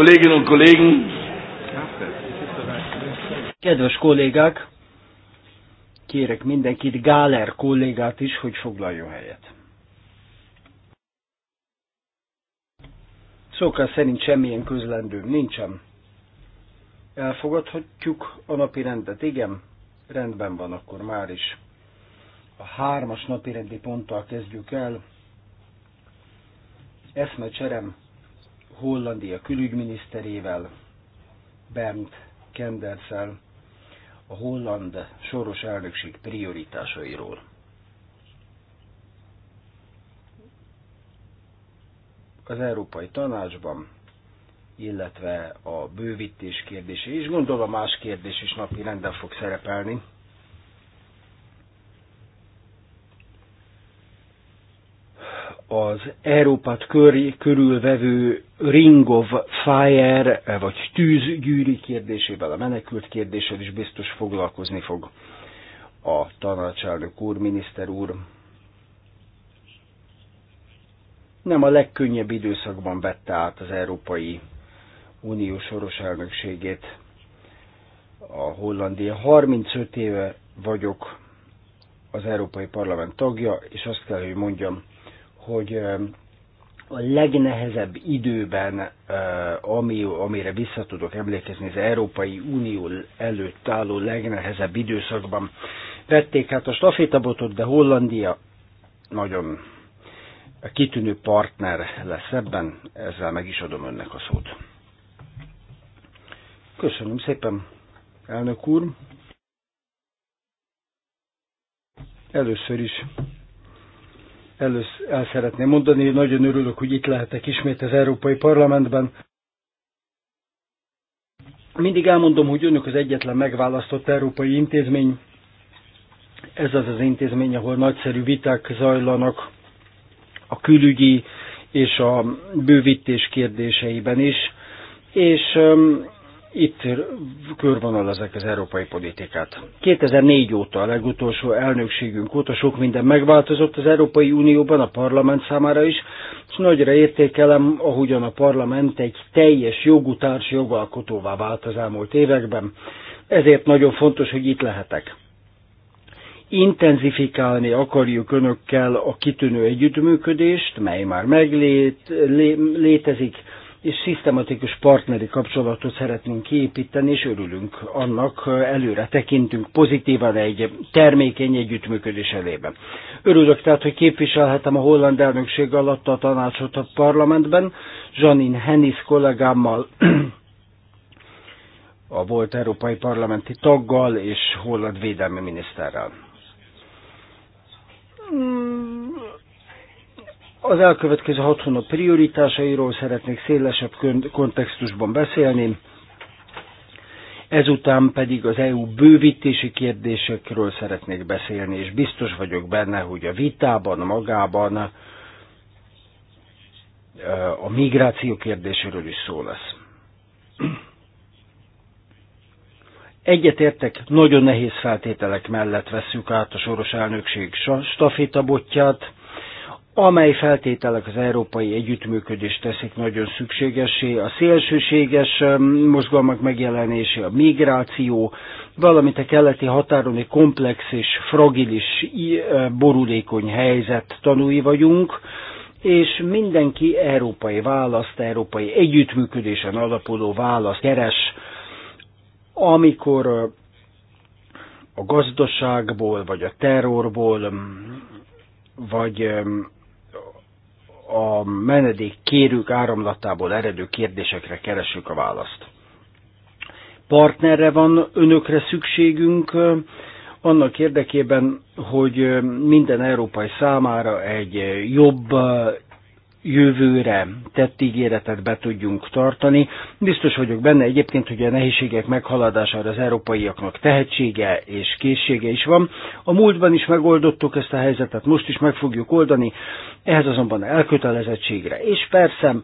Kolleginnen und Kollegen. Kedves kollégák, kérek mindenkit, Gáler kollégát is, hogy foglaljon helyet. Szóval szerint semmilyen közlendőm nincsen. Elfogadhatjuk a napi rendet, igen? Rendben van akkor már is. A hármas napi rendi ponttal kezdjük el. Eszmecserem Hollandia külügyminiszterével, Bernd Kendersel, a holland soros elnökség prioritásairól. Az Európai Tanácsban, illetve a bővítés kérdése, is, gondolom más kérdés is napi renden fog szerepelni, az Európát kör, körülvevő Ring of Fire, vagy tűzgyűri kérdésével, a menekült kérdéssel is biztos foglalkozni fog a tanácselnök úr, miniszter úr. Nem a legkönnyebb időszakban vette át az Európai Unió soros elnökségét a Hollandia. 35 éve vagyok az Európai Parlament tagja, és azt kell, hogy mondjam, hogy a legnehezebb időben, eh, ami, amire vissza tudok emlékezni, az Európai Unió előtt álló legnehezebb időszakban vették hát a stafétabotot, de Hollandia nagyon kitűnő partner lesz ebben, ezzel meg is adom önnek a szót. Köszönöm szépen, elnök úr! Először is először el szeretném mondani, hogy nagyon örülök, hogy itt lehetek ismét az Európai Parlamentben. Mindig elmondom, hogy önök az egyetlen megválasztott európai intézmény. Ez az az intézmény, ahol nagyszerű viták zajlanak a külügyi és a bővítés kérdéseiben is. És itt ezek az európai politikát. 2004 óta, a legutolsó elnökségünk óta sok minden megváltozott az Európai Unióban, a parlament számára is, és nagyra értékelem, ahogyan a parlament egy teljes jogú társ jogalkotóvá vált az elmúlt években. Ezért nagyon fontos, hogy itt lehetek. Intenzifikálni akarjuk önökkel a kitűnő együttműködést, mely már meglét, lé, létezik, és szisztematikus partneri kapcsolatot szeretnénk kiépíteni, és örülünk annak, előre tekintünk pozitívan egy termékeny együttműködés elében. Örülök tehát, hogy képviselhetem a holland elnökség alatt a tanácsot a parlamentben, Janin Hennis kollégámmal a volt európai parlamenti taggal és holland védelmi miniszterrel. Mm, az elkövetkező hat hónap prioritásairól szeretnék szélesebb kontextusban beszélni, ezután pedig az EU bővítési kérdésekről szeretnék beszélni, és biztos vagyok benne, hogy a vitában, magában eh, a migráció kérdéséről is szó lesz. Egyetértek, nagyon nehéz feltételek mellett vesszük át a soros elnökség stafétabotját, amely feltételek az európai együttműködést teszik nagyon szükségesé, a szélsőséges mozgalmak megjelenése, a migráció, valamint a keleti határon egy komplex és fragilis, e, borulékony helyzet tanúi vagyunk, és mindenki európai választ, európai együttműködésen alapuló választ keres, amikor a gazdaságból, vagy a terrorból, vagy a menedék kérők áramlatából eredő kérdésekre keresünk a választ. Partnerre van önökre szükségünk, annak érdekében, hogy minden európai számára egy jobb jövőre tett ígéretet be tudjunk tartani. Biztos vagyok benne egyébként, hogy a nehézségek meghaladására az európaiaknak tehetsége és készsége is van. A múltban is megoldottuk ezt a helyzetet, most is meg fogjuk oldani, ehhez azonban elkötelezettségre. És persze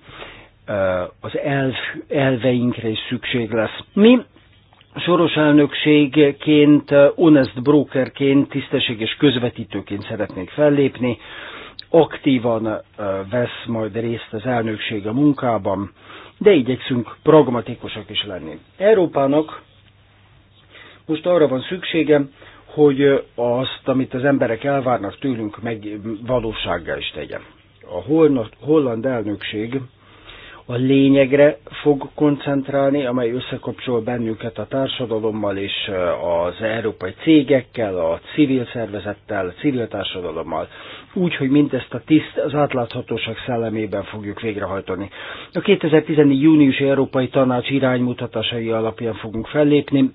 az elf, elveinkre is szükség lesz. Mi soros elnökségként, honest brokerként, tisztességes közvetítőként szeretnék fellépni, aktívan vesz majd részt az elnökség a munkában, de igyekszünk pragmatikusak is lenni. Európának most arra van szüksége, hogy azt, amit az emberek elvárnak tőlünk, meg valósággá is tegye. A holland elnökség a lényegre fog koncentrálni, amely összekapcsol bennünket a társadalommal és az európai cégekkel, a civil szervezettel, a civil társadalommal, úgy, hogy mindezt a tiszt, az átláthatóság szellemében fogjuk végrehajtani. A 2014. június Európai Tanács iránymutatásai alapján fogunk fellépni,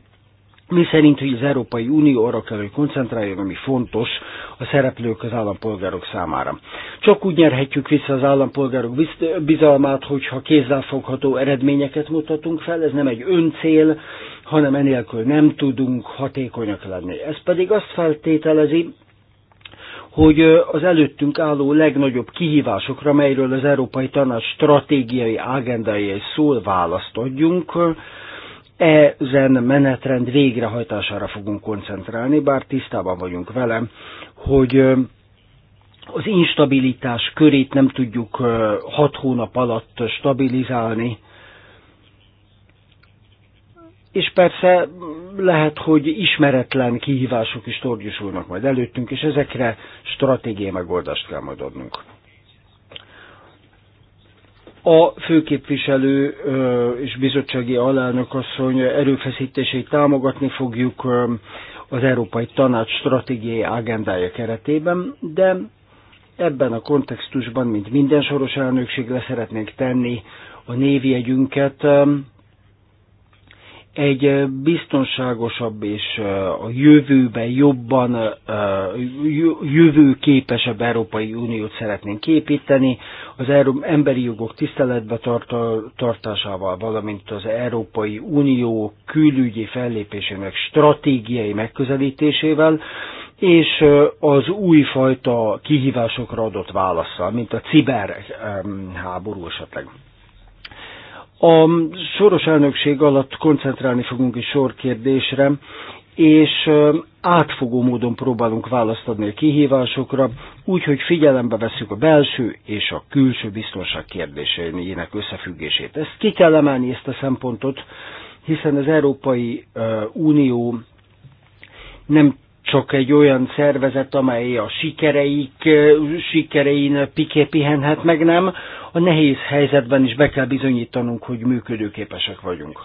mi szerint, hogy az Európai Unió arra kell, hogy koncentráljon, ami fontos a szereplők az állampolgárok számára. Csak úgy nyerhetjük vissza az állampolgárok bizalmát, hogyha kézzelfogható eredményeket mutatunk fel, ez nem egy öncél, hanem enélkül nem tudunk hatékonyak lenni. Ez pedig azt feltételezi, hogy az előttünk álló legnagyobb kihívásokra, melyről az Európai Tanács stratégiai agendája szól, választ adjunk, ezen menetrend végrehajtására fogunk koncentrálni, bár tisztában vagyunk velem, hogy az instabilitás körét nem tudjuk hat hónap alatt stabilizálni, és persze lehet, hogy ismeretlen kihívások is torgyosulnak majd előttünk, és ezekre stratégiai megoldást kell majd adnunk. A főképviselő és bizottsági alelnök asszony erőfeszítéseit támogatni fogjuk az Európai Tanács stratégiai agendája keretében, de ebben a kontextusban, mint minden soros elnökség, leszeretnénk tenni a névjegyünket egy biztonságosabb és a jövőben jobban jövőképesebb Európai Uniót szeretnénk építeni, az emberi jogok tiszteletbe tartásával, valamint az Európai Unió külügyi fellépésének stratégiai megközelítésével, és az újfajta kihívásokra adott válaszsal, mint a ciberháború esetleg. A soros elnökség alatt koncentrálni fogunk egy sor kérdésre, és átfogó módon próbálunk választ adni a kihívásokra, úgyhogy figyelembe veszük a belső és a külső biztonság kérdéseinek összefüggését. Ezt ki kell emelni, ezt a szempontot, hiszen az Európai Unió nem csak egy olyan szervezet, amely a sikereik, sikerein piké pihenhet meg, nem. A nehéz helyzetben is be kell bizonyítanunk, hogy működőképesek vagyunk.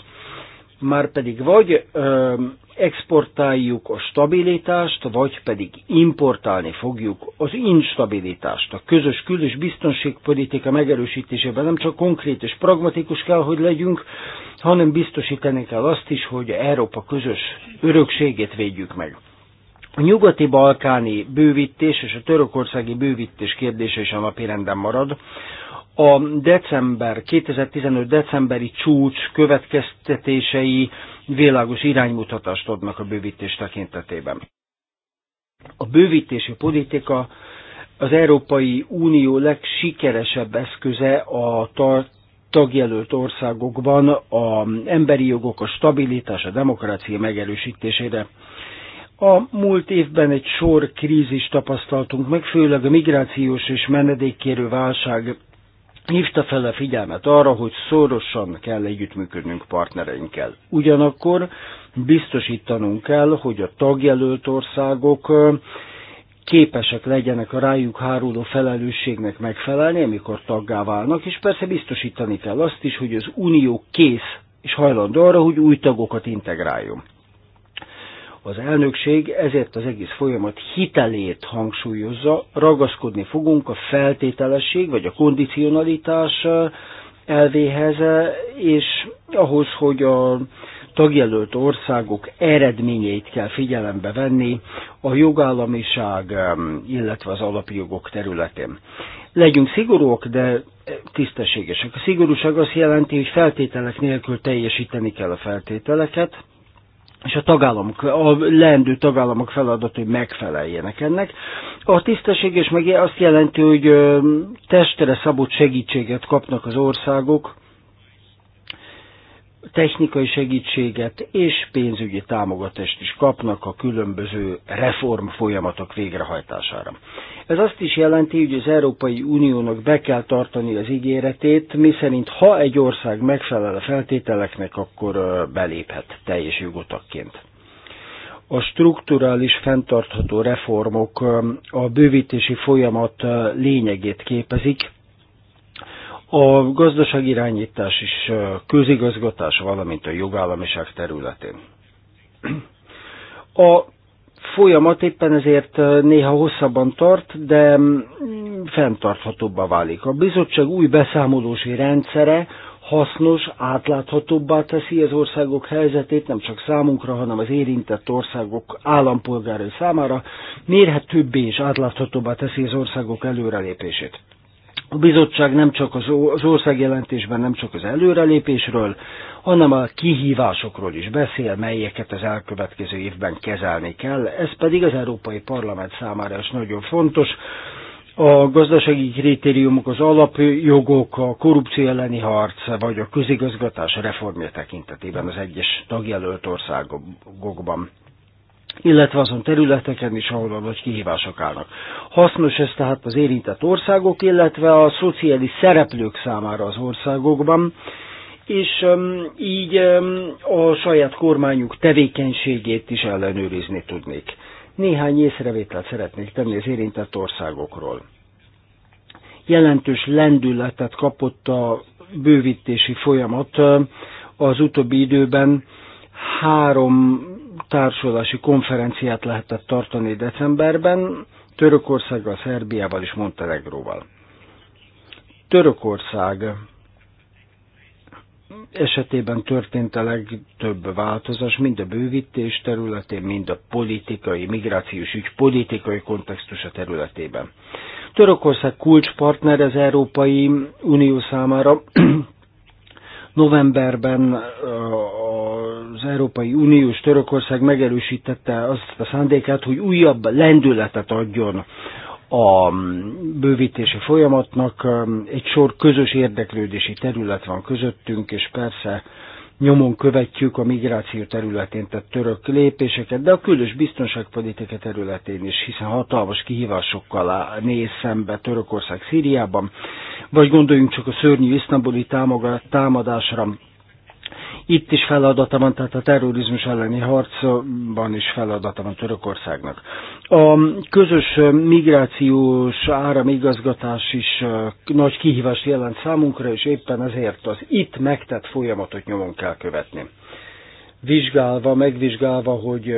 Már pedig vagy ö, exportáljuk a stabilitást, vagy pedig importálni fogjuk az instabilitást. A közös külös biztonságpolitika megerősítésében nem csak konkrét és pragmatikus kell, hogy legyünk, hanem biztosítani kell azt is, hogy Európa közös örökségét védjük meg. A nyugati-balkáni bővítés és a törökországi bővítés kérdése is a renden marad. A december, 2015 decemberi csúcs következtetései világos iránymutatást adnak a bővítés tekintetében. A bővítési politika az Európai Unió legsikeresebb eszköze a tagjelölt országokban a emberi jogok, a stabilitás, a demokrácia megerősítésére a múlt évben egy sor krízis tapasztaltunk meg, főleg a migrációs és menedékkérő válság hívta fel a figyelmet arra, hogy szorosan kell együttműködnünk partnereinkkel. Ugyanakkor biztosítanunk kell, hogy a tagjelölt országok képesek legyenek a rájuk háruló felelősségnek megfelelni, amikor taggá válnak, és persze biztosítani kell azt is, hogy az Unió kész és hajlandó arra, hogy új tagokat integráljon. Az elnökség ezért az egész folyamat hitelét hangsúlyozza, ragaszkodni fogunk a feltételesség vagy a kondicionalitás elvéhez, és ahhoz, hogy a tagjelölt országok eredményeit kell figyelembe venni a jogállamiság, illetve az alapjogok területén. Legyünk szigorúak, de tisztességesek. A szigorúság azt jelenti, hogy feltételek nélkül teljesíteni kell a feltételeket, és a tagállamok, a leendő tagállamok feladat, hogy megfeleljenek ennek. A tisztességes meg azt jelenti, hogy testre szabott segítséget kapnak az országok, technikai segítséget és pénzügyi támogatást is kapnak a különböző reform folyamatok végrehajtására. Ez azt is jelenti, hogy az Európai Uniónak be kell tartani az ígéretét, miszerint ha egy ország megfelel a feltételeknek, akkor beléphet teljes jogotakként a strukturális fenntartható reformok a bővítési folyamat lényegét képezik, a gazdaságirányítás és közigazgatás, valamint a jogállamiság területén. A folyamat éppen ezért néha hosszabban tart, de mm, fenntarthatóbbá válik. A bizottság új beszámolósi rendszere hasznos, átláthatóbbá teszi az országok helyzetét, nem csak számunkra, hanem az érintett országok állampolgárai számára, mérhetőbbé és átláthatóbbá teszi az országok előrelépését. A bizottság nem csak az, országjelentésben nem csak az előrelépésről, hanem a kihívásokról is beszél, melyeket az elkövetkező évben kezelni kell. Ez pedig az Európai Parlament számára is nagyon fontos. A gazdasági kritériumok, az alapjogok, a korrupció elleni harc, vagy a közigazgatás reformja tekintetében az egyes tagjelölt országokban illetve azon területeken is, ahol a nagy kihívások állnak. Hasznos ez tehát az érintett országok, illetve a szociális szereplők számára az országokban, és um, így um, a saját kormányuk tevékenységét is ellenőrizni tudnék. Néhány észrevételt szeretnék tenni az érintett országokról. Jelentős lendületet kapott a bővítési folyamat az utóbbi időben. Három társulási konferenciát lehetett tartani decemberben Törökországgal, Szerbiával és Montenegróval. Törökország esetében történt a legtöbb változás, mind a bővítés területén, mind a politikai, migrációs ügy politikai kontextusa területében. Törökország kulcspartner az Európai Unió számára. Novemberben az Európai Uniós Törökország megerősítette azt a szándékát, hogy újabb lendületet adjon a bővítési folyamatnak. Egy sor közös érdeklődési terület van közöttünk, és persze nyomon követjük a migráció területén tett török lépéseket, de a külös biztonságpolitika területén is, hiszen hatalmas kihívásokkal néz szembe Törökország Szíriában, vagy gondoljunk csak a szörnyű isztambuli támadásra, itt is feladata van, tehát a terrorizmus elleni harcban is feladata van Törökországnak. A közös migrációs áramigazgatás is nagy kihívást jelent számunkra, és éppen ezért az itt megtett folyamatot nyomon kell követni. Vizsgálva, megvizsgálva, hogy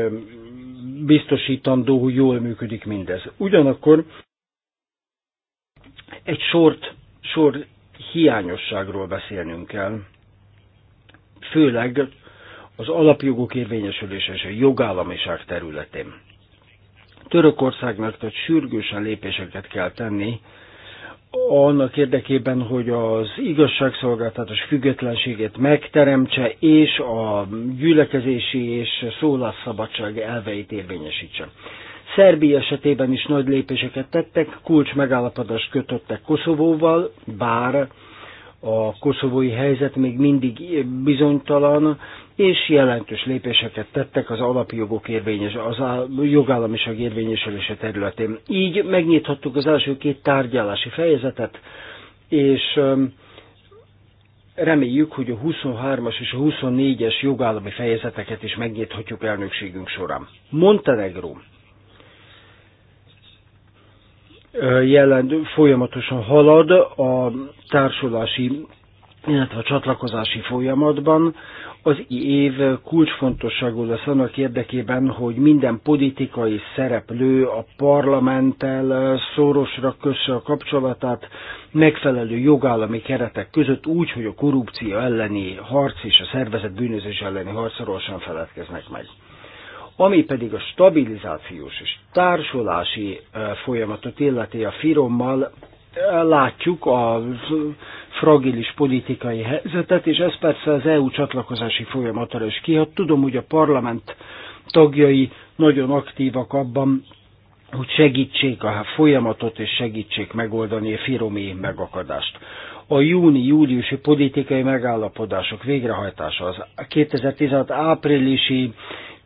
biztosítandó, hogy jól működik mindez. Ugyanakkor egy sort, sor hiányosságról beszélnünk kell főleg az alapjogok érvényesülése és a jogállamiság területén. Törökországnak tehát sürgősen lépéseket kell tenni, annak érdekében, hogy az igazságszolgáltatás függetlenségét megteremtse, és a gyülekezési és szólásszabadság elveit érvényesítse. Szerbia esetében is nagy lépéseket tettek, kulcs megállapodást kötöttek Koszovóval, bár a koszovói helyzet még mindig bizonytalan, és jelentős lépéseket tettek az alapjogok érvényes, az a jogállamiság érvényesülése területén. Így megnyithattuk az első két tárgyalási fejezetet, és reméljük, hogy a 23-as és a 24-es jogállami fejezeteket is megnyithatjuk elnökségünk során. Montenegro jelent, folyamatosan halad a társulási, illetve a csatlakozási folyamatban. Az év kulcsfontosságú lesz annak érdekében, hogy minden politikai szereplő a parlamenttel szorosra kösse a kapcsolatát megfelelő jogállami keretek között úgy, hogy a korrupció elleni harc és a szervezet bűnözés elleni harcról sem feledkeznek meg. Ami pedig a stabilizációs és társulási folyamatot illeti a firommal, látjuk a fragilis politikai helyzetet, és ez persze az EU csatlakozási folyamatra is kihat. Tudom, hogy a parlament tagjai nagyon aktívak abban, hogy segítsék a folyamatot, és segítsék megoldani a firomi megakadást. A júni-júliusi politikai megállapodások végrehajtása, az 2016 áprilisi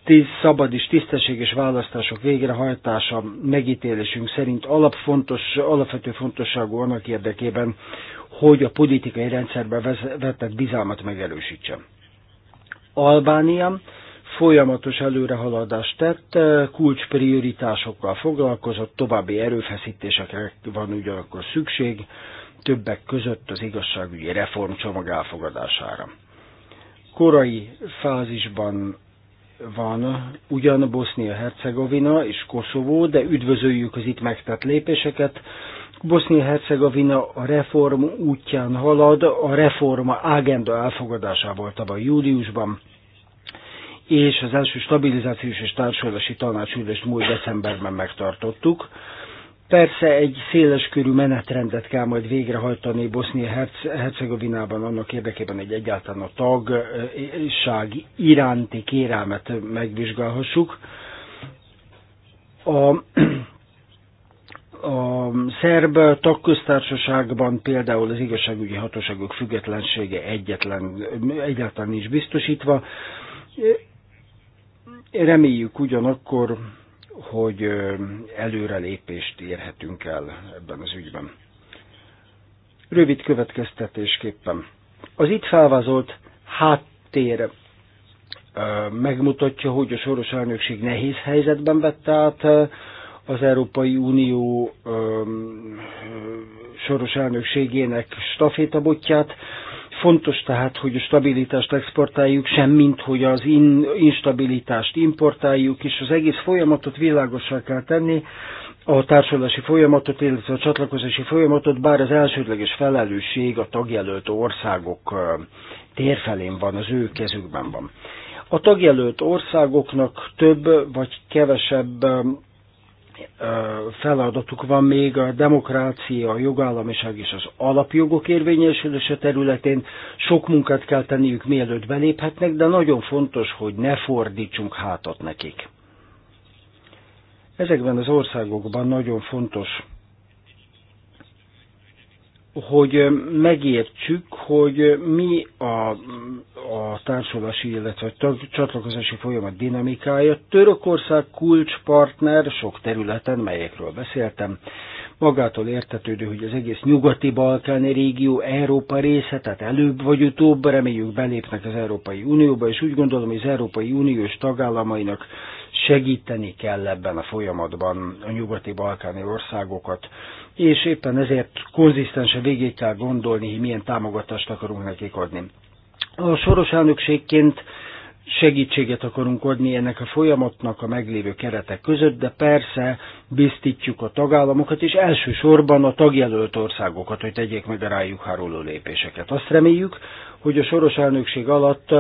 tíz szabad és tisztességes választások végrehajtása megítélésünk szerint alapfontos, alapvető fontosságú annak érdekében, hogy a politikai rendszerbe vetett bizalmat megerősítse. Albánia folyamatos előrehaladást tett, kulcsprioritásokkal foglalkozott, további erőfeszítésekre van ugyanakkor szükség, többek között az igazságügyi reformcsomag elfogadására. Korai fázisban van ugyan Bosznia-Hercegovina és Koszovó, de üdvözöljük az itt megtett lépéseket. Bosznia-Hercegovina a reform útján halad, a reforma ágenda elfogadásával tavaly júliusban, és az első stabilizációs és társulási tanácsülést múlt decemberben megtartottuk. Persze egy széleskörű menetrendet kell majd végrehajtani Bosznia-Hercegovinában annak érdekében, hogy egyáltalán a tagság iránti kérelmet megvizsgálhassuk. A, a szerb tagköztársaságban például az igazságügyi hatóságok függetlensége egyetlen, egyáltalán nincs biztosítva. Reméljük ugyanakkor, hogy előrelépést érhetünk el ebben az ügyben. Rövid következtetésképpen. Az itt felvázolt háttér megmutatja, hogy a soros elnökség nehéz helyzetben vette át az Európai Unió soros elnökségének stafétabotját. Fontos tehát, hogy a stabilitást exportáljuk, semmint, hogy az in, instabilitást importáljuk, és az egész folyamatot világosá kell tenni, a társadalási folyamatot, illetve a csatlakozási folyamatot, bár az elsődleges felelősség a tagjelölt országok térfelén van, az ő kezükben van. A tagjelölt országoknak több vagy kevesebb feladatuk van még a demokrácia, a jogállamiság és az alapjogok érvényesülése területén. Sok munkát kell tenniük, mielőtt beléphetnek, de nagyon fontos, hogy ne fordítsunk hátat nekik. Ezekben az országokban nagyon fontos hogy megértsük, hogy mi a, a társulási, illetve a csatlakozási folyamat dinamikája. Törökország kulcspartner sok területen, melyekről beszéltem. Magától értetődő, hogy az egész nyugati balkáni régió Európa része, tehát előbb vagy utóbb reméljük belépnek az Európai Unióba, és úgy gondolom, hogy az Európai Uniós tagállamainak segíteni kell ebben a folyamatban a nyugati balkáni országokat és éppen ezért konzisztensen végig kell gondolni, hogy milyen támogatást akarunk nekik adni. A soros elnökségként segítséget akarunk adni ennek a folyamatnak a meglévő keretek között, de persze biztítjuk a tagállamokat, és elsősorban a tagjelölt országokat, hogy tegyék meg a rájuk háruló lépéseket. Azt reméljük, hogy a soros elnökség alatt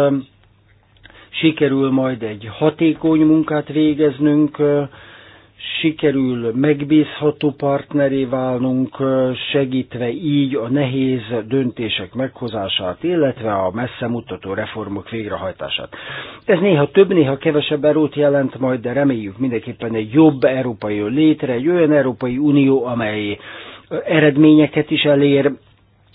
sikerül majd egy hatékony munkát végeznünk, sikerül megbízható partneré válnunk, segítve így a nehéz döntések meghozását, illetve a messze mutató reformok végrehajtását. Ez néha több, néha kevesebb erót jelent majd, de reméljük mindenképpen egy jobb Európai létre, egy olyan Európai Unió, amely eredményeket is elér,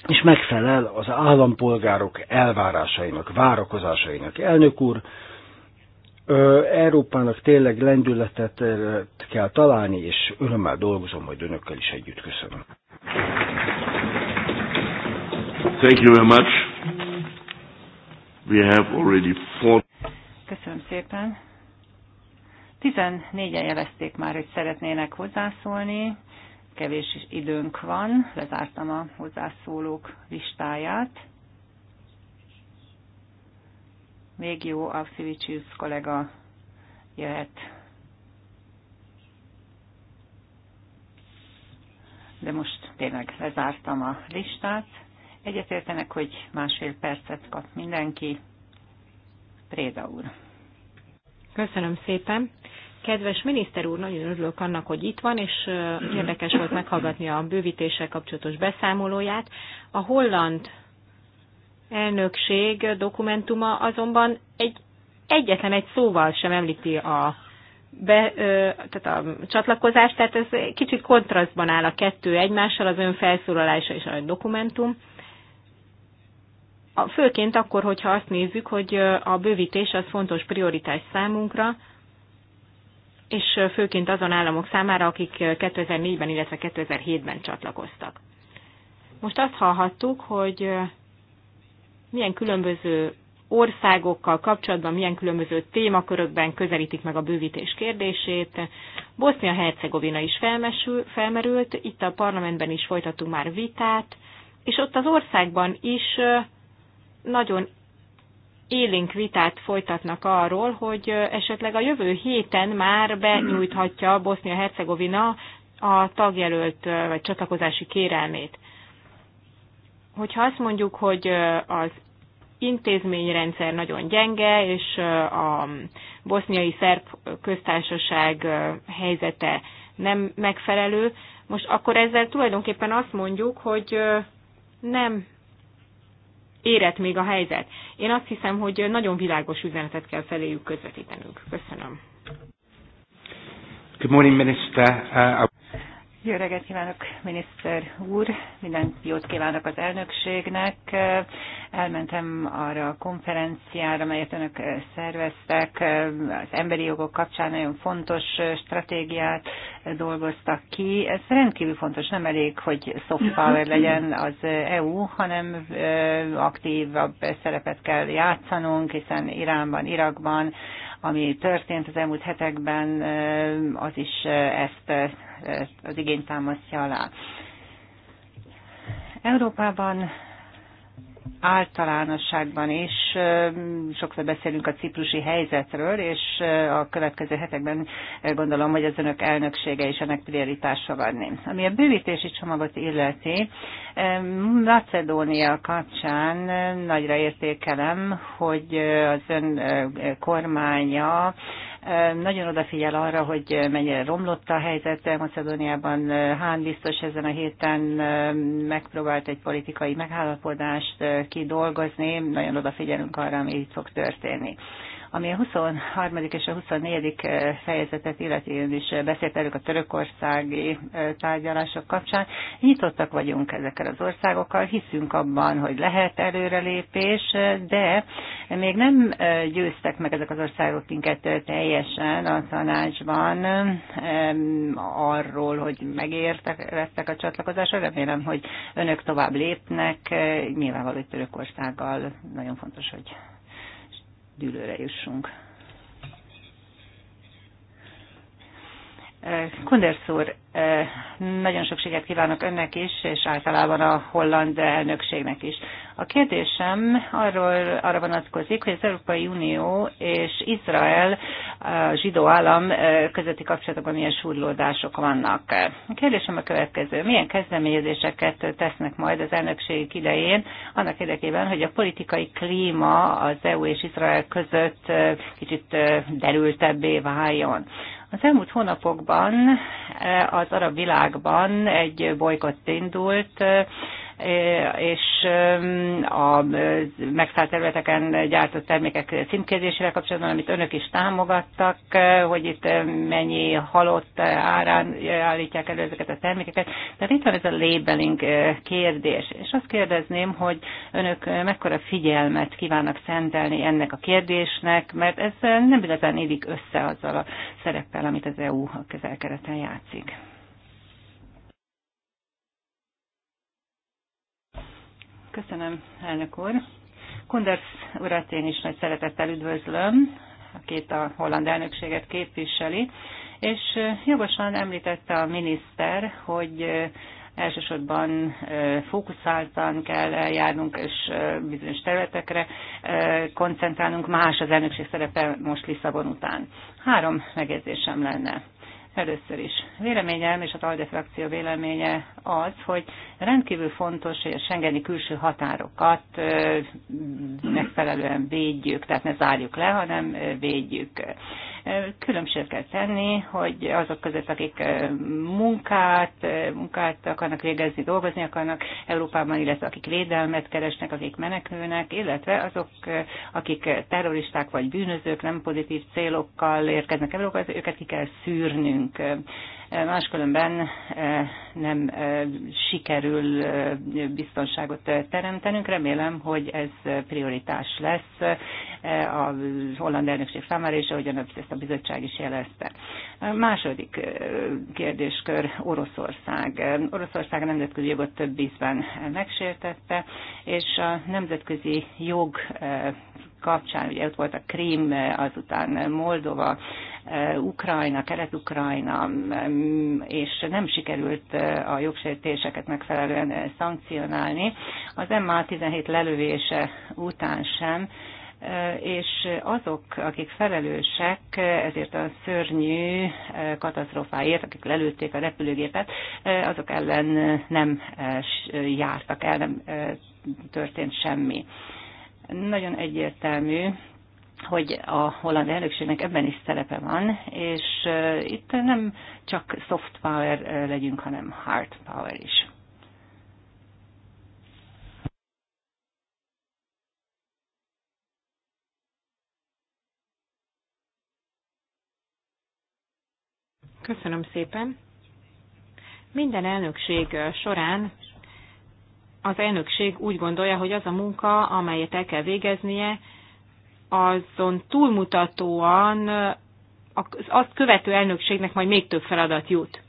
és megfelel az állampolgárok elvárásainak, várakozásainak. Elnök úr, Európának tényleg lendületet kell találni, és örömmel dolgozom majd önökkel is együtt. Köszönöm. Thank you very much. We have already four... Köszönöm szépen. 14-en jelezték már, hogy szeretnének hozzászólni. Kevés időnk van, lezártam a hozzászólók listáját. Még jó, Avszivicius kollega jöhet. De most tényleg lezártam a listát. Egyetértenek, hogy másfél percet kap mindenki. Préda úr. Köszönöm szépen. Kedves miniszter úr, nagyon örülök annak, hogy itt van, és érdekes volt meghallgatni a bővítéssel kapcsolatos beszámolóját. A holland elnökség dokumentuma azonban egy, egyetlen egy szóval sem említi a, be, ö, tehát a csatlakozást, tehát ez kicsit kontrasztban áll a kettő egymással, az ön felszólalása és a dokumentum. A, főként akkor, hogyha azt nézzük, hogy a bővítés az fontos prioritás számunkra, és főként azon államok számára, akik 2004-ben, illetve 2007-ben csatlakoztak. Most azt hallhattuk, hogy milyen különböző országokkal kapcsolatban, milyen különböző témakörökben közelítik meg a bővítés kérdését. Bosznia-Hercegovina is felmesül, felmerült, itt a parlamentben is folytattunk már vitát, és ott az országban is nagyon élénk vitát folytatnak arról, hogy esetleg a jövő héten már benyújthatja Bosznia-Hercegovina a tagjelölt vagy csatlakozási kérelmét hogyha azt mondjuk, hogy az intézményrendszer nagyon gyenge, és a boszniai szerb köztársaság helyzete nem megfelelő, most akkor ezzel tulajdonképpen azt mondjuk, hogy nem érett még a helyzet. Én azt hiszem, hogy nagyon világos üzenetet kell feléjük közvetítenünk. Köszönöm. Good morning, Minister. Uh, jó reggelt kívánok, miniszter úr! Minden jót kívánok az elnökségnek. Elmentem arra a konferenciára, amelyet önök szerveztek. Az emberi jogok kapcsán nagyon fontos stratégiát dolgoztak ki. Ez rendkívül fontos, nem elég, hogy soft power legyen az EU, hanem aktívabb szerepet kell játszanunk, hiszen Iránban, Irakban, ami történt az elmúlt hetekben, az is ezt az igényt támasztja alá. Európában általánosságban is sokszor beszélünk a ciprusi helyzetről, és a következő hetekben gondolom, hogy az önök elnöksége is ennek prioritása adni. Ami a bővítési csomagot illeti, Macedónia kapcsán nagyra értékelem, hogy az ön kormánya nagyon odafigyel arra, hogy mennyire romlott a helyzet Macedóniában. Eh, Hán biztos ezen a héten eh, megpróbált egy politikai megállapodást eh, kidolgozni, nagyon odafigyelünk arra, ami itt fog történni. Ami a 23. és a 24. Eh, fejezetet illeti, ön is beszélt elők a törökországi eh, tárgyalások kapcsán. Nyitottak vagyunk ezekkel az országokkal, hiszünk abban, hogy lehet előrelépés, de még nem eh, győztek meg ezek az országok minket teljesen a tanácsban arról, hogy megértek lettek a csatlakozásra. Remélem, hogy önök tovább lépnek. Nyilvánvaló, hogy Törökországgal nagyon fontos, hogy dűlőre jussunk. Kunders úr, nagyon sok sikert kívánok önnek is, és általában a holland elnökségnek is. A kérdésem arról, arra vonatkozik, hogy az Európai Unió és Izrael, a zsidó állam közötti kapcsolatokban milyen súrlódások vannak. A kérdésem a következő. Milyen kezdeményezéseket tesznek majd az elnökség idején annak érdekében, hogy a politikai klíma az EU és Izrael között kicsit derültebbé váljon? Az elmúlt hónapokban eh, az arab világban egy bolygott indult, eh, és a megszállt területeken gyártott termékek címkézésével kapcsolatban, amit önök is támogattak, hogy itt mennyi halott árán állítják elő ezeket a termékeket. Tehát itt van ez a labeling kérdés, és azt kérdezném, hogy önök mekkora figyelmet kívánnak szentelni ennek a kérdésnek, mert ez nem igazán élik össze azzal a szereppel, amit az EU a közelkereten játszik. Köszönöm, elnök úr. Kunders urat én is nagy szeretettel üdvözlöm, akit a holland elnökséget képviseli, és jogosan említette a miniszter, hogy elsősorban fókuszáltan kell eljárnunk, és bizonyos területekre koncentrálnunk. Más az elnökség szerepe most Lisszabon után. Három megjegyzésem lenne. Először is véleményem és a ALDE frakció véleménye az, hogy rendkívül fontos, hogy a Schengeni külső határokat megfelelően védjük, tehát ne zárjuk le, hanem védjük. Különbséget kell tenni, hogy azok között, akik munkát, munkát akarnak végezni, dolgozni akarnak Európában, illetve akik védelmet keresnek, akik menekülnek, illetve azok, akik terroristák vagy bűnözők, nem pozitív célokkal érkeznek Európába, őket ki kell szűrnünk máskülönben eh, nem eh, sikerül eh, biztonságot teremtenünk. Remélem, hogy ez prioritás lesz a holland elnökség számára, és ahogyan ezt a bizottság is jelezte. A második kérdéskör Oroszország. Oroszország a nemzetközi jogot több ízben megsértette, és a nemzetközi jog kapcsán, ugye ott volt a Krím, azután Moldova, eh, Ukrajna, Kelet-Ukrajna, mm, és nem sikerült eh, a jogsértéseket megfelelően eh, szankcionálni. Az MA17 lelövése után sem, és azok, akik felelősek ezért a szörnyű katasztrófáért, akik lelőtték a repülőgépet, azok ellen nem jártak el, nem történt semmi. Nagyon egyértelmű, hogy a holland elnökségnek ebben is szerepe van, és itt nem csak soft power legyünk, hanem hard power is. Köszönöm szépen. Minden elnökség során az elnökség úgy gondolja, hogy az a munka, amelyet el kell végeznie, azon túlmutatóan az azt követő elnökségnek majd még több feladat jut.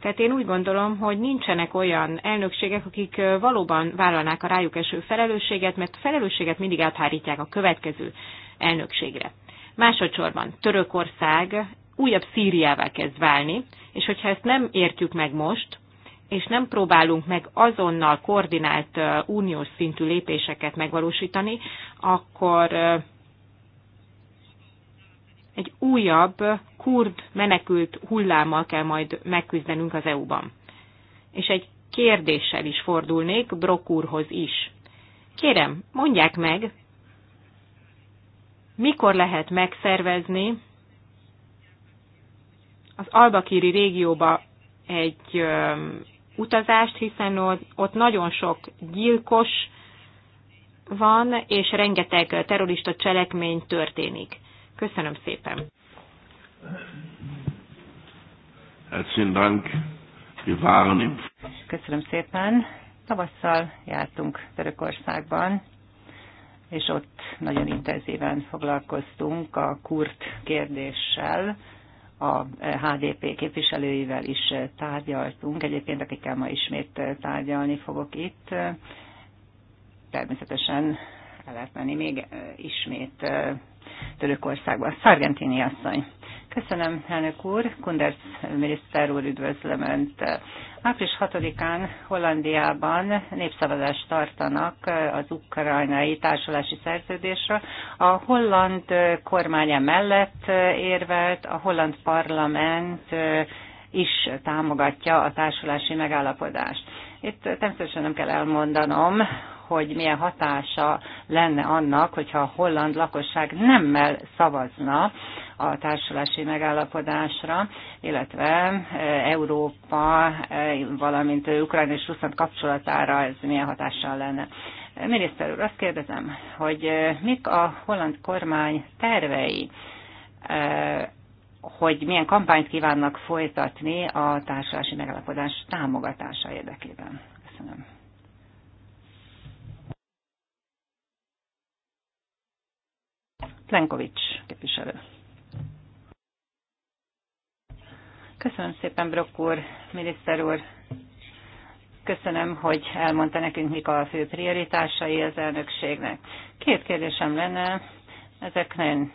Tehát én úgy gondolom, hogy nincsenek olyan elnökségek, akik valóban vállalnák a rájuk eső felelősséget, mert a felelősséget mindig áthárítják a következő elnökségre. Másodszorban Törökország újabb Szíriává kezd válni, és hogyha ezt nem értjük meg most, és nem próbálunk meg azonnal koordinált uniós szintű lépéseket megvalósítani, akkor egy újabb kurd menekült hullámmal kell majd megküzdenünk az EU-ban. És egy kérdéssel is fordulnék Brok úrhoz is. Kérem, mondják meg, mikor lehet megszervezni az Albakíri régióba egy utazást, hiszen ott nagyon sok gyilkos van, és rengeteg terrorista cselekmény történik. Köszönöm szépen! Herzlichen Dank. Wir waren im Köszönöm szépen. Tavasszal jártunk Törökországban, és ott nagyon intenzíven foglalkoztunk a kurt kérdéssel, a HDP képviselőivel is tárgyaltunk, egyébként akikkel ma ismét tárgyalni fogok itt. Természetesen el lehet menni még ismét Törökországba. Szargentini asszony. Köszönöm, elnök úr. Kunders miniszter úr, üdvözlöm Önt. Április 6-án Hollandiában népszavazást tartanak az ukrajnai társulási szerződésre. A holland kormánya mellett érvelt, a holland parlament is támogatja a társulási megállapodást. Itt természetesen nem kell elmondanom, hogy milyen hatása lenne annak, hogyha a holland lakosság nemmel szavazna a társulási megállapodásra, illetve e, Európa, e, valamint Ukrajna és Ruszland kapcsolatára ez milyen hatással lenne. Miniszter úr, azt kérdezem, hogy e, mik a holland kormány tervei, hogy milyen kampányt kívánnak folytatni a társulási megállapodás támogatása érdekében? Köszönöm. Plenkovics képviselő. Köszönöm szépen, Brok úr, miniszter úr. Köszönöm, hogy elmondta nekünk, mik a fő prioritásai az elnökségnek. Két kérdésem lenne, ezek nagyon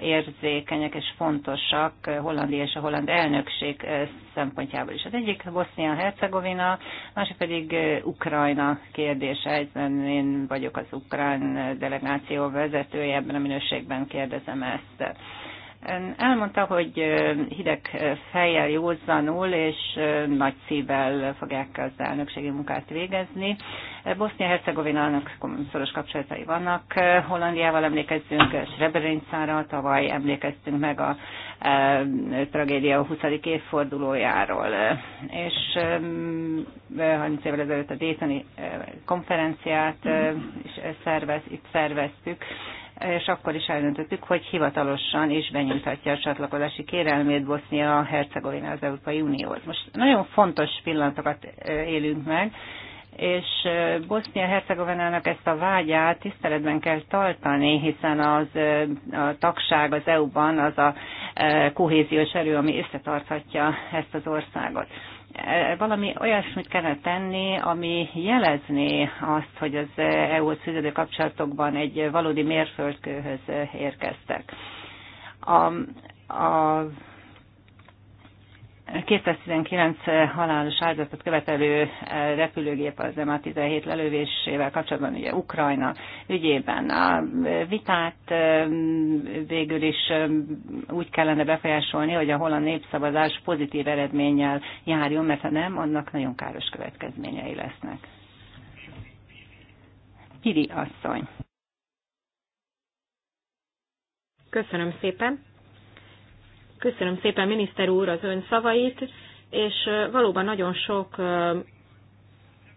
érzékenyek és fontosak Hollandia és a holland elnökség szempontjából is. Az egyik Bosznia-Hercegovina, másik pedig Ukrajna kérdése, egyben én vagyok az ukrán delegáció vezetője, ebben a minőségben kérdezem ezt elmondta, hogy hideg fejjel józanul, és nagy szívvel fogják az elnökségi munkát végezni. Bosznia-Hercegovinának szoros kapcsolatai vannak. Hollandiával emlékezzünk, Srebrenicára tavaly emlékeztünk meg a tragédia 20. évfordulójáról. És 30 évvel ezelőtt a Détani konferenciát is szervez, itt szerveztük, és akkor is eldöntöttük, hogy hivatalosan is benyújthatja a csatlakozási kérelmét Bosznia-Hercegovina az Európai Unióhoz. Most nagyon fontos pillanatokat élünk meg, és Bosznia-Hercegovinának ezt a vágyát tiszteletben kell tartani, hiszen az, a tagság az EU-ban az a kohéziós erő, ami összetarthatja ezt az országot valami olyasmit kellene tenni, ami jelezné azt, hogy az eu szűződő kapcsolatokban egy valódi mérföldkőhöz érkeztek. A, a 219 halálos áldozatot követelő eh, repülőgép az MA-17 lelővésével kapcsolatban, ugye Ukrajna ügyében a eh, vitát eh, végül is úgy kellene befolyásolni, hogy a holland népszavazás pozitív eredménnyel járjon, mert ha nem, annak nagyon káros következményei lesznek. Piri asszony. Köszönöm szépen. Köszönöm szépen, miniszter úr, az ön szavait, és valóban nagyon sok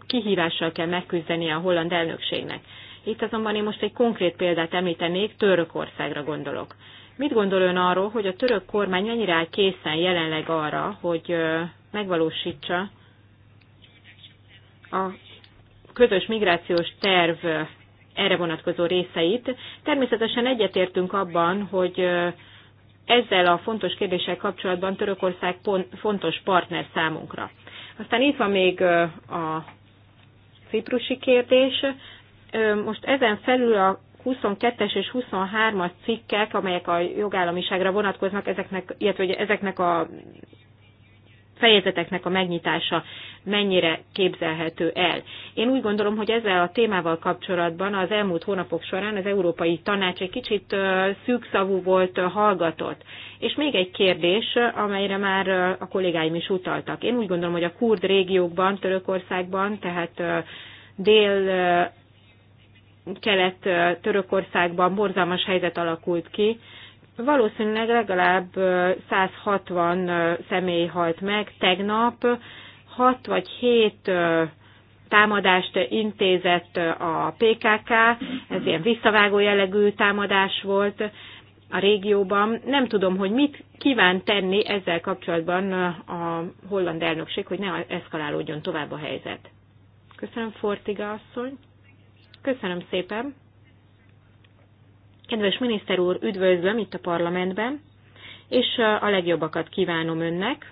kihívással kell megküzdeni a holland elnökségnek. Itt azonban én most egy konkrét példát említenék, Törökországra gondolok. Mit gondol ön arról, hogy a török kormány mennyire áll készen jelenleg arra, hogy megvalósítsa a közös migrációs terv erre vonatkozó részeit? Természetesen egyetértünk abban, hogy ezzel a fontos kérdéssel kapcsolatban Törökország fontos partner számunkra. Aztán itt van még a ciprusi kérdés. Most ezen felül a 22-es és 23-as cikkek, amelyek a jogállamiságra vonatkoznak, ezeknek, illetve ezeknek a fejezeteknek a megnyitása mennyire képzelhető el. Én úgy gondolom, hogy ezzel a témával kapcsolatban az elmúlt hónapok során az Európai Tanács egy kicsit szűkszavú volt, hallgatott. És még egy kérdés, amelyre már a kollégáim is utaltak. Én úgy gondolom, hogy a kurd régiókban, Törökországban, tehát dél kelet Törökországban borzalmas helyzet alakult ki, valószínűleg legalább 160 személy halt meg tegnap, 6 vagy 7 támadást intézett a PKK, ez ilyen visszavágó jellegű támadás volt a régióban. Nem tudom, hogy mit kíván tenni ezzel kapcsolatban a holland elnökség, hogy ne eszkalálódjon tovább a helyzet. Köszönöm, Fortiga asszony. Köszönöm szépen. Kedves miniszter úr, üdvözlöm itt a parlamentben, és a legjobbakat kívánom önnek.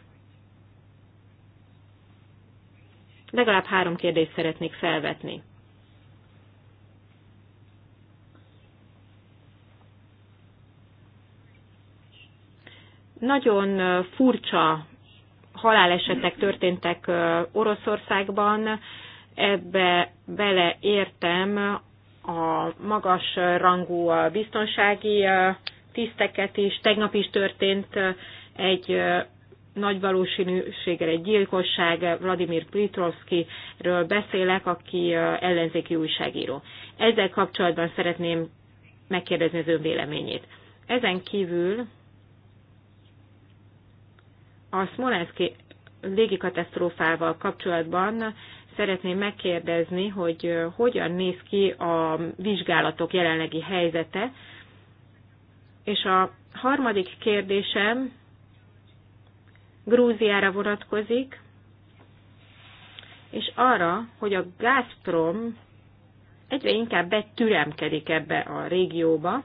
Legalább három kérdést szeretnék felvetni. Nagyon furcsa halálesetek történtek Oroszországban, ebbe beleértem a magas rangú biztonsági tiszteket is. Tegnap is történt egy nagy valószínűséggel egy gyilkosság, Vladimir Plitrovskiről beszélek, aki ellenzéki újságíró. Ezzel kapcsolatban szeretném megkérdezni az ön véleményét. Ezen kívül a Smolenszki légikatasztrófával kapcsolatban szeretném megkérdezni, hogy hogyan néz ki a vizsgálatok jelenlegi helyzete. És a harmadik kérdésem Grúziára vonatkozik, és arra, hogy a Gazprom egyre inkább betüremkedik ebbe a régióba,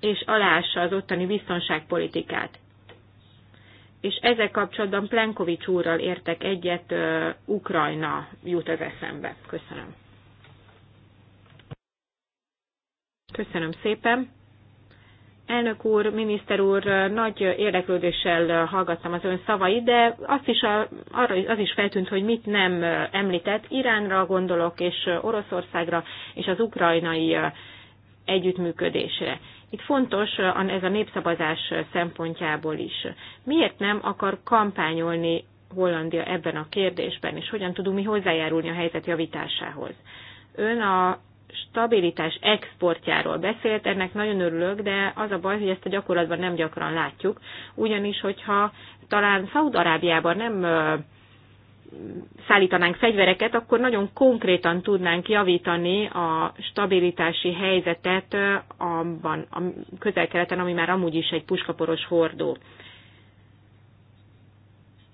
és alássa az ottani biztonságpolitikát és ezzel kapcsolatban Plenkovics úrral értek egyet, Ukrajna jut az eszembe. Köszönöm. Köszönöm szépen. Elnök úr, miniszter úr, nagy érdeklődéssel hallgattam az ön szavait, de azt is a, arra, az is feltűnt, hogy mit nem említett. Iránra gondolok, és Oroszországra, és az ukrajnai együttműködésre. Itt fontos ez a népszavazás szempontjából is. Miért nem akar kampányolni Hollandia ebben a kérdésben, és hogyan tudunk mi hozzájárulni a helyzet javításához? Ön a stabilitás exportjáról beszélt, ennek nagyon örülök, de az a baj, hogy ezt a gyakorlatban nem gyakran látjuk, ugyanis hogyha talán Szaud-Arábiában nem szállítanánk fegyvereket, akkor nagyon konkrétan tudnánk javítani a stabilitási helyzetet abban a közel-keleten, ami már amúgy is egy puskaporos hordó.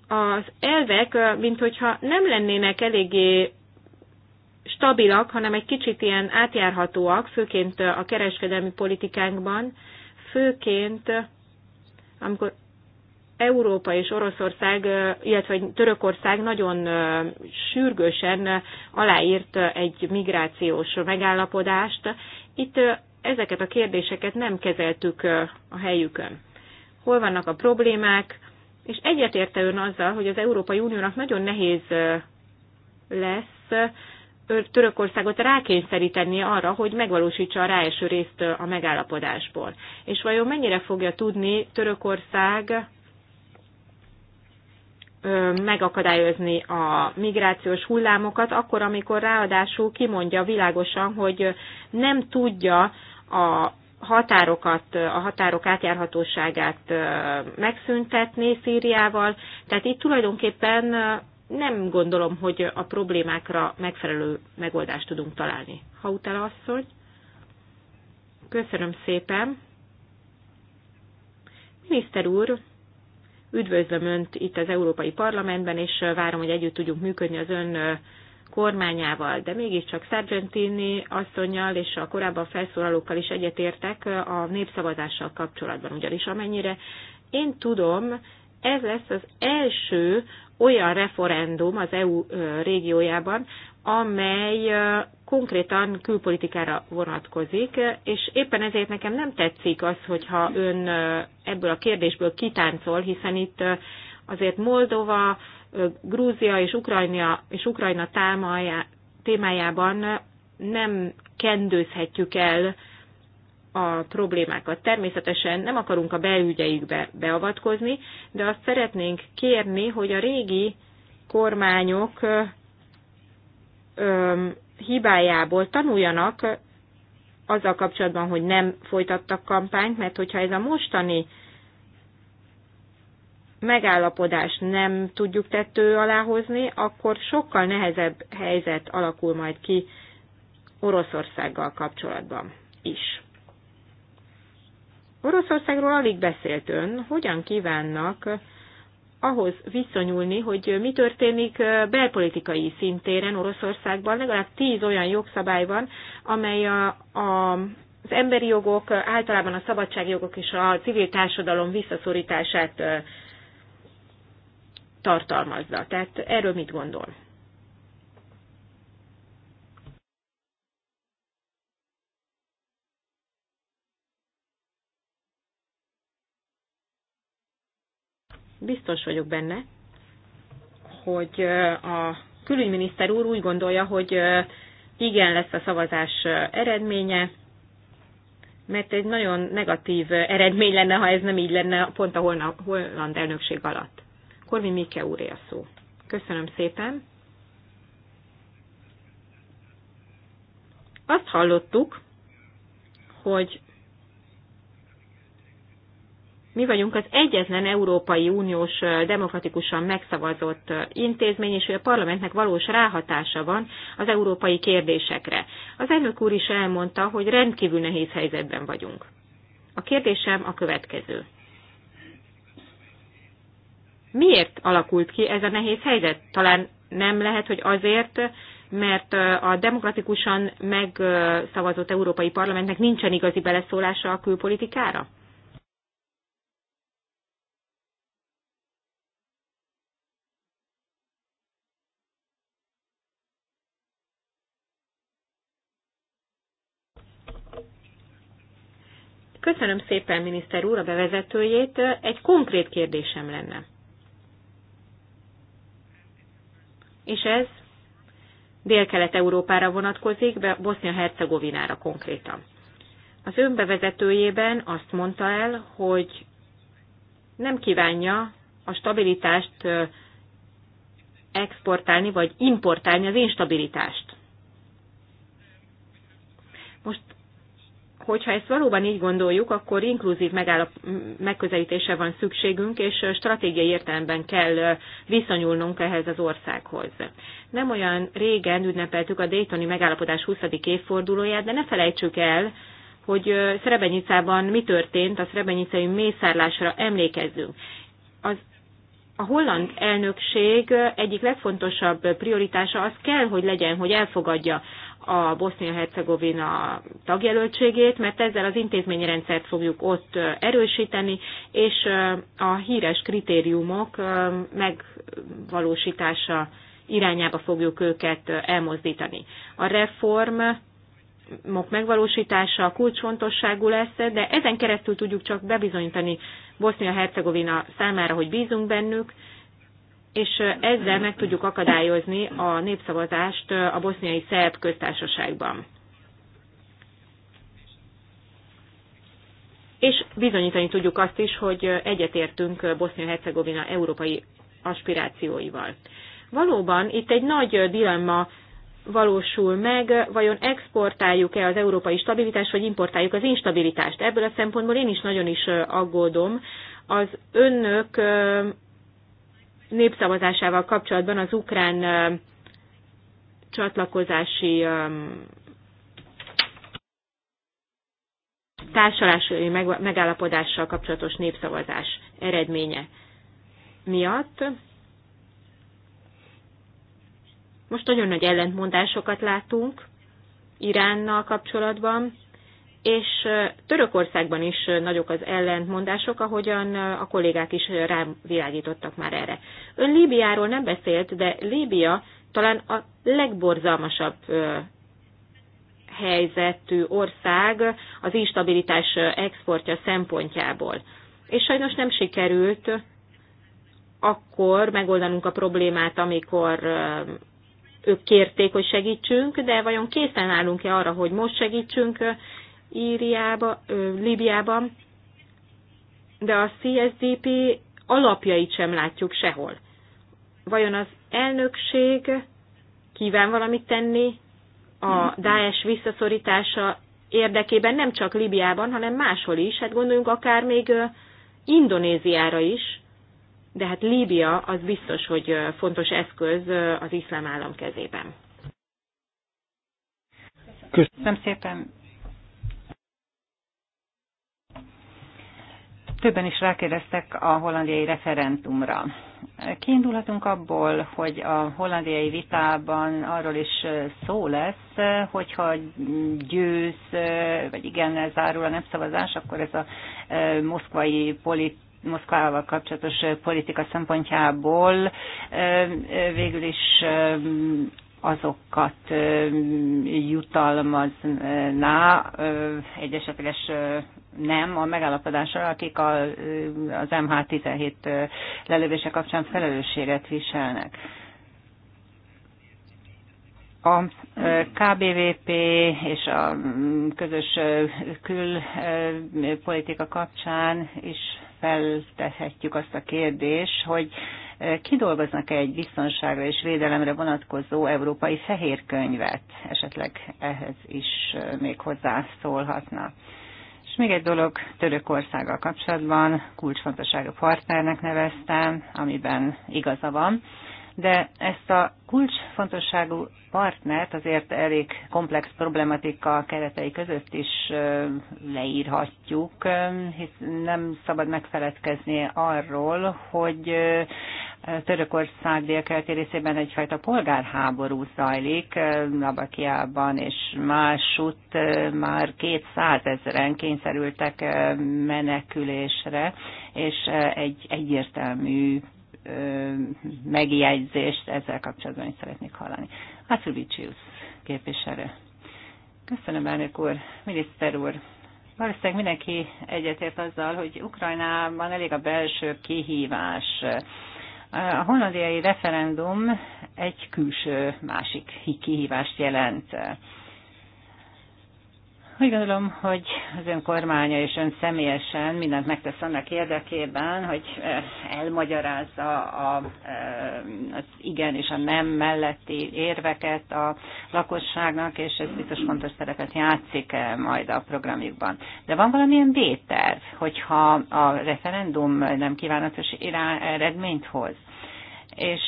Az elvek, mint hogyha nem lennének eléggé stabilak, hanem egy kicsit ilyen átjárhatóak, főként a kereskedelmi politikánkban, főként amikor Európa és Oroszország, illetve Törökország nagyon sürgősen aláírt egy migrációs megállapodást. Itt ezeket a kérdéseket nem kezeltük a helyükön. Hol vannak a problémák, és egyetérte ön azzal, hogy az Európai Uniónak nagyon nehéz lesz Törökországot rákényszeríteni arra, hogy megvalósítsa a ráeső részt a megállapodásból. És vajon mennyire fogja tudni Törökország megakadályozni a migrációs hullámokat, akkor, amikor ráadásul kimondja világosan, hogy nem tudja a határokat, a határok átjárhatóságát megszüntetni Szíriával. Tehát itt tulajdonképpen nem gondolom, hogy a problémákra megfelelő megoldást tudunk találni. Ha utána asszony. Köszönöm szépen. Miniszter úr, Üdvözlöm Önt itt az Európai Parlamentben, és várom, hogy együtt tudjunk működni az Ön kormányával, de mégiscsak Sargentini asszonyjal és a korábban felszólalókkal is egyetértek a népszavazással kapcsolatban, ugyanis amennyire én tudom, ez lesz az első olyan referendum az EU régiójában, amely konkrétan külpolitikára vonatkozik, és éppen ezért nekem nem tetszik az, hogyha ön ebből a kérdésből kitáncol, hiszen itt azért Moldova, Grúzia és Ukrajna, és Ukrajna támájá, témájában nem kendőzhetjük el a problémákat. Természetesen nem akarunk a belügyeikbe beavatkozni, de azt szeretnénk kérni, hogy a régi kormányok hibájából tanuljanak azzal kapcsolatban, hogy nem folytattak kampányt, mert hogyha ez a mostani megállapodás nem tudjuk tettő aláhozni, akkor sokkal nehezebb helyzet alakul majd ki Oroszországgal kapcsolatban is. Oroszországról alig beszélt ön, hogyan kívánnak ahhoz viszonyulni, hogy mi történik belpolitikai szintéren Oroszországban. Legalább tíz olyan jogszabály van, amely a, a, az emberi jogok, általában a szabadságjogok és a civil társadalom visszaszorítását tartalmazza. Tehát erről mit gondol? Biztos vagyok benne, hogy a külügyminiszter úr úgy gondolja, hogy igen lesz a szavazás eredménye, mert egy nagyon negatív eredmény lenne, ha ez nem így lenne pont a holland elnökség alatt. Korvin Mike úré a szó. Köszönöm szépen. Azt hallottuk, hogy mi vagyunk az egyetlen Európai Uniós demokratikusan megszavazott intézmény, és hogy a parlamentnek valós ráhatása van az európai kérdésekre. Az elnök úr is elmondta, hogy rendkívül nehéz helyzetben vagyunk. A kérdésem a következő. Miért alakult ki ez a nehéz helyzet? Talán nem lehet, hogy azért, mert a demokratikusan megszavazott Európai Parlamentnek nincsen igazi beleszólása a külpolitikára? Köszönöm szépen, miniszter úr, a bevezetőjét. Egy konkrét kérdésem lenne. És ez Dél-Kelet-Európára vonatkozik, Bosznia-Hercegovinára konkrétan. Az ön bevezetőjében azt mondta el, hogy nem kívánja a stabilitást exportálni vagy importálni az instabilitást. Most hogyha ezt valóban így gondoljuk, akkor inkluzív megállap, megközelítése van szükségünk, és stratégiai értelemben kell viszonyulnunk ehhez az országhoz. Nem olyan régen ünnepeltük a Daytoni megállapodás 20. évfordulóját, de ne felejtsük el, hogy Szerebenyicában mi történt, a Szerebenyicai mészárlásra emlékezzünk. Az a holland elnökség egyik legfontosabb prioritása az kell, hogy legyen, hogy elfogadja a Bosznia-Hercegovina tagjelöltségét, mert ezzel az intézményi rendszert fogjuk ott erősíteni, és a híres kritériumok megvalósítása irányába fogjuk őket elmozdítani. A reform megvalósítása kulcsfontosságú lesz, de ezen keresztül tudjuk csak bebizonyítani Bosznia-Hercegovina számára, hogy bízunk bennük, és ezzel meg tudjuk akadályozni a népszavazást a boszniai szerb köztársaságban. És bizonyítani tudjuk azt is, hogy egyetértünk Bosznia-Hercegovina európai aspirációival. Valóban itt egy nagy dilemma valósul meg, vajon exportáljuk-e az európai stabilitást, vagy importáljuk az instabilitást. Ebből a szempontból én is nagyon is aggódom. Az önök népszavazásával kapcsolatban az ukrán csatlakozási társalási megállapodással kapcsolatos népszavazás eredménye miatt. Most nagyon nagy ellentmondásokat látunk Iránnal kapcsolatban, és Törökországban is nagyok az ellentmondások, ahogyan a kollégák is rávilágítottak már erre. Ön Líbiáról nem beszélt, de Líbia talán a legborzalmasabb helyzetű ország az instabilitás exportja szempontjából. És sajnos nem sikerült akkor megoldanunk a problémát, amikor ők kérték, hogy segítsünk, de vajon készen állunk-e arra, hogy most segítsünk, Íriába, ö, Líbiában, de a CSDP alapjait sem látjuk sehol. Vajon az elnökség kíván valamit tenni a Daesh visszaszorítása érdekében nem csak Libiában, hanem máshol is, hát gondoljunk akár még Indonéziára is, de hát Líbia az biztos, hogy fontos eszköz az iszlám állam kezében. Köszönöm szépen, többen is rákérdeztek a hollandiai referendumra. Kiindulhatunk abból, hogy a hollandiai vitában arról is szó lesz, hogyha győz, vagy igen, zárul a népszavazás, akkor ez a e, moszkvai politikai Moszkvával kapcsolatos politika szempontjából e, e, végül is azokat jutalmazná egy esetleges nem a megállapodásra, akik a, az MH17 lelövése kapcsán felelősséget viselnek. A KBVP és a közös külpolitika kapcsán is feltehetjük azt a kérdést, hogy kidolgoznak-e egy biztonságra és védelemre vonatkozó európai fehér könyvet, esetleg ehhez is még hozzászólhatna. És még egy dolog Törökországgal kapcsolatban, kulcsfontosságú partnernek neveztem, amiben igaza van de ezt a kulcsfontosságú partnert azért elég komplex problematika keretei között is leírhatjuk, hisz nem szabad megfeledkezni arról, hogy Törökország délkeleti részében egyfajta polgárháború zajlik, Nabakiában és másutt már 200 ezeren kényszerültek menekülésre, és egy egyértelmű megjegyzést ezzel kapcsolatban is szeretnék hallani. Atubicius képviselő. Köszönöm, elnök úr, miniszter úr. Valószínűleg mindenki egyetért azzal, hogy Ukrajnában elég a belső kihívás. A hollandiai referendum egy külső másik kihívást jelent. Úgy gondolom, hogy az ön kormánya és ön személyesen mindent megtesz annak érdekében, hogy elmagyarázza a, az igen és a nem melletti érveket a lakosságnak, és ez biztos fontos szerepet játszik majd a programjukban. De van valamilyen B-terv, hogyha a referendum nem kívánatos eredményt hoz, és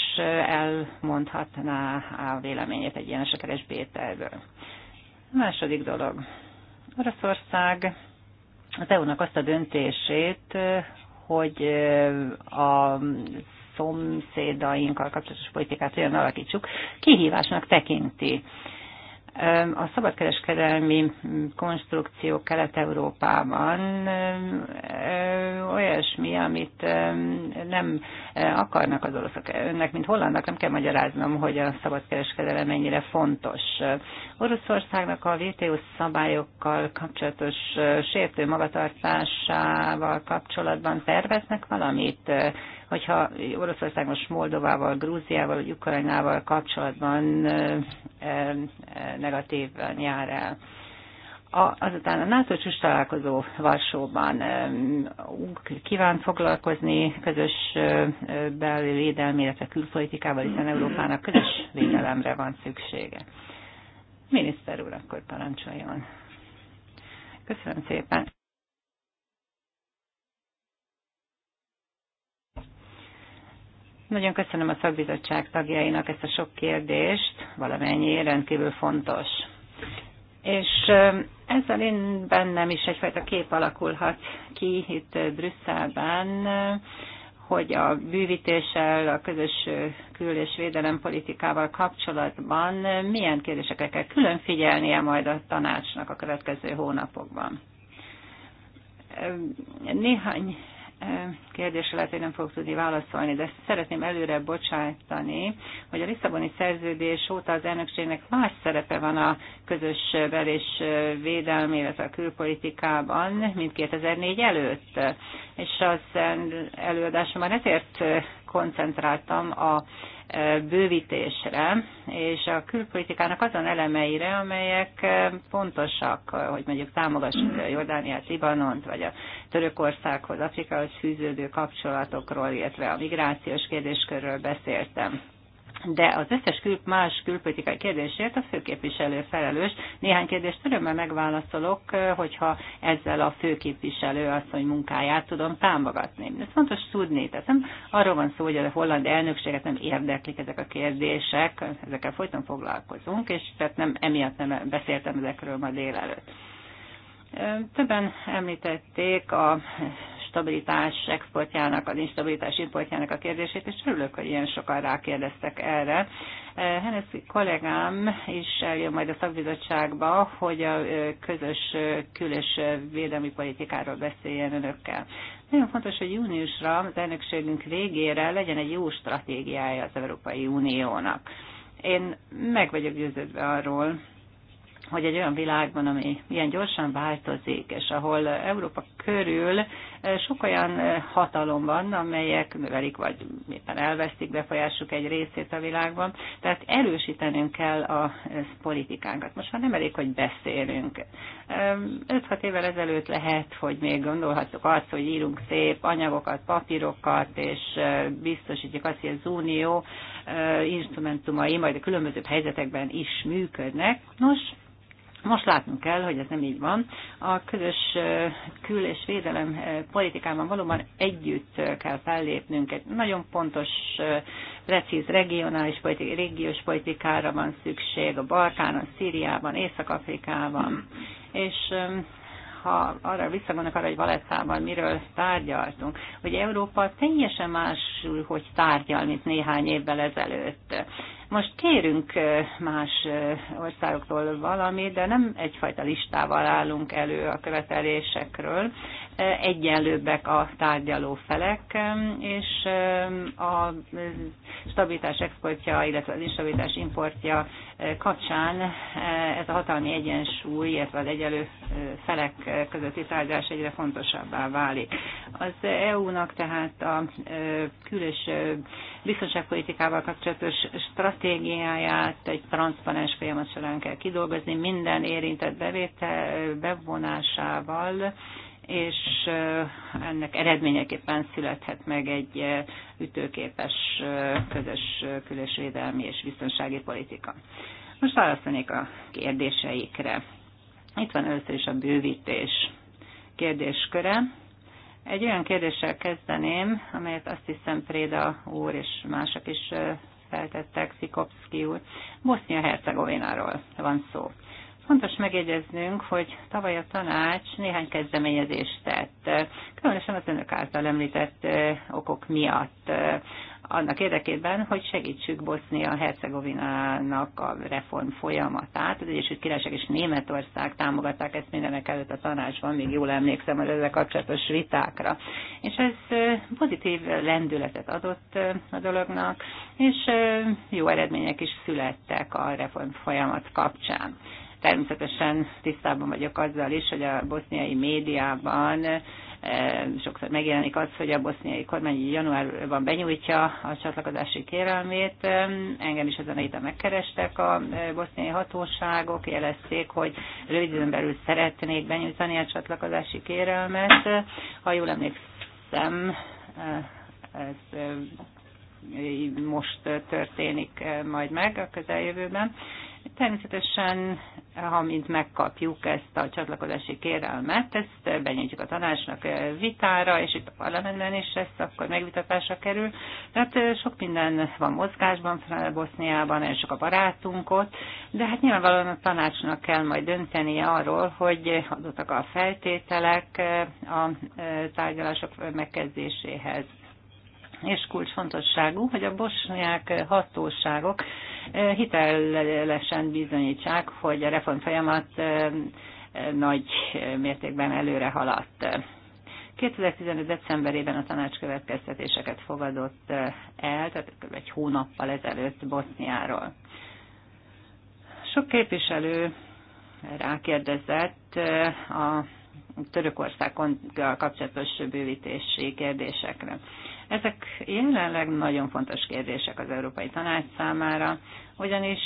elmondhatná a véleményét egy ilyen esetleges B-tervről. Második dolog. Oroszország az EU-nak azt a döntését, hogy a szomszédainkkal kapcsolatos politikát olyan alakítsuk, kihívásnak tekinti. A szabadkereskedelmi konstrukció Kelet-Európában olyasmi, amit nem akarnak az oroszok. Önnek, mint hollandnak nem kell magyaráznom, hogy a szabadkereskedelem mennyire fontos. Oroszországnak a WTO szabályokkal kapcsolatos sértő magatartásával kapcsolatban terveznek valamit? hogyha Oroszország most Moldovával, Grúziával, vagy Ukrajnával kapcsolatban negatívan jár el. A, azután a NATO csúcs találkozó Varsóban kíván foglalkozni közös belvédelmi, illetve külpolitikával, hiszen Európának közös védelemre van szüksége. Miniszter úr, akkor parancsoljon. Köszönöm szépen. Nagyon köszönöm a szakbizottság tagjainak ezt a sok kérdést, valamennyi rendkívül fontos. És ezzel én bennem is egyfajta kép alakulhat ki itt Brüsszelben, hogy a bűvítéssel, a közös kül- és védelempolitikával kapcsolatban milyen kérdésekre kell külön figyelnie majd a tanácsnak a következő hónapokban. Néhány kérdésre lehet, hogy nem fogok tudni válaszolni, de szeretném előre bocsájtani, hogy a Lisszaboni szerződés óta az elnökségnek más szerepe van a közös bel- és védelmi, illetve a külpolitikában, mint 2004 előtt. És az előadásom már ezért koncentráltam a e, bővítésre és a külpolitikának azon elemeire, amelyek e, pontosak, hogy mondjuk támogassuk Jordániát, Libanont, vagy a Törökországhoz, Afrikához fűződő kapcsolatokról, illetve a migrációs kérdéskörről beszéltem de az összes kül, más külpolitikai kérdésért a főképviselő felelős. Néhány kérdést örömmel megválaszolok, hogyha ezzel a főképviselő asszony munkáját tudom támogatni. Ez fontos tudni, tehát nem arról van szó, hogy a holland elnökséget nem érdeklik ezek a kérdések, ezekkel folyton foglalkozunk, és tehát nem emiatt nem beszéltem ezekről ma délelőtt. Többen említették a stabilitás exportjának, az instabilitás importjának a kérdését, és örülök, hogy ilyen sokan rákérdeztek erre. Eh, Hennessy kollégám is eljön majd a szakbizottságba, hogy a eh, közös eh, külös védelmi politikáról beszéljen önökkel. Nagyon fontos, hogy júniusra, az elnökségünk végére legyen egy jó stratégiája az Európai Uniónak. Én meg vagyok győződve arról, hogy egy olyan világban, ami ilyen gyorsan változik, és ahol Európa körül sok olyan hatalom van, amelyek növelik, vagy éppen elvesztik befolyásuk egy részét a világban, tehát erősítenünk kell a politikánkat. Most már nem elég, hogy beszélünk. 5-6 évvel ezelőtt lehet, hogy még gondolhattuk azt, hogy írunk szép anyagokat, papírokat, és biztosítjuk azt, hogy az unió instrumentumai majd a különböző helyzetekben is működnek. Nos, most látnunk kell, hogy ez nem így van. A közös kül- és védelem politikában valóban együtt kell fellépnünk. Egy nagyon pontos, precíz regionális politi- régiós politikára van szükség a Balkánon, Szíriában, Észak-Afrikában. És ha arra visszagondolok arra, hogy Valettában miről tárgyaltunk, hogy Európa teljesen más, hogy tárgyal, mint néhány évvel ezelőtt. Most kérünk más országoktól valamit, de nem egyfajta listával állunk elő a követelésekről egyenlőbbek a tárgyaló felek, és eh, a stabilitás exportja, illetve az instabilitás importja eh, kapcsán eh, ez a hatalmi egyensúly, illetve az egyenlő felek közötti tárgyalás egyre fontosabbá válik. Az EU-nak tehát a külös biztonságpolitikával kapcsolatos stratégiáját egy transzparens folyamat során kell kidolgozni minden érintett bevétel bevonásával, és ennek eredményeképpen születhet meg egy ütőképes közös külösvédelmi és biztonsági politika. Most válaszolnék a kérdéseikre. Itt van először is a bővítés kérdésköre. Egy olyan kérdéssel kezdeném, amelyet azt hiszem Préda úr és mások is feltettek, Szikopszki úr. Bosznia-Hercegovináról van szó. Fontos megjegyeznünk, hogy tavaly a tanács néhány kezdeményezést tett, különösen az önök által említett okok miatt annak érdekében, hogy segítsük Bosznia-Hercegovinának a reform folyamatát. Az Egyesült Királyság és Németország támogatták ezt mindenek előtt a tanácsban, még jól emlékszem az ezzel kapcsolatos vitákra. És ez pozitív lendületet adott a dolognak, és jó eredmények is születtek a reform folyamat kapcsán. Természetesen tisztában vagyok azzal is, hogy a boszniai médiában eh, sokszor megjelenik az, hogy a boszniai kormány januárban benyújtja a csatlakozási kérelmét. Eh, engem is ezen a héten megkerestek a eh, boszniai hatóságok, jelezték, hogy rövid időn belül szeretnék benyújtani a csatlakozási kérelmet. Ha jól emlékszem, ez most történik majd meg a közeljövőben. Természetesen, ha mind megkapjuk ezt a csatlakozási kérelmet, ezt benyújtjuk a tanácsnak vitára, és itt a parlamentben is ezt akkor megvitatásra kerül. Tehát sok minden van mozgásban, Boszniában, és sok a barátunk ott, de hát nyilvánvalóan a tanácsnak kell majd döntenie arról, hogy adottak a feltételek a tárgyalások megkezdéséhez és kulcsfontosságú, hogy a bosnyák hatóságok eh, hitelesen bizonyítsák, hogy a reform folyamat eh, nagy eh, mértékben előre haladt. 2015. decemberében a tanács következtetéseket fogadott el, tehát kb. egy hónappal ezelőtt Boszniáról. Sok képviselő rákérdezett a Törökország kapcsolatos bővítési kérdésekre. Ezek jelenleg nagyon fontos kérdések az Európai Tanács számára, ugyanis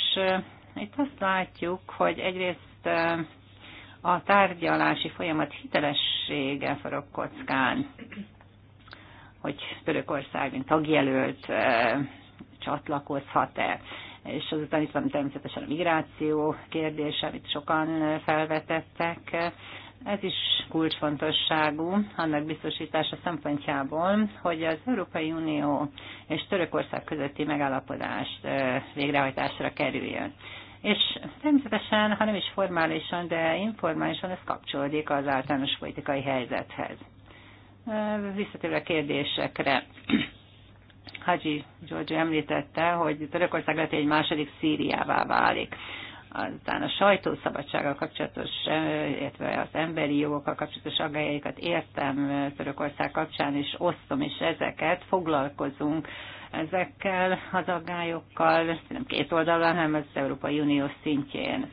itt azt látjuk, hogy egyrészt a tárgyalási folyamat hitelessége forog kockán, hogy Törökország, mint tagjelölt, csatlakozhat-e. És azután itt van természetesen a migráció kérdése, amit sokan felvetettek. Ez is kulcsfontosságú annak biztosítása szempontjából, hogy az Európai Unió és Törökország közötti megállapodást végrehajtásra kerüljön. És természetesen, ha nem is formálisan, de informálisan ez kapcsolódik az általános politikai helyzethez. Visszatérve a kérdésekre. Haji Giorgio említette, hogy Törökország lehet egy második Szíriává válik aztán a sajtószabadsággal kapcsolatos, illetve az emberi jogokkal kapcsolatos aggájaikat értem Törökország kapcsán, és osztom is ezeket, foglalkozunk ezekkel az aggályokkal, nem két oldalon, hanem az Európai Unió szintjén.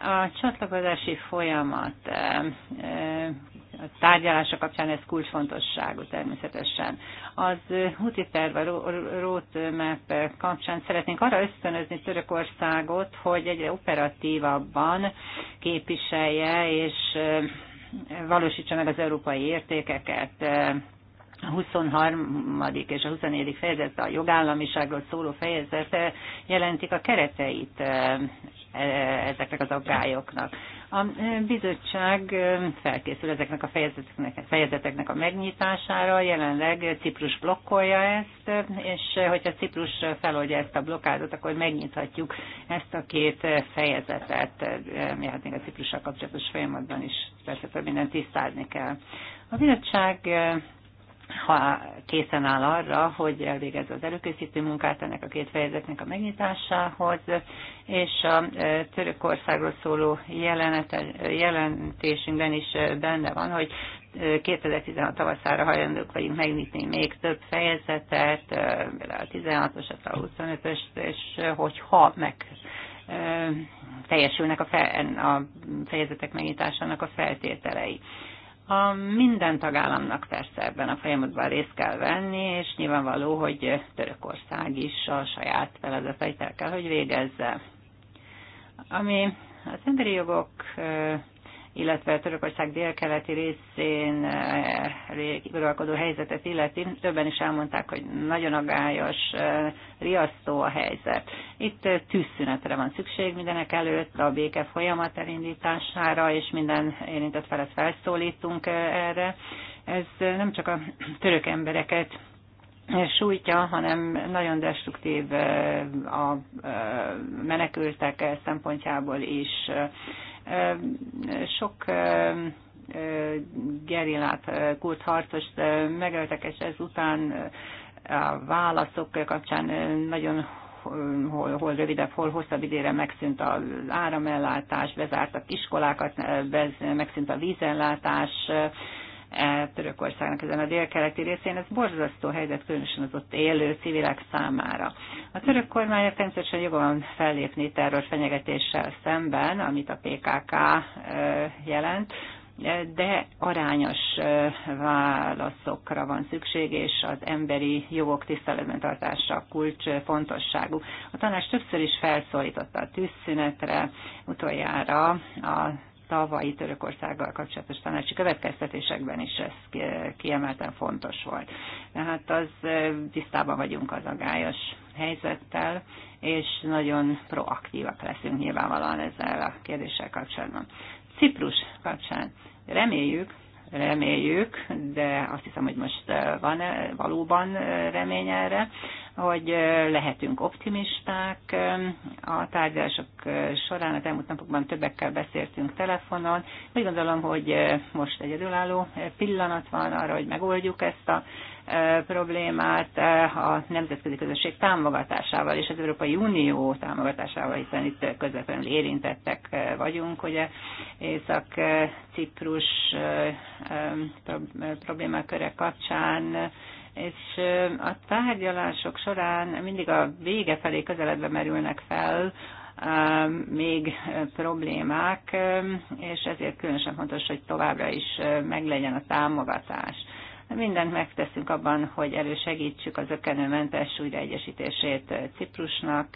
A csatlakozási folyamat tárgyalása kapcsán ez kulcsfontosságú természetesen. Az úti terv, a roadmap kapcsán szeretnénk arra ösztönözni Törökországot, hogy egyre operatívabban képviselje és valósítsa meg az európai értékeket. A 23. és a 24. fejezet, a jogállamiságról szóló fejezete jelentik a kereteit E, ezeknek az aggályoknak. A e, bizottság e, felkészül ezeknek a fejezeteknek, fejezeteknek a megnyitására, jelenleg Ciprus blokkolja ezt, és hogyha Ciprus feloldja ezt a blokkádot, akkor megnyithatjuk ezt a két fejezetet. Hát még a Ciprussal kapcsolatos folyamatban is persze több mindent tisztázni kell. A bizottság ha készen áll arra, hogy elvégezze az előkészítő munkát ennek a két fejezetnek a megnyitásához, és a e, Törökországról szóló jelenete, jelentésünkben is e, benne van, hogy 2016 e, tavaszára hajlandók vagyunk megnyitni még több fejezetet, a 16 os a 25 ös és hogyha meg teljesülnek a, fe, a fejezetek megnyitásának a feltételei. A minden tagállamnak persze ebben a folyamatban részt kell venni, és nyilvánvaló, hogy Törökország is a saját feladatait el kell, hogy végezze. Ami az emberi jogok illetve Törökország délkeleti részén uralkodó eh, helyzetet illeti, többen is elmondták, hogy nagyon agályos, eh, riasztó a helyzet. Itt eh, tűzszünetre van szükség mindenek előtt, a béke folyamat elindítására, és minden érintett felet felszólítunk erre. Ez nem csak a török embereket sújtja, hanem nagyon destruktív a menekültek szempontjából is sok gerillát, kurt harcost megöltek, és ezután a válaszok kapcsán nagyon hol, hol rövidebb, hol hosszabb időre megszűnt az áramellátás, bezártak iskolákat, bez, megszűnt a vízellátás, Törökországnak ezen a délkeleti részén. Ez borzasztó helyzet, különösen az ott élő civilek számára. A török kormány természetesen joga van fellépni terror fenyegetéssel szemben, amit a PKK jelent, de arányos válaszokra van szükség, és az emberi jogok tiszteletben tartása kulcs fontosságú. A tanács többször is felszólította a tűzszünetre, utoljára a tavalyi Törökországgal kapcsolatos tanácsi következtetésekben is ez kiemelten fontos volt. Tehát az tisztában vagyunk az agályos helyzettel, és nagyon proaktívak leszünk nyilvánvalóan ezzel a kérdéssel kapcsolatban. Ciprus kapcsán reméljük, reméljük, de azt hiszem, hogy most eh, van -e valóban eh, remény erre, hogy lehetünk optimisták. A tárgyalások során az elmúlt napokban többekkel beszéltünk telefonon. Úgy gondolom, hogy most egyedülálló pillanat van arra, hogy megoldjuk ezt a problémát a nemzetközi közösség támogatásával és az Európai Unió támogatásával, hiszen itt közvetlenül érintettek vagyunk, ugye Észak-Ciprus problémaköre kapcsán, és a tárgyalások során mindig a vége felé közeledve merülnek fel még problémák, és ezért különösen fontos, hogy továbbra is meglegyen a támogatás. Mindent megteszünk abban, hogy elősegítsük az ökenőmentes újraegyesítését Ciprusnak,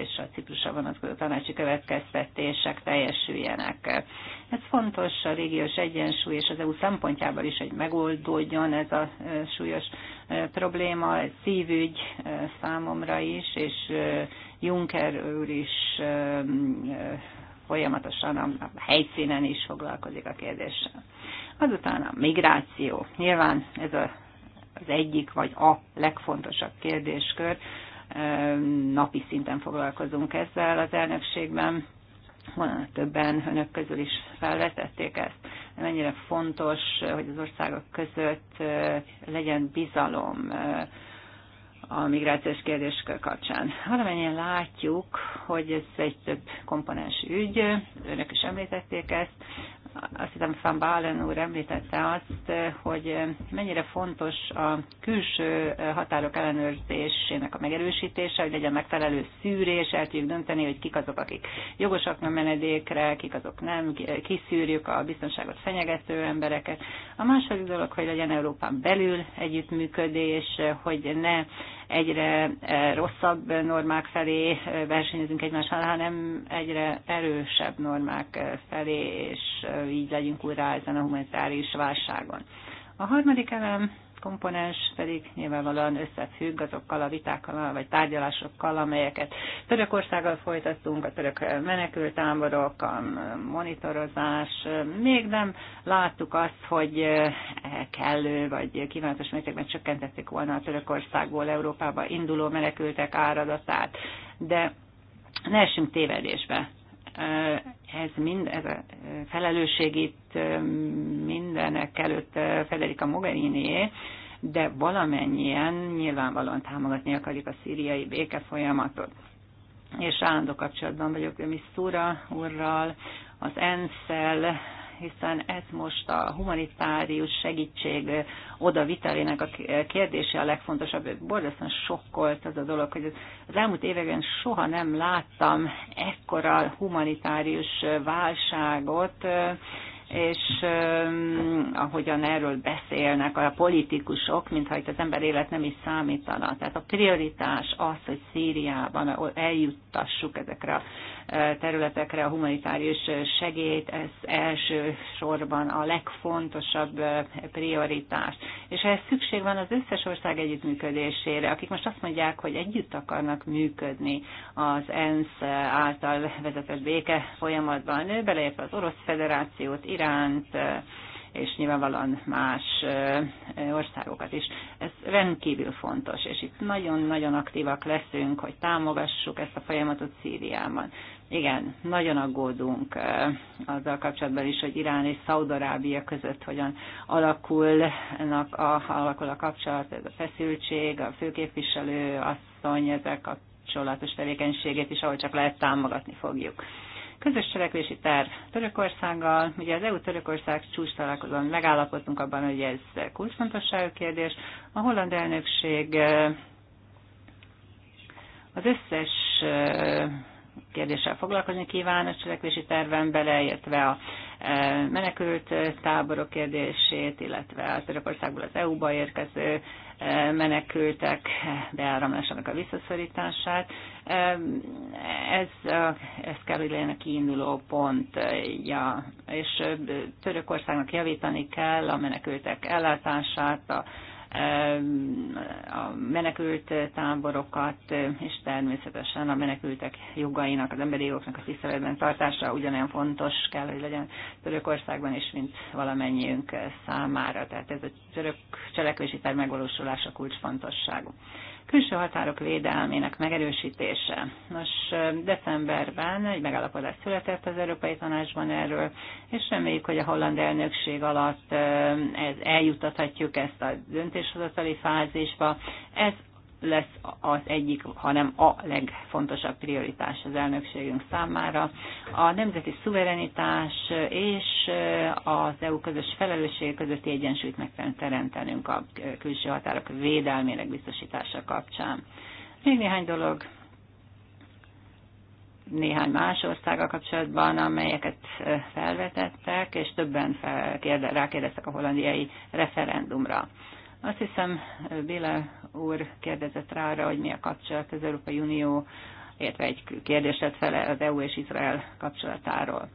és a Ciprusra vonatkozó tanácsi következtetések teljesüljenek. Ez fontos a régiós egyensúly és az EU szempontjából is, hogy megoldódjon ez a e, súlyos e, probléma, egy szívügy e, számomra is, és Juncker úr is folyamatosan a helyszínen is foglalkozik a kérdéssel. Azután a migráció. Nyilván ez a, az egyik vagy a legfontosabb kérdéskör. Napi szinten foglalkozunk ezzel az elnökségben. többen önök közül is felvetették ezt. Mennyire fontos, hogy az országok között legyen bizalom, a migrációs kérdéskör kapcsán. Valamennyien látjuk, hogy ez egy több komponens ügy, önök is említették ezt, azt hiszem, Van Balen úr említette azt, hogy mennyire fontos a külső határok ellenőrzésének a megerősítése, hogy legyen megfelelő szűrés, el tudjuk dönteni, hogy kik azok, akik jogosak a menedékre, kik azok nem, kiszűrjük a biztonságot fenyegető embereket. A második dolog, hogy legyen Európán belül együttműködés, hogy ne egyre eh, rosszabb normák felé eh, versenyezünk egymással, hanem egyre erősebb normák eh, felé, és így legyünk újra ezen a humanitáris válságon. A harmadik elem komponens pedig nyilvánvalóan összefügg azokkal a vitákkal, vagy tárgyalásokkal, amelyeket Törökországgal folytattunk, a török menekültáborok, a monitorozás. Még nem láttuk azt, hogy eh, kellő vagy kívánatos mértékben csökkentették volna a Törökországból Európába induló menekültek áradatát. De ne essünk tévedésbe eh, ez mind, ez a felelősség itt mindenek előtt Federica mogherini de valamennyien nyilvánvalóan támogatni akarjuk a szíriai béke folyamatot. És állandó kapcsolatban vagyok Misszúra úrral, az ENSZ-el, hiszen ez most a humanitárius segítség oda vitelének a kérdése a legfontosabb. Borzasztóan sokkolt az a dolog, hogy az elmúlt években soha nem láttam ekkora humanitárius válságot, és eh, ahogyan erről beszélnek a politikusok, mintha itt az ember élet nem is számítana. Tehát a prioritás az, hogy Szíriában eljuttassuk ezekre a területekre a humanitárius segélyt, ez első sorban a legfontosabb prioritás. És ehhez szükség van az összes ország együttműködésére, akik most azt mondják, hogy együtt akarnak működni az ENSZ által vezetett béke folyamatban, beleértve az Orosz Federációt, Iránt, és nyilvánvalóan más országokat is. Ez rendkívül fontos, és itt nagyon-nagyon aktívak leszünk, hogy támogassuk ezt a folyamatot Szíriában. Igen, nagyon aggódunk azzal kapcsolatban is, hogy Irán és Szaudarábia között hogyan alakulnak a, alakul a kapcsolat, ez a feszültség, a főképviselő asszony ezek kapcsolatos tevékenységét is, ahogy csak lehet támogatni fogjuk. Közös cselekvési terv Törökországgal. Ugye az EU-Törökország csúcs találkozón megállapodtunk abban, hogy ez kulcsfontosságú kérdés. A holland elnökség az összes kérdéssel foglalkozni kíván a cselekvési terven beleértve a menekült e, táborok kérdését, illetve az Törökországból az EU-ba érkező e, menekültek beáramlásának a visszaszorítását. E, ez, ez kell, hogy legyen a kiinduló ja. és Törökországnak javítani kell a menekültek ellátását, a a menekült táborokat, és természetesen a menekültek jogainak, az emberi jogoknak a tiszteletben tartása ugyanolyan fontos kell, hogy legyen Törökországban is, mint valamennyiünk számára. Tehát ez a török cselekvési terv megvalósulása kulcsfontosságú külső határok védelmének megerősítése. Nos, decemberben egy megállapodás született az Európai Tanácsban erről, és reméljük, hogy a holland elnökség alatt eh, ez eljutathatjuk ezt a döntéshozatali fázisba. Ez lesz az egyik, hanem a legfontosabb prioritás az elnökségünk számára. A nemzeti szuverenitás és az EU közös felelősség közötti egyensúlyt meg kell teremtenünk a külső határok védelmének biztosítása kapcsán. Még néhány dolog néhány más országgal kapcsolatban, amelyeket felvetettek, és többen rákérdeztek a hollandiai referendumra. Azt hiszem, Béla úr kérdezett rá arra, hogy mi a kapcsolat az Európai Unió, illetve egy kérdéset fele az EU és Izrael kapcsolatáról.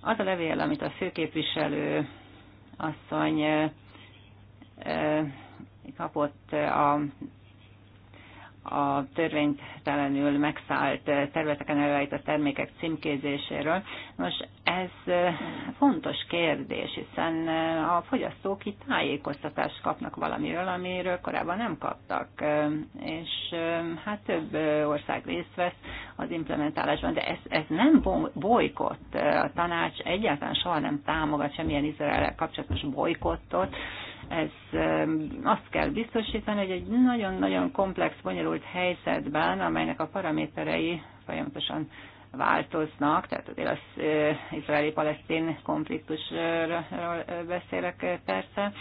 Az a levél, amit a főképviselő asszony kapott a a törvénytelenül megszállt területeken előállított termékek címkézéséről. Most ez fontos kérdés, hiszen a fogyasztók itt tájékoztatást kapnak valamiről, amiről korábban nem kaptak, és hát több ország részt vesz az implementálásban, de ez, ez nem bolykott. A tanács egyáltalán soha nem támogat semmilyen Izrael kapcsolatos bolykottot, ez azt kell biztosítani, hogy egy nagyon-nagyon komplex, bonyolult helyzetben, amelynek a paraméterei folyamatosan változnak, tehát azért az izraeli-palesztin konfliktusról beszélek persze,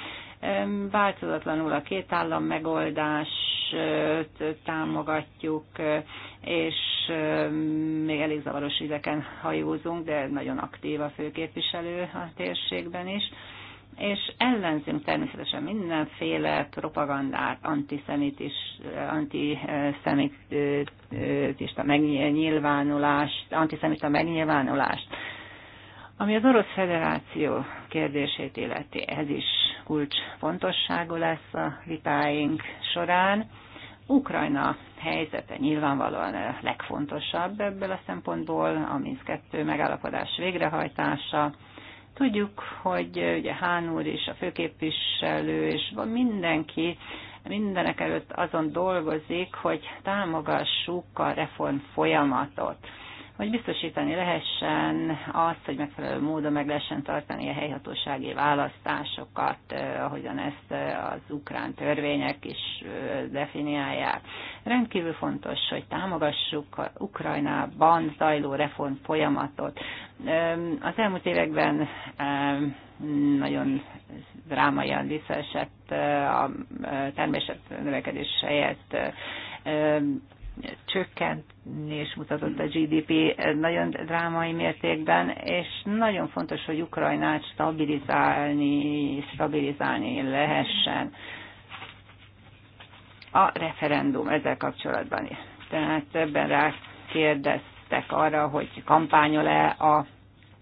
változatlanul a két állam megoldás támogatjuk, és még elég zavaros ideken hajózunk, de nagyon aktív a főképviselő a térségben is és ellenzünk természetesen mindenféle propagandát, antiszemitis, antiszemita megnyilvánulást, antiszemita megnyilvánulást. Ami az Orosz Federáció kérdését illeti, ez is kulcsfontosságú lesz a vitáink során. Ukrajna helyzete nyilvánvalóan a legfontosabb ebből a szempontból, a Minsk 2 megállapodás végrehajtása, Tudjuk, hogy eh, ugye Hán úr és a főképviselő és mindenki mindenek előtt azon dolgozik, hogy támogassuk a reform folyamatot hogy biztosítani lehessen azt, hogy megfelelő módon meg lehessen tartani a helyhatósági választásokat, eh, ahogyan ezt eh, az ukrán törvények is eh, definiálják. Rendkívül fontos, hogy támogassuk Ukrajnában zajló reform folyamatot. Az elmúlt években nagyon drámaian visszaesett a természet növekedés helyett csökkentés mutatott a GDP nagyon drámai mértékben, és nagyon fontos, hogy Ukrajnát stabilizálni, stabilizálni lehessen. A referendum ezzel kapcsolatban. Tehát ebben rá kérdeztek arra, hogy kampányol-e a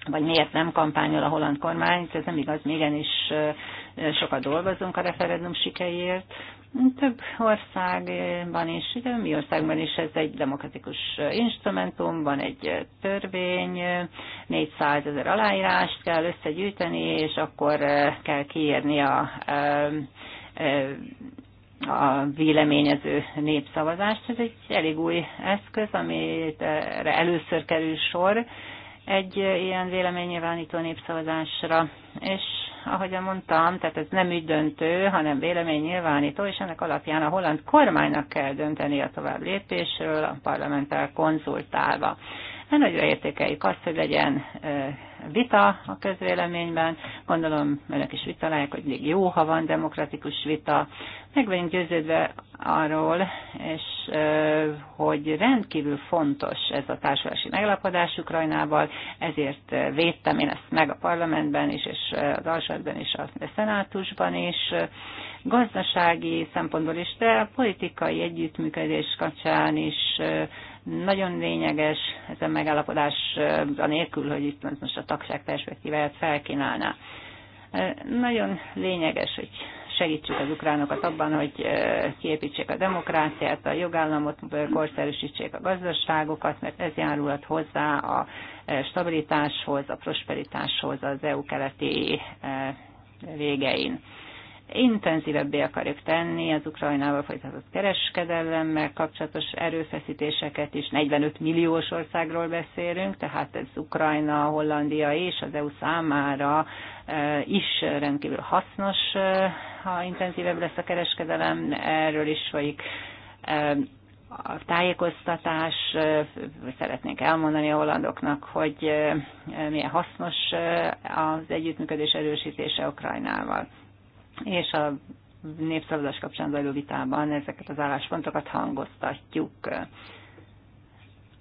vagy miért nem kampányol a holland kormány, ez nem igaz, még is sokat dolgozunk a referendum sikeiért, több országban is, ugye mi országban is ez egy demokratikus instrumentum, van egy törvény, 400 ezer aláírást kell összegyűjteni, és akkor eh, kell kiírni a, eh, eh, a véleményező népszavazást. Ez egy elég új eszköz, amit először kerül sor egy ilyen véleménynyilvánító népszavazásra, és ahogyan mondtam, tehát ez nem ügydöntő, hanem nyilvánító, és ennek alapján a holland kormánynak kell dönteni a tovább lépésről, a parlamenttel konzultálva. Nagyra értékeljük azt, hogy legyen vita a közvéleményben. Gondolom, önök is vitalálják, hogy még jó, ha van demokratikus vita. Meg vagyunk győződve arról, és hogy rendkívül fontos ez a társulási megalapodás Ukrajnával, ezért védtem én ezt meg a parlamentben is, és az alsatban is, a szenátusban is, gazdasági szempontból is, de a politikai együttműködés kapcsán is nagyon lényeges ez a megállapodás, anélkül, hogy itt most a tagság perspektíváját felkínálná. Nagyon lényeges, hogy segítsük az ukránokat abban, hogy kiépítsék a demokráciát, a jogállamot, korszerűsítsék a gazdaságokat, mert ez járulhat hozzá a stabilitáshoz, a prosperitáshoz az EU keleti végein intenzívebbé akarjuk tenni az Ukrajnával folytatott kereskedelemmel kapcsolatos erőfeszítéseket is. 45 milliós országról beszélünk, tehát ez Ukrajna, Hollandia és az EU számára e, is rendkívül hasznos, e, ha intenzívebb lesz a kereskedelem. Erről is folyik e, a tájékoztatás, szeretnénk elmondani a hollandoknak, hogy milyen hasznos az együttműködés erősítése Ukrajnával és a népszavazás kapcsán zajló vitában ezeket az álláspontokat hangoztatjuk.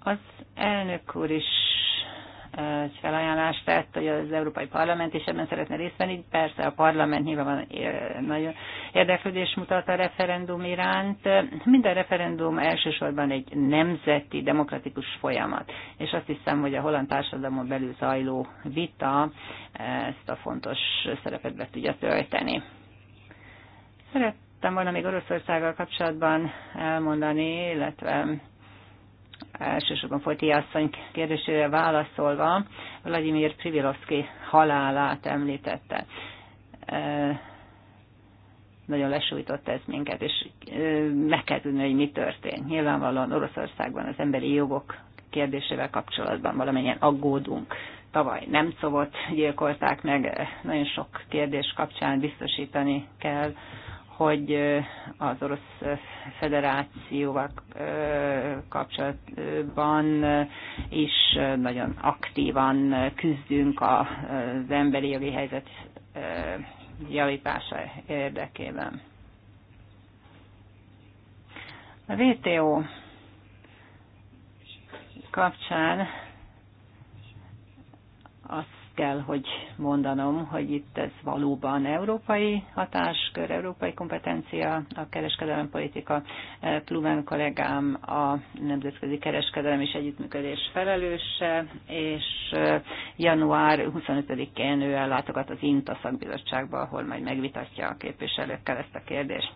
Az elnök úr is egy felajánlást tett, hogy az Európai Parlament is ebben szeretne részt venni. Persze a parlament nyilván nagyon érdeklődés mutat a referendum iránt. Minden referendum elsősorban egy nemzeti demokratikus folyamat, és azt hiszem, hogy a holland társadalmon belül zajló vita ezt a fontos szerepet be tudja tölteni. Szerettem volna még Oroszországgal kapcsolatban elmondani, illetve elsősorban Foti asszony kérdésére válaszolva, Vladimir Privilovsky halálát említette. Nagyon lesújtott ez minket, és meg kell tudni, hogy mi történt. Nyilvánvalóan Oroszországban az emberi jogok kérdésével kapcsolatban valamennyien aggódunk. Tavaly nem szovot gyilkolták meg, nagyon sok kérdés kapcsán biztosítani kell, hogy az Orosz Federációval kapcsolatban is nagyon aktívan küzdünk az emberi jogi helyzet javítása érdekében. A VTO kapcsán kell, hogy mondanom, hogy itt ez valóban európai hatáskör, európai kompetencia, a kereskedelmi politika. Pluven e, kollégám a Nemzetközi Kereskedelem és Együttműködés felelőse, és e, január 25-én ő ellátogat az INTA szakbizottságba, ahol majd megvitatja a képviselőkkel ezt a kérdést.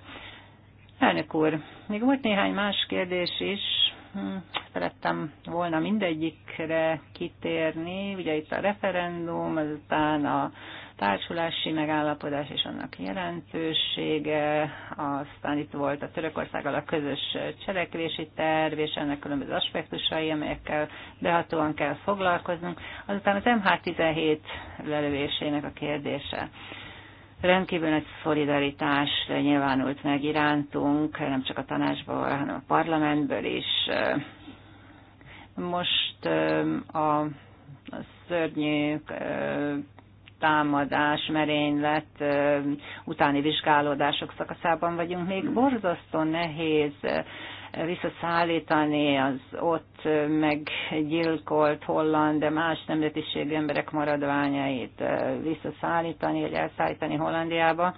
Elnök úr, még volt néhány más kérdés is, Hm, szerettem volna mindegyikre kitérni, ugye itt a referendum, azután a társulási megállapodás és annak jelentősége, aztán itt volt a Törökországgal a közös cselekvési terv, és ennek különböző aspektusai, amelyekkel behatóan kell foglalkoznunk, azután az MH17 lelövésének a kérdése rendkívül nagy szolidaritás nyilvánult meg irántunk, nem csak a tanácsból, hanem a parlamentből is. Most a szörnyű támadás, merénylet, utáni vizsgálódások szakaszában vagyunk. Még borzasztó nehéz visszaszállítani az ott meggyilkolt holland, de más nemzetiségű emberek maradványait visszaszállítani, vagy elszállítani Hollandiába.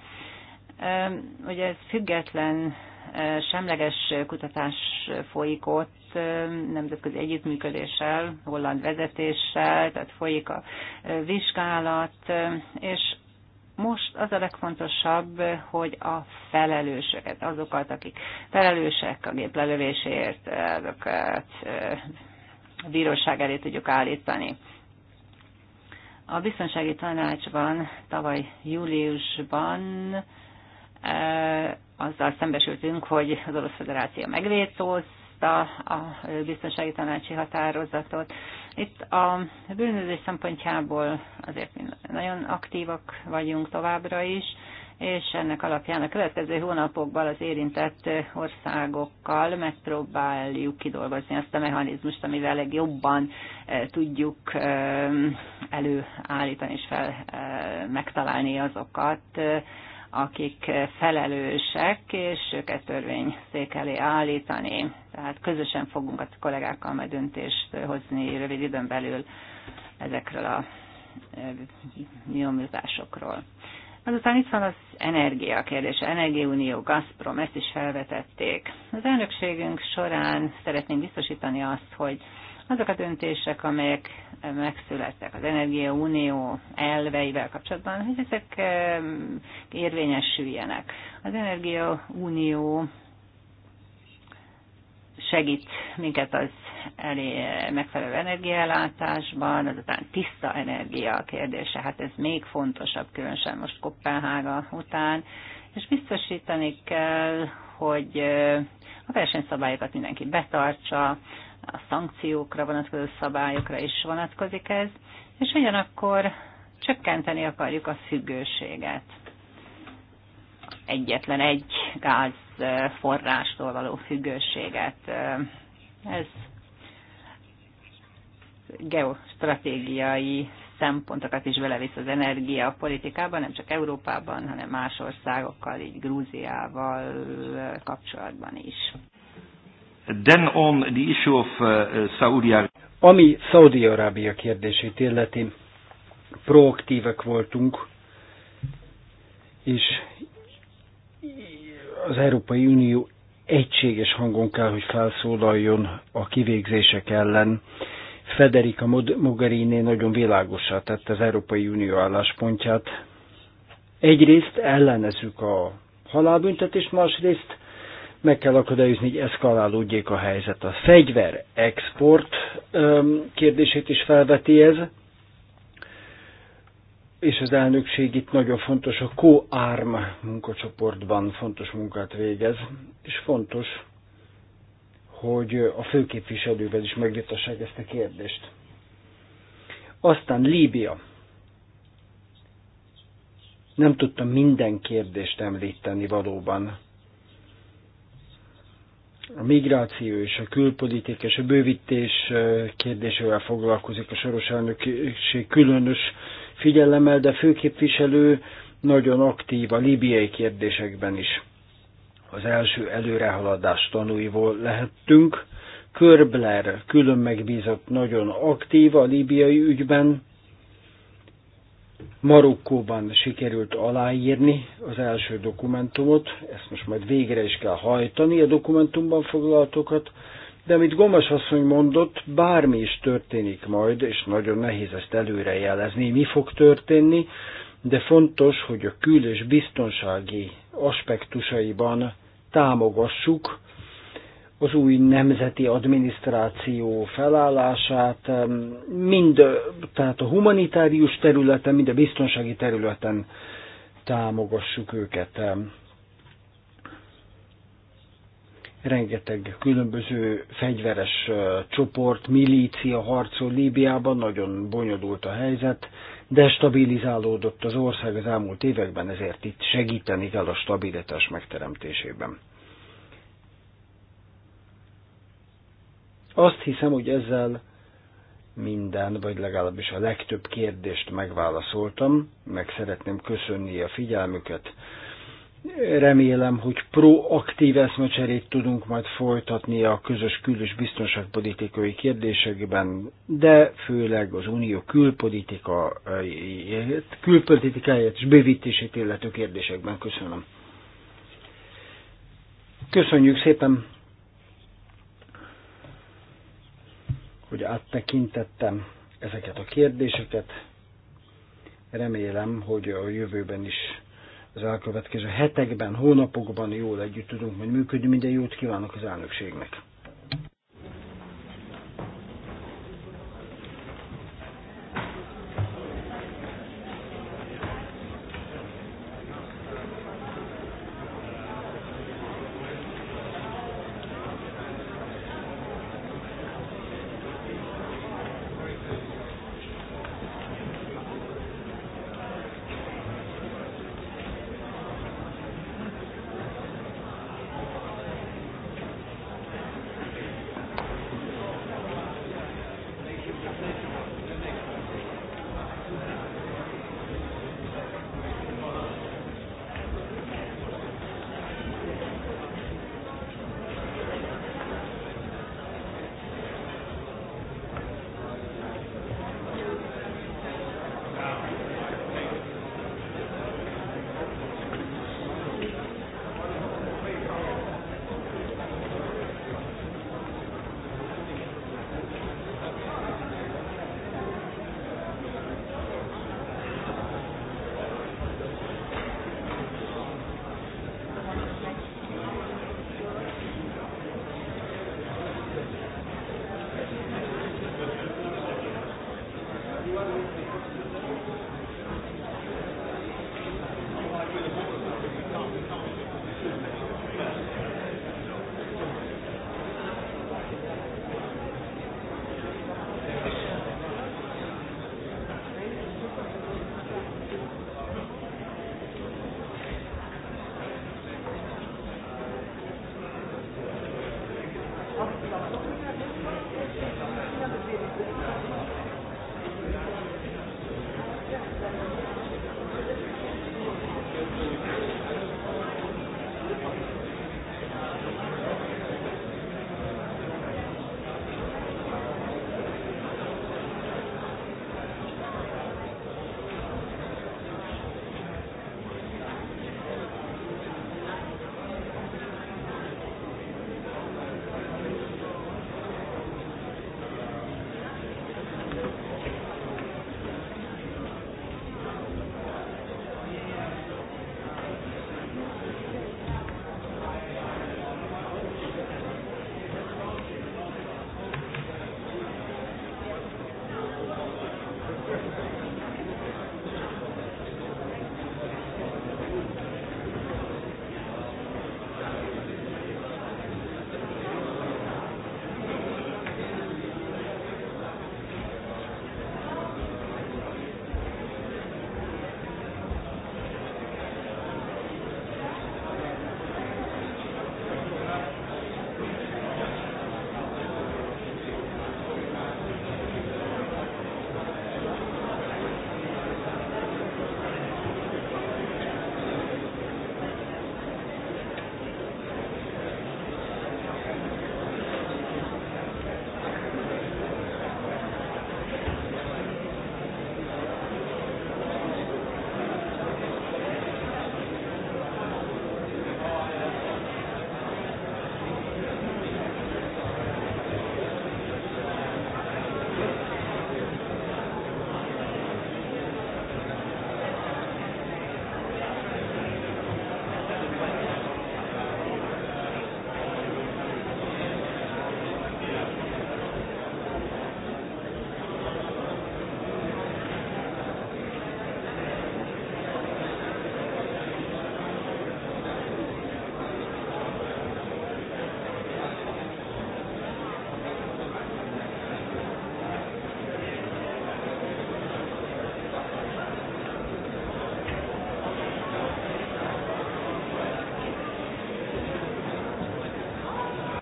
Ugye ez független, semleges kutatás folyik ott, nemzetközi együttműködéssel, holland vezetéssel, tehát folyik a vizsgálat, és most az a legfontosabb, hogy a felelősöket, azokat, akik felelősek a gép lelövéséért, azokat a bíróság elé tudjuk állítani. A biztonsági tanácsban tavaly júliusban azzal szembesültünk, hogy az Orosz Federáció megvétózta a biztonsági tanácsi határozatot, itt a bűnözés szempontjából azért mi nagyon aktívak vagyunk továbbra is, és ennek alapján a következő hónapokban az érintett országokkal megpróbáljuk kidolgozni azt a mechanizmust, amivel legjobban e, tudjuk e, előállítani és fel e, megtalálni azokat, akik felelősek, és őket szék elé állítani. Tehát közösen fogunk a kollégákkal majd döntést hozni rövid időn belül ezekről a nyomozásokról. Azután itt van az energia kérdése, Energiaunió, Gazprom, ezt is felvetették. Az elnökségünk során szeretnénk biztosítani azt, hogy azok a döntések, amelyek megszülettek az Energia Unió elveivel kapcsolatban, hogy ezek eh, érvényesüljenek. Az Energia Unió segít minket az elé megfelelő energiállátásban, azután tiszta energia kérdése, hát ez még fontosabb, különösen most Kopenhága után, és biztosítani kell, hogy eh, a versenyszabályokat mindenki betartsa, a szankciókra vonatkozó szabályokra is vonatkozik ez, és ugyanakkor csökkenteni akarjuk a függőséget. Egyetlen egy forrástól való függőséget. Ez geostratégiai szempontokat is belevisz az energia a politikában, nem csak Európában, hanem más országokkal, így Grúziával kapcsolatban is. Then on the issue of uh, Saudi Arabia. Ami Saudi Arabia kérdését illeti, proaktívek voltunk, és az Európai Unió egységes hangon kell, hogy felszólaljon a kivégzések ellen. Federica Mogherini nagyon világosá tette az Európai Unió álláspontját. Egyrészt ellenezzük a halálbüntetést, másrészt meg kell akadályozni, hogy eszkalálódjék a helyzet. A fegyver export kérdését is felveti ez, és az elnökség itt nagyon fontos, a Co-Arm munkacsoportban fontos munkát végez, és fontos, hogy a főképviselővel is megvitassák ezt a kérdést. Aztán Líbia. Nem tudtam minden kérdést említeni valóban, a migráció és a külpolitika és a bővítés kérdésével foglalkozik a soros elnökség különös figyelemmel, de főképviselő nagyon aktív a libiai kérdésekben is. Az első előrehaladás tanúival lehettünk. Körbler külön megbízott nagyon aktív a libiai ügyben, Marokkóban sikerült aláírni az első dokumentumot, ezt most majd végre is kell hajtani a dokumentumban foglaltokat, de amit Gomas asszony mondott, bármi is történik majd, és nagyon nehéz ezt előrejelezni, mi fog történni, de fontos, hogy a kül- és biztonsági aspektusaiban támogassuk az új nemzeti adminisztráció felállását, mind tehát a humanitárius területen, mind a biztonsági területen támogassuk őket. Rengeteg különböző fegyveres csoport, milícia harcol Líbiában, nagyon bonyolult a helyzet, destabilizálódott az ország az elmúlt években, ezért itt segíteni kell a stabilitás megteremtésében. Azt hiszem, hogy ezzel minden, vagy legalábbis a legtöbb kérdést megválaszoltam, meg szeretném köszönni a figyelmüket. Remélem, hogy proaktív eszmecserét tudunk majd folytatni a közös kül- és biztonságpolitikai kérdésekben, de főleg az unió külpolitika, külpolitikáját és bővítését illető kérdésekben. Köszönöm. Köszönjük szépen! hogy áttekintettem ezeket a kérdéseket. Remélem, hogy a jövőben is az elkövetkező hetekben, hónapokban jól együtt tudunk majd működni. Minden jót kívánok az elnökségnek!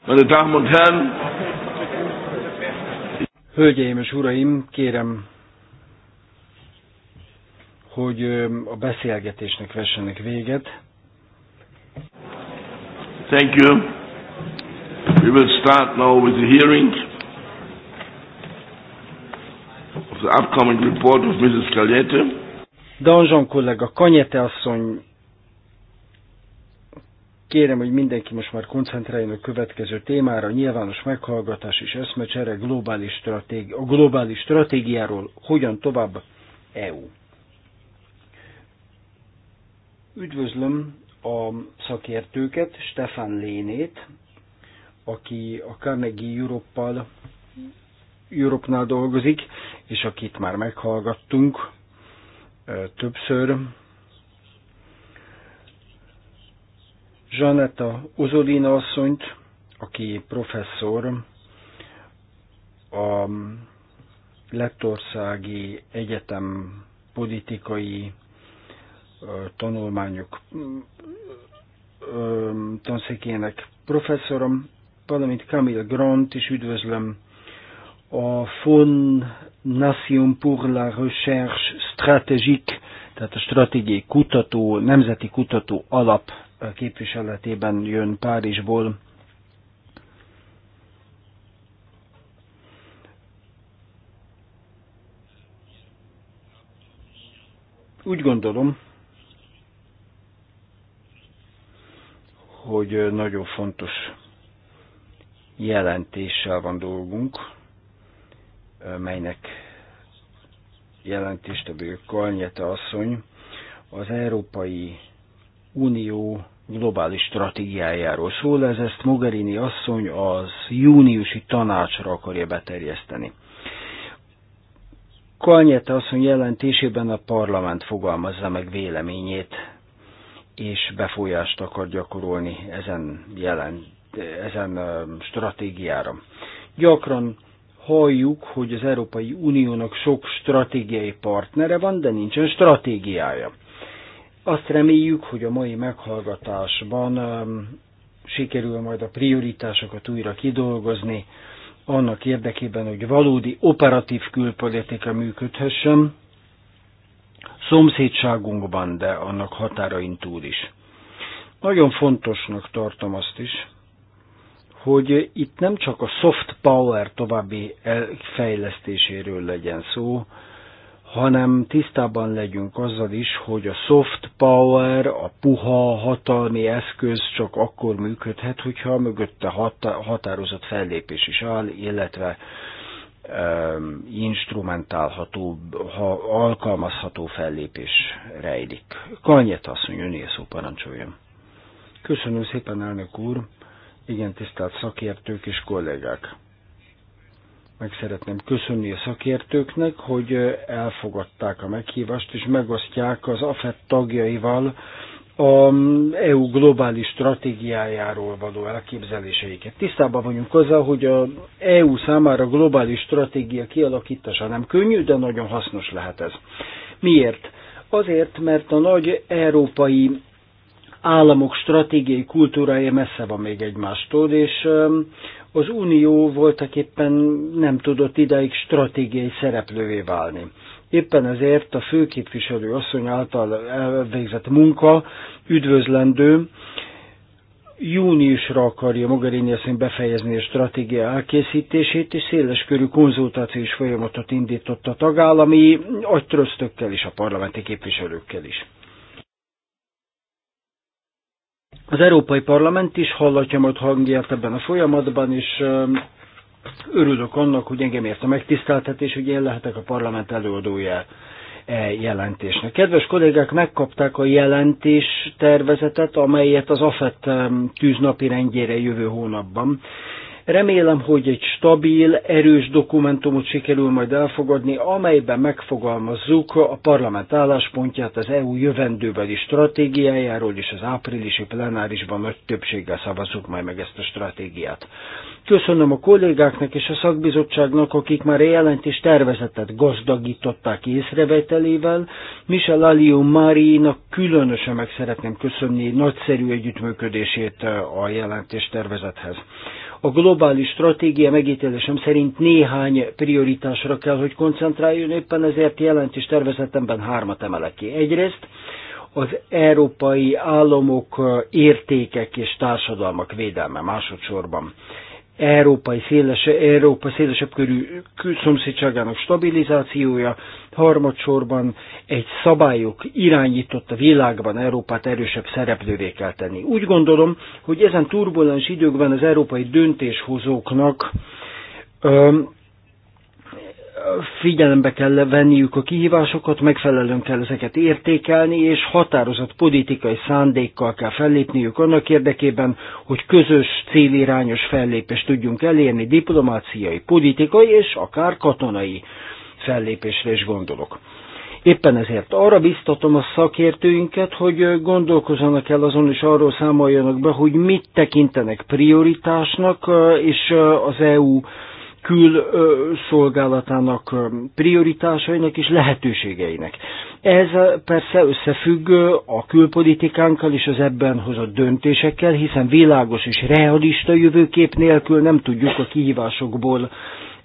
Meine Damen und Herren, Hölgyeim és Uraim, kérem, hogy a beszélgetésnek vessenek véget. Thank you. We will start now with the hearing of the upcoming report of Mrs. Cagliete. Danzson kollega Kanyete asszony Kérem, hogy mindenki most már koncentráljon a következő témára, nyilvános meghallgatás és eszmecsere globális stratégi- a globális stratégiáról, hogyan tovább EU. Üdvözlöm a szakértőket, Stefan Lénét, aki a Carnegie Europe-nál Europe dolgozik, és akit már meghallgattunk többször, Zsanetta Uzolina asszonyt, aki professzor a Lettországi Egyetem politikai tanulmányok tanszékének professzorom, valamint Camille Grant is üdvözlöm, a Fond Nation pour la Recherche Stratégique, tehát a stratégiai kutató, nemzeti kutató alap képviseletében jön Párizsból. Úgy gondolom, hogy nagyon fontos jelentéssel van dolgunk, melynek jelentéstevő Kalnyete asszony az európai Unió globális stratégiájáról szól, ez ezt Mogherini asszony az júniusi tanácsra akarja beterjeszteni. Kalnyete asszony jelentésében a parlament fogalmazza meg véleményét, és befolyást akar gyakorolni ezen, jelen, ezen stratégiára. Gyakran halljuk, hogy az Európai Uniónak sok stratégiai partnere van, de nincsen stratégiája. Azt reméljük, hogy a mai meghallgatásban um, sikerül majd a prioritásokat újra kidolgozni, annak érdekében, hogy valódi operatív külpolitika működhessen, szomszédságunkban, de annak határain túl is. Nagyon fontosnak tartom azt is, hogy itt nem csak a soft power további fejlesztéséről legyen szó, hanem tisztában legyünk azzal is, hogy a soft power, a puha hatalmi eszköz csak akkor működhet, hogyha a mögötte határozott fellépés is áll, illetve um, instrumentálható, ha alkalmazható fellépés rejlik. Kanyet asszony, önél szó parancsoljon. Köszönöm szépen, elnök úr, igen tisztelt szakértők és kollégák. Meg szeretném köszönni a szakértőknek, hogy elfogadták a meghívást, és megosztják az AFET tagjaival a EU globális stratégiájáról való elképzeléseiket. Tisztában vagyunk azzal, hogy az EU számára globális stratégia kialakítása nem könnyű, de nagyon hasznos lehet ez. Miért? Azért, mert a nagy európai államok stratégiai kultúrája messze van még egymástól, és az Unió voltak éppen nem tudott idáig stratégiai szereplővé válni. Éppen ezért a főképviselő asszony által elvégzett munka üdvözlendő, júniusra akarja Mogherini asszony befejezni a stratégia elkészítését, és széles körű konzultációs folyamatot indított a tagállami agytröztökkel és a parlamenti képviselőkkel is. Az Európai Parlament is hallatja majd hangját ebben a folyamatban, és örülök annak, hogy engem ért a megtiszteltetés, hogy én lehetek a parlament előadója e jelentésnek. Kedves kollégák, megkapták a jelentés tervezetet, amelyet az AFET tűznapi rendjére jövő hónapban Remélem, hogy egy stabil, erős dokumentumot sikerül majd elfogadni, amelyben megfogalmazzuk a parlament álláspontját az EU jövendőbeli stratégiájáról, és az áprilisi plenárisban nagy többséggel szavazzuk majd meg ezt a stratégiát. Köszönöm a kollégáknak és a szakbizottságnak, akik már a jelentés tervezetet gazdagították észrevetelével. Michel Alio Márinak különösen meg szeretném köszönni nagyszerű együttműködését a jelentés tervezethez. A globális stratégia megítélésem szerint néhány prioritásra kell, hogy koncentráljon, éppen ezért jelentés tervezetemben hármat emelek ki. Egyrészt az európai államok értékek és társadalmak védelme másodszorban európai széles, Európa szélesebb körű szomszédságának stabilizációja, harmadsorban egy szabályok irányított a világban Európát erősebb szereplővé kell tenni. Úgy gondolom, hogy ezen turbulens időkben az európai döntéshozóknak öm, figyelembe kell venniük a kihívásokat, megfelelően kell ezeket értékelni, és határozott politikai szándékkal kell fellépniük annak érdekében, hogy közös célirányos fellépést tudjunk elérni, diplomáciai, politikai és akár katonai fellépésre is gondolok. Éppen ezért arra biztatom a szakértőinket, hogy gondolkozzanak el azon, és arról számoljanak be, hogy mit tekintenek prioritásnak, és az EU külszolgálatának prioritásainak és lehetőségeinek. Ez persze összefügg a külpolitikánkkal és az ebben hozott döntésekkel, hiszen világos és realista jövőkép nélkül nem tudjuk a kihívásokból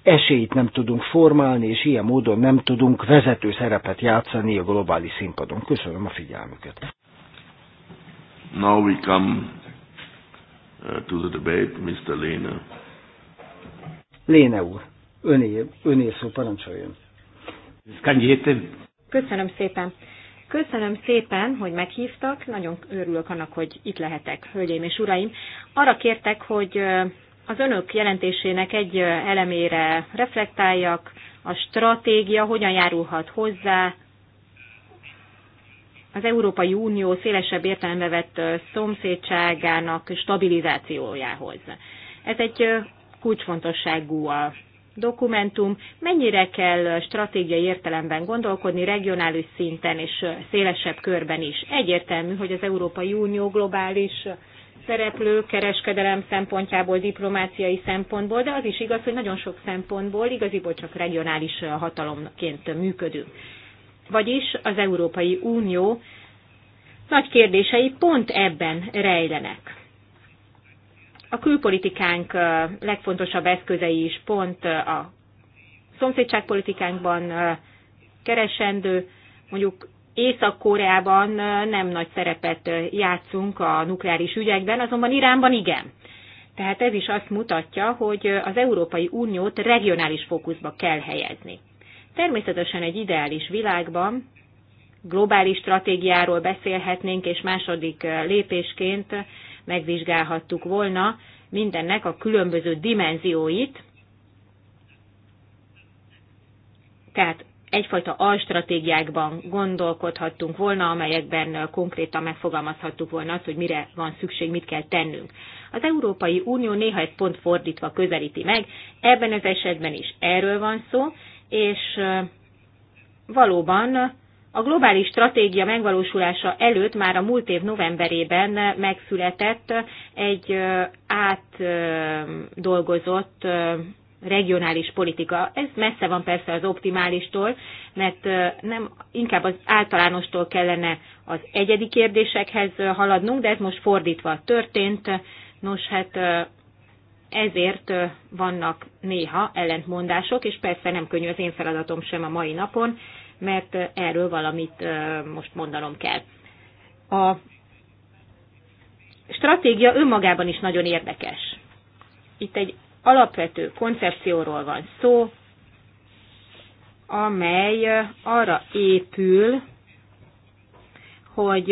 esélyt nem tudunk formálni, és ilyen módon nem tudunk vezető szerepet játszani a globális színpadon. Köszönöm a figyelmüket. Now we come uh, to the debate, Mr. Lehner. Léne úr, öné, öné szó, parancsoljon. Köszönöm szépen. Köszönöm szépen, hogy meghívtak. Nagyon örülök annak, hogy itt lehetek, hölgyeim és uraim. Arra kértek, hogy az önök jelentésének egy elemére reflektáljak, a stratégia hogyan járulhat hozzá az Európai Unió szélesebb értelembe vett szomszédságának stabilizációjához. Ez egy kulcsfontosságú a dokumentum, mennyire kell stratégiai értelemben gondolkodni regionális szinten és szélesebb körben is. Egyértelmű, hogy az Európai Unió globális szereplő kereskedelem szempontjából, diplomáciai szempontból, de az is igaz, hogy nagyon sok szempontból igaziból csak regionális hatalomként működünk. Vagyis az Európai Unió nagy kérdései pont ebben rejlenek. A külpolitikánk legfontosabb eszközei is pont a szomszédságpolitikánkban keresendő, mondjuk Észak-Koreában nem nagy szerepet játszunk a nukleáris ügyekben, azonban Iránban igen. Tehát ez is azt mutatja, hogy az Európai Uniót regionális fókuszba kell helyezni. Természetesen egy ideális világban globális stratégiáról beszélhetnénk, és második lépésként megvizsgálhattuk volna mindennek a különböző dimenzióit, tehát egyfajta alstratégiákban gondolkodhattunk volna, amelyekben konkrétan megfogalmazhattuk volna azt, hogy mire van szükség, mit kell tennünk. Az Európai Unió néha egy pont fordítva közelíti meg, ebben az esetben is erről van szó, és valóban a globális stratégia megvalósulása előtt már a múlt év novemberében megszületett egy átdolgozott regionális politika. Ez messze van persze az optimálistól, mert nem inkább az általánostól kellene az egyedi kérdésekhez haladnunk, de ez most fordítva történt. Nos, hát ezért vannak néha ellentmondások, és persze nem könnyű az én feladatom sem a mai napon, mert erről valamit most mondanom kell. A stratégia önmagában is nagyon érdekes. Itt egy alapvető koncepcióról van szó, amely arra épül, hogy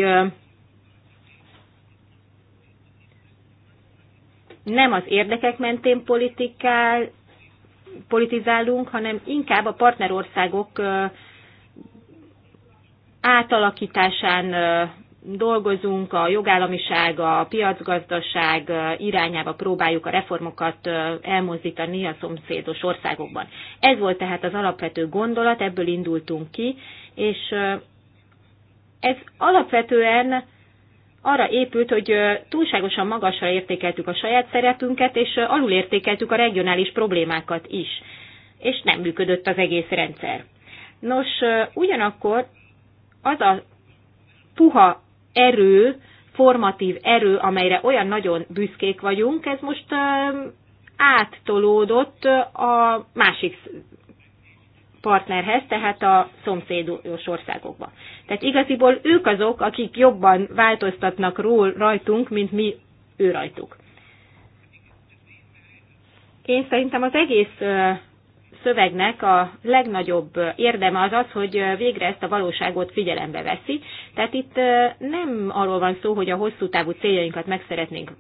nem az érdekek mentén politikál, politizálunk, hanem inkább a partnerországok átalakításán dolgozunk, a jogállamiság, a piacgazdaság irányába próbáljuk a reformokat elmozdítani a szomszédos országokban. Ez volt tehát az alapvető gondolat, ebből indultunk ki, és ez alapvetően arra épült, hogy túlságosan magasra értékeltük a saját szerepünket, és alulértékeltük a regionális problémákat is, és nem működött az egész rendszer. Nos, ugyanakkor az a puha erő, formatív erő, amelyre olyan nagyon büszkék vagyunk, ez most um, áttolódott uh, a másik partnerhez, tehát a szomszédos országokba. Tehát igaziból ők azok, akik jobban változtatnak ról rajtunk, mint mi ő rajtuk. Én szerintem az egész uh, szövegnek a legnagyobb érdeme az az, hogy végre ezt a valóságot figyelembe veszi. Tehát itt nem arról van szó, hogy a hosszú távú céljainkat meg szeretnénk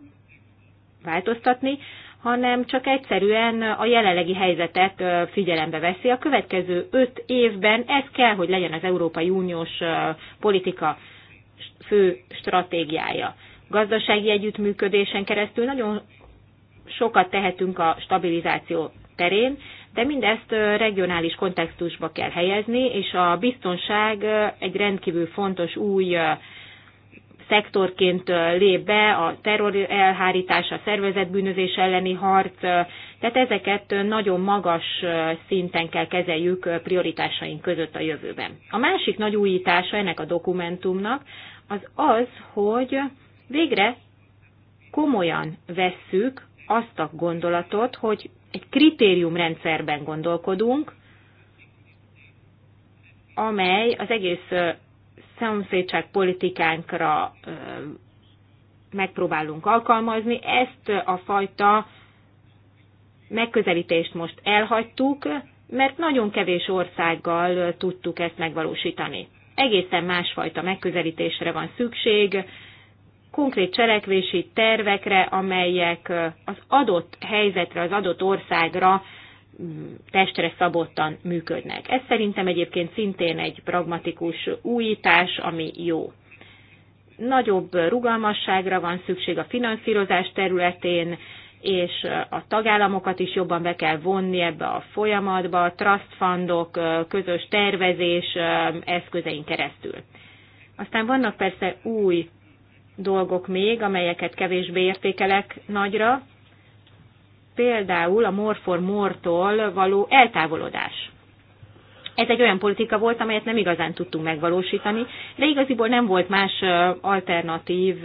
változtatni, hanem csak egyszerűen a jelenlegi helyzetet figyelembe veszi. A következő öt évben ez kell, hogy legyen az Európai Uniós politika fő stratégiája. Gazdasági együttműködésen keresztül nagyon sokat tehetünk a stabilizáció terén, de mindezt regionális kontextusba kell helyezni, és a biztonság egy rendkívül fontos új szektorként lép be a terror elhárítása, a szervezetbűnözés elleni harc, tehát ezeket nagyon magas szinten kell kezeljük prioritásaink között a jövőben. A másik nagy újítása ennek a dokumentumnak az az, hogy végre komolyan vesszük azt a gondolatot, hogy egy kritériumrendszerben gondolkodunk, amely az egész politikánkra megpróbálunk alkalmazni. Ezt a fajta megközelítést most elhagytuk, mert nagyon kevés országgal tudtuk ezt megvalósítani. Egészen másfajta megközelítésre van szükség, konkrét cselekvési tervekre, amelyek az adott helyzetre, az adott országra mm, testre szabottan működnek. Ez szerintem egyébként szintén egy pragmatikus újítás, ami jó. Nagyobb rugalmasságra van szükség a finanszírozás területén, és a tagállamokat is jobban be kell vonni ebbe a folyamatba, a trust fundok, közös tervezés eszközein keresztül. Aztán vannak persze új dolgok még, amelyeket kevésbé értékelek nagyra, például a Morfor Mortól való eltávolodás. Ez egy olyan politika volt, amelyet nem igazán tudtunk megvalósítani, de igaziból nem volt más alternatív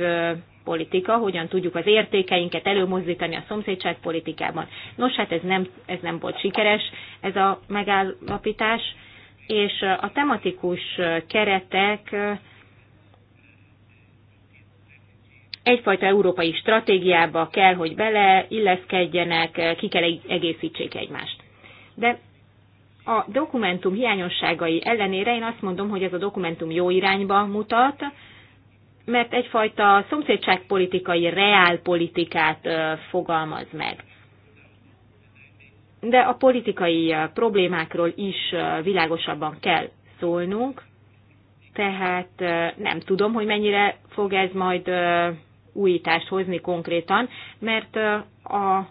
politika, hogyan tudjuk az értékeinket előmozdítani a szomszédság politikában. Nos, hát ez nem, ez nem volt sikeres, ez a megállapítás, és a tematikus keretek egyfajta európai stratégiába kell, hogy beleilleszkedjenek, ki kell egészítsék egymást. De a dokumentum hiányosságai ellenére én azt mondom, hogy ez a dokumentum jó irányba mutat, mert egyfajta szomszédságpolitikai reálpolitikát fogalmaz meg. De a politikai problémákról is világosabban kell szólnunk, tehát nem tudom, hogy mennyire fog ez majd újítást hozni konkrétan, mert a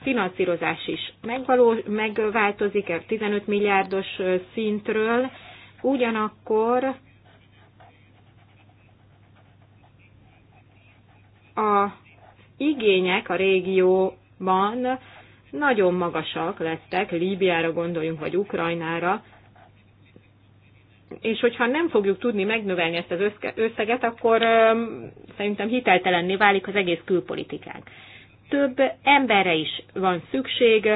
finanszírozás is megvaló, megváltozik, 15 milliárdos szintről, ugyanakkor a igények a régióban nagyon magasak lettek, Líbiára gondoljunk, vagy Ukrajnára, és hogyha nem fogjuk tudni megnövelni ezt az összeget, akkor szerintem hiteltelenné válik az egész külpolitikánk. Több emberre is van szükség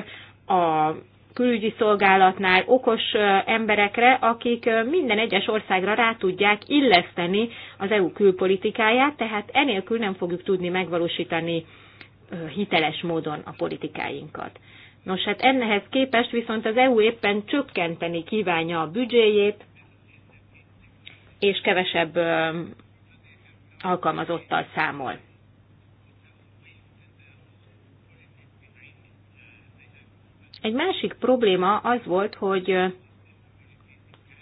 a külügyi szolgálatnál, okos emberekre, akik minden egyes országra rá tudják illeszteni az EU külpolitikáját, tehát enélkül nem fogjuk tudni megvalósítani hiteles módon a politikáinkat. Nos, hát ennehez képest viszont az EU éppen csökkenteni kívánja a büdzséjét, és kevesebb alkalmazottal számol. Egy másik probléma az volt, hogy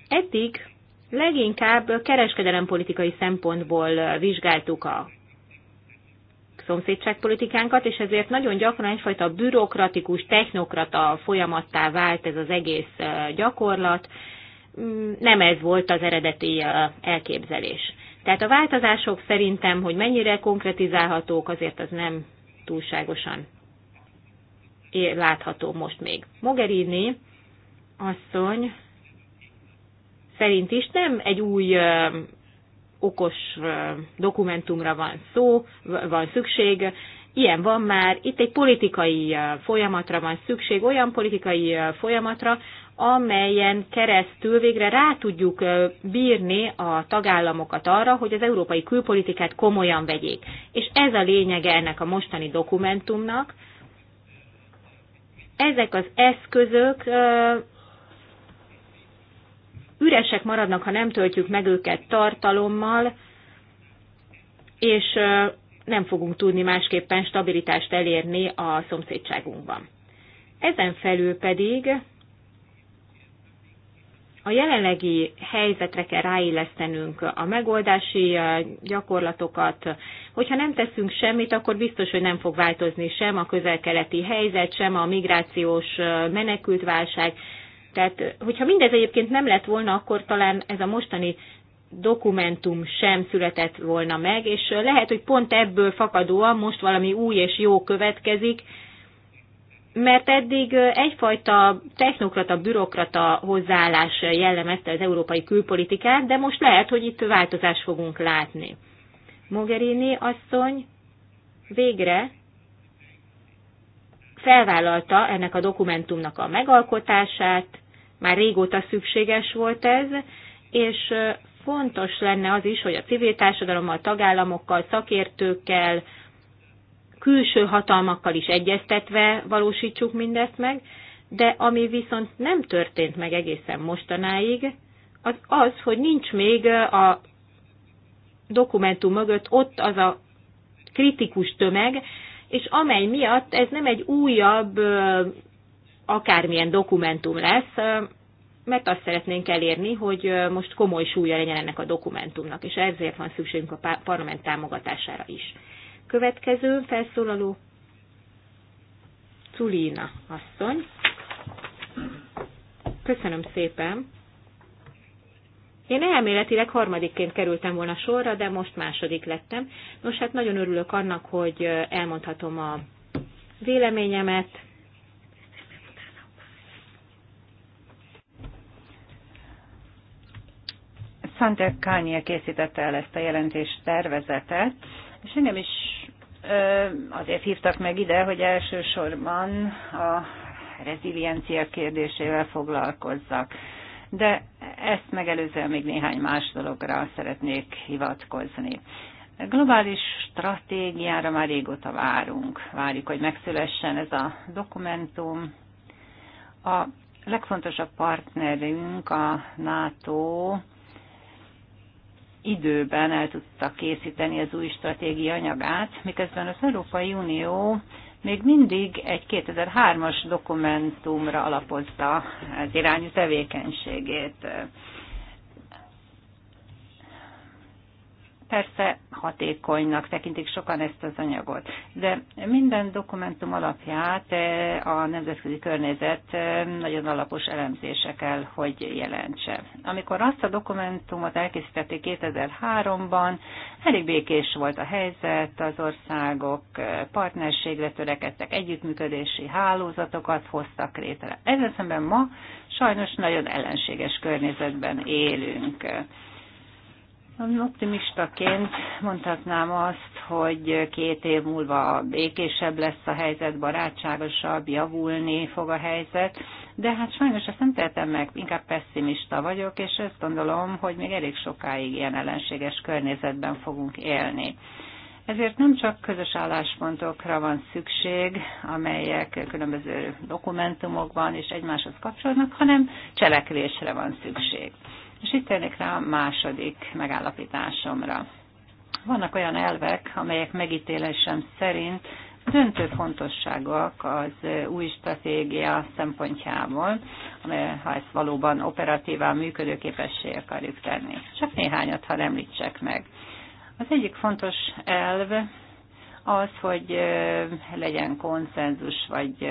eddig leginkább kereskedelempolitikai szempontból vizsgáltuk a szomszédságpolitikánkat, és ezért nagyon gyakran egyfajta bürokratikus, technokrata folyamattá vált ez az egész gyakorlat, Mm, nem ez volt az eredeti elképzelés. Tehát a változások szerintem, hogy mennyire konkretizálhatók, azért az nem túlságosan látható most még. Mogherini asszony szerint is nem egy új okos dokumentumra van szó, van szükség. Ilyen van már, itt egy politikai folyamatra van szükség, olyan politikai folyamatra, amelyen keresztül végre rá tudjuk bírni a tagállamokat arra, hogy az európai külpolitikát komolyan vegyék. És ez a lényege ennek a mostani dokumentumnak. Ezek az eszközök üresek maradnak, ha nem töltjük meg őket tartalommal, és nem fogunk tudni másképpen stabilitást elérni a szomszédságunkban. Ezen felül pedig a jelenlegi helyzetre kell ráillesztenünk a megoldási gyakorlatokat. Hogyha nem teszünk semmit, akkor biztos, hogy nem fog változni sem a közelkeleti helyzet, sem a migrációs menekültválság. Tehát, hogyha mindez egyébként nem lett volna, akkor talán ez a mostani dokumentum sem született volna meg, és lehet, hogy pont ebből fakadóan most valami új és jó következik, mert eddig egyfajta technokrata, bürokrata hozzáállás jellemezte az európai külpolitikát, de most lehet, hogy itt változást fogunk látni. Mogherini asszony végre felvállalta ennek a dokumentumnak a megalkotását, már régóta szükséges volt ez, és fontos lenne az is, hogy a civil társadalommal, tagállamokkal, szakértőkkel, külső hatalmakkal is egyeztetve valósítsuk mindezt meg, de ami viszont nem történt meg egészen mostanáig, az az, hogy nincs még eh, a dokumentum mögött ott az a kritikus tömeg, és amely miatt ez nem egy újabb eh, akármilyen dokumentum lesz, eh, mert azt szeretnénk elérni, hogy most komoly súlya legyen ennek a dokumentumnak, és ezért van szükségünk a parlament támogatására is. Következő felszólaló Culina asszony. Köszönöm szépen. Én elméletileg harmadikként kerültem volna sorra, de most második lettem. Nos, hát nagyon örülök annak, hogy elmondhatom a véleményemet. Szante Kanye készítette el ezt a jelentés tervezetet, és engem is azért hívtak meg ide, hogy elsősorban a reziliencia kérdésével foglalkozzak. De ezt megelőzően még néhány más dologra szeretnék hivatkozni. A globális stratégiára már régóta várunk. Várjuk, hogy megszülessen ez a dokumentum. A legfontosabb partnerünk a NATO, időben el tudta készíteni az új stratégia anyagát, miközben az Európai Unió még mindig egy 2003-as dokumentumra alapozta az irányú tevékenységét. Persze hatékonynak tekintik sokan ezt az anyagot, de minden dokumentum alapját eh, a nemzetközi környezet eh, nagyon alapos elemzése kell, hogy jelentse. Amikor azt a dokumentumot elkészítették 2003-ban, elég békés volt a helyzet, az országok eh, partnerségre törekedtek, együttműködési hálózatokat hoztak létre. Ezzel szemben ma sajnos nagyon ellenséges környezetben élünk Optimistaként mondhatnám azt, hogy két év múlva békésebb lesz a helyzet, barátságosabb, javulni fog a helyzet, de hát sajnos ezt nem tehetem meg, inkább pessimista vagyok, és azt gondolom, hogy még elég sokáig ilyen ellenséges környezetben fogunk élni. Ezért nem csak közös álláspontokra van szükség, amelyek különböző dokumentumokban és egymáshoz kapcsolódnak, hanem cselekvésre van szükség. És itt térnék rá a második megállapításomra. Vannak olyan elvek, amelyek megítélésem szerint döntő fontosságúak az új stratégia szempontjából, amely, ha ezt valóban operatívan működőképessé akarjuk tenni. Csak néhányat, ha említsek meg. Az egyik fontos elv az, hogy legyen konszenzus vagy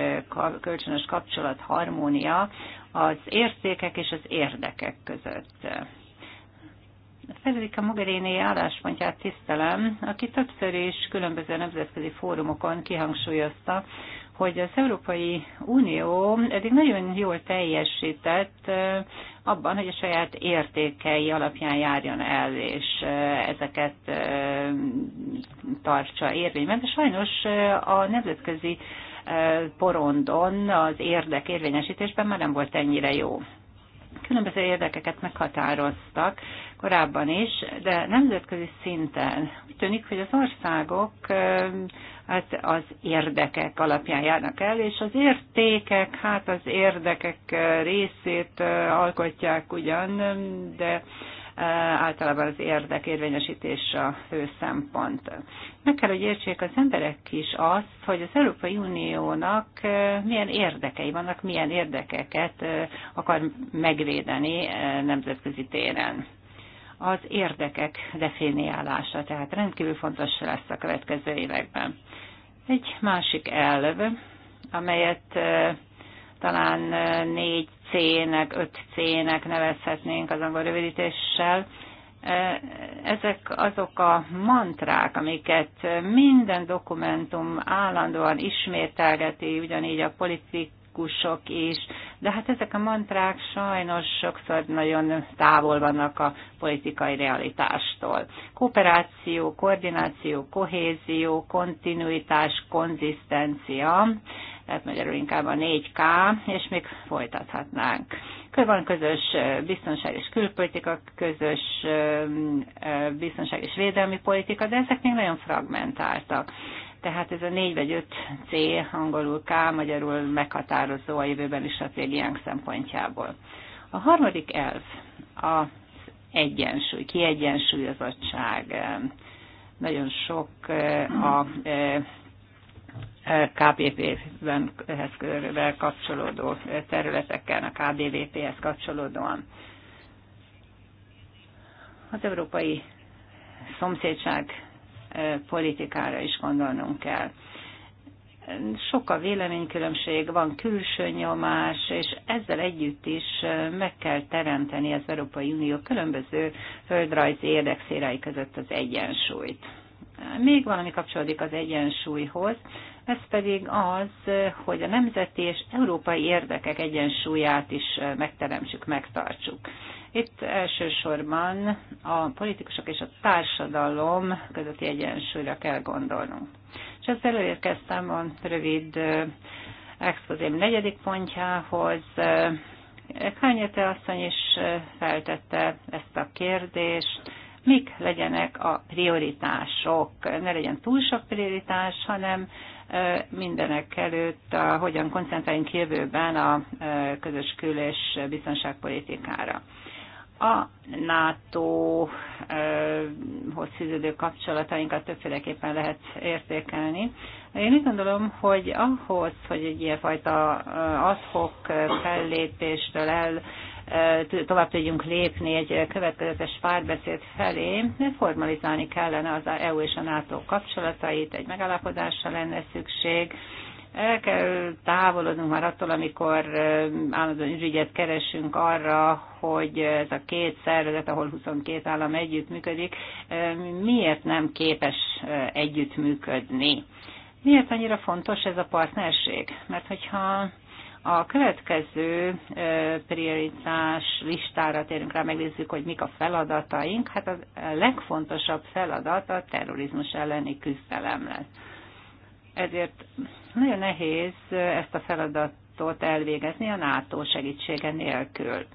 kölcsönös kapcsolat, harmónia az értékek és az érdekek között. Federica Mogherini álláspontját tisztelem, aki többször is különböző nemzetközi fórumokon kihangsúlyozta, hogy az Európai Unió eddig nagyon jól teljesített abban, hogy a saját értékei alapján járjon el, és ezeket tartsa érvényben, de sajnos a nemzetközi porondon az érdek érvényesítésben már nem volt ennyire jó. Különböző érdekeket meghatároztak korábban is, de nemzetközi szinten úgy tűnik, hogy az országok eh, hát az érdekek alapján járnak el, és az értékek, hát az érdekek eh, részét eh, alkotják ugyan, de általában az érdek érvényesítés a fő szempont. Meg kell, hogy értsék az emberek is azt, hogy az Európai Uniónak milyen érdekei vannak, milyen érdekeket akar megvédeni nemzetközi téren az érdekek definiálása, tehát rendkívül fontos lesz a következő években. Egy másik elv, amelyet talán 4C-nek, 5C-nek nevezhetnénk az angol rövidítéssel. Ezek azok a mantrák, amiket minden dokumentum állandóan ismételgeti, ugyanígy a politik politikusok is, de hát ezek a mantrák sajnos sokszor nagyon távol vannak a politikai realitástól. Kooperáció, koordináció, kohézió, kontinuitás, konzisztencia, tehát magyarul inkább a 4K, és még folytathatnánk. Van közös biztonság és külpolitika, közös biztonság és védelmi politika, de ezek még nagyon fragmentáltak. Tehát ez a 4 vagy 5 C, angolul K, magyarul meghatározó a jövőbeli stratégiánk szempontjából. A harmadik elv az egyensúly, kiegyensúlyozottság. Nagyon sok eh, a eh, eh, KPP-ben kapcsolódó területekkel, a KBVP-hez kapcsolódóan. Az európai szomszédság politikára is gondolnunk kell sok a véleménykülönbség, van külső nyomás, és ezzel együtt is meg kell teremteni az Európai Unió különböző földrajzi érdekszérei között az egyensúlyt. Még valami kapcsolódik az egyensúlyhoz, ez pedig az, hogy a nemzeti és európai érdekek egyensúlyát is megteremtsük, megtartsuk. Itt elsősorban a politikusok és a társadalom közötti egyensúlyra kell gondolnunk. És ezzel elérkeztem a rövid expozém negyedik pontjához. Kányete asszony is feltette ezt a kérdést, mik legyenek a prioritások. Ne legyen túl sok prioritás, hanem mindenek előtt a, hogyan koncentráljunk jövőben a közös kül- és biztonságpolitikára. A NATO-hoz fűződő kapcsolatainkat többféleképpen lehet értékelni. Én úgy gondolom, hogy ahhoz, hogy egy ilyenfajta adhok fellépéstől el tovább tudjunk lépni egy következetes párbeszéd felé, formalizálni kellene az EU és a NATO kapcsolatait, egy megállapodásra lenne szükség, el kell távolodnunk már attól, amikor állandóan ügyet keresünk arra, hogy ez a két szervezet, ahol 22 állam együttműködik, miért nem képes együttműködni. Miért annyira fontos ez a partnerség? Mert hogyha a következő prioritás listára térünk rá, megnézzük, hogy mik a feladataink. Hát a legfontosabb feladat a terrorizmus elleni küzdelem lesz. Ezért nagyon nehéz ezt a feladatot elvégezni a NATO segítsége nélkül.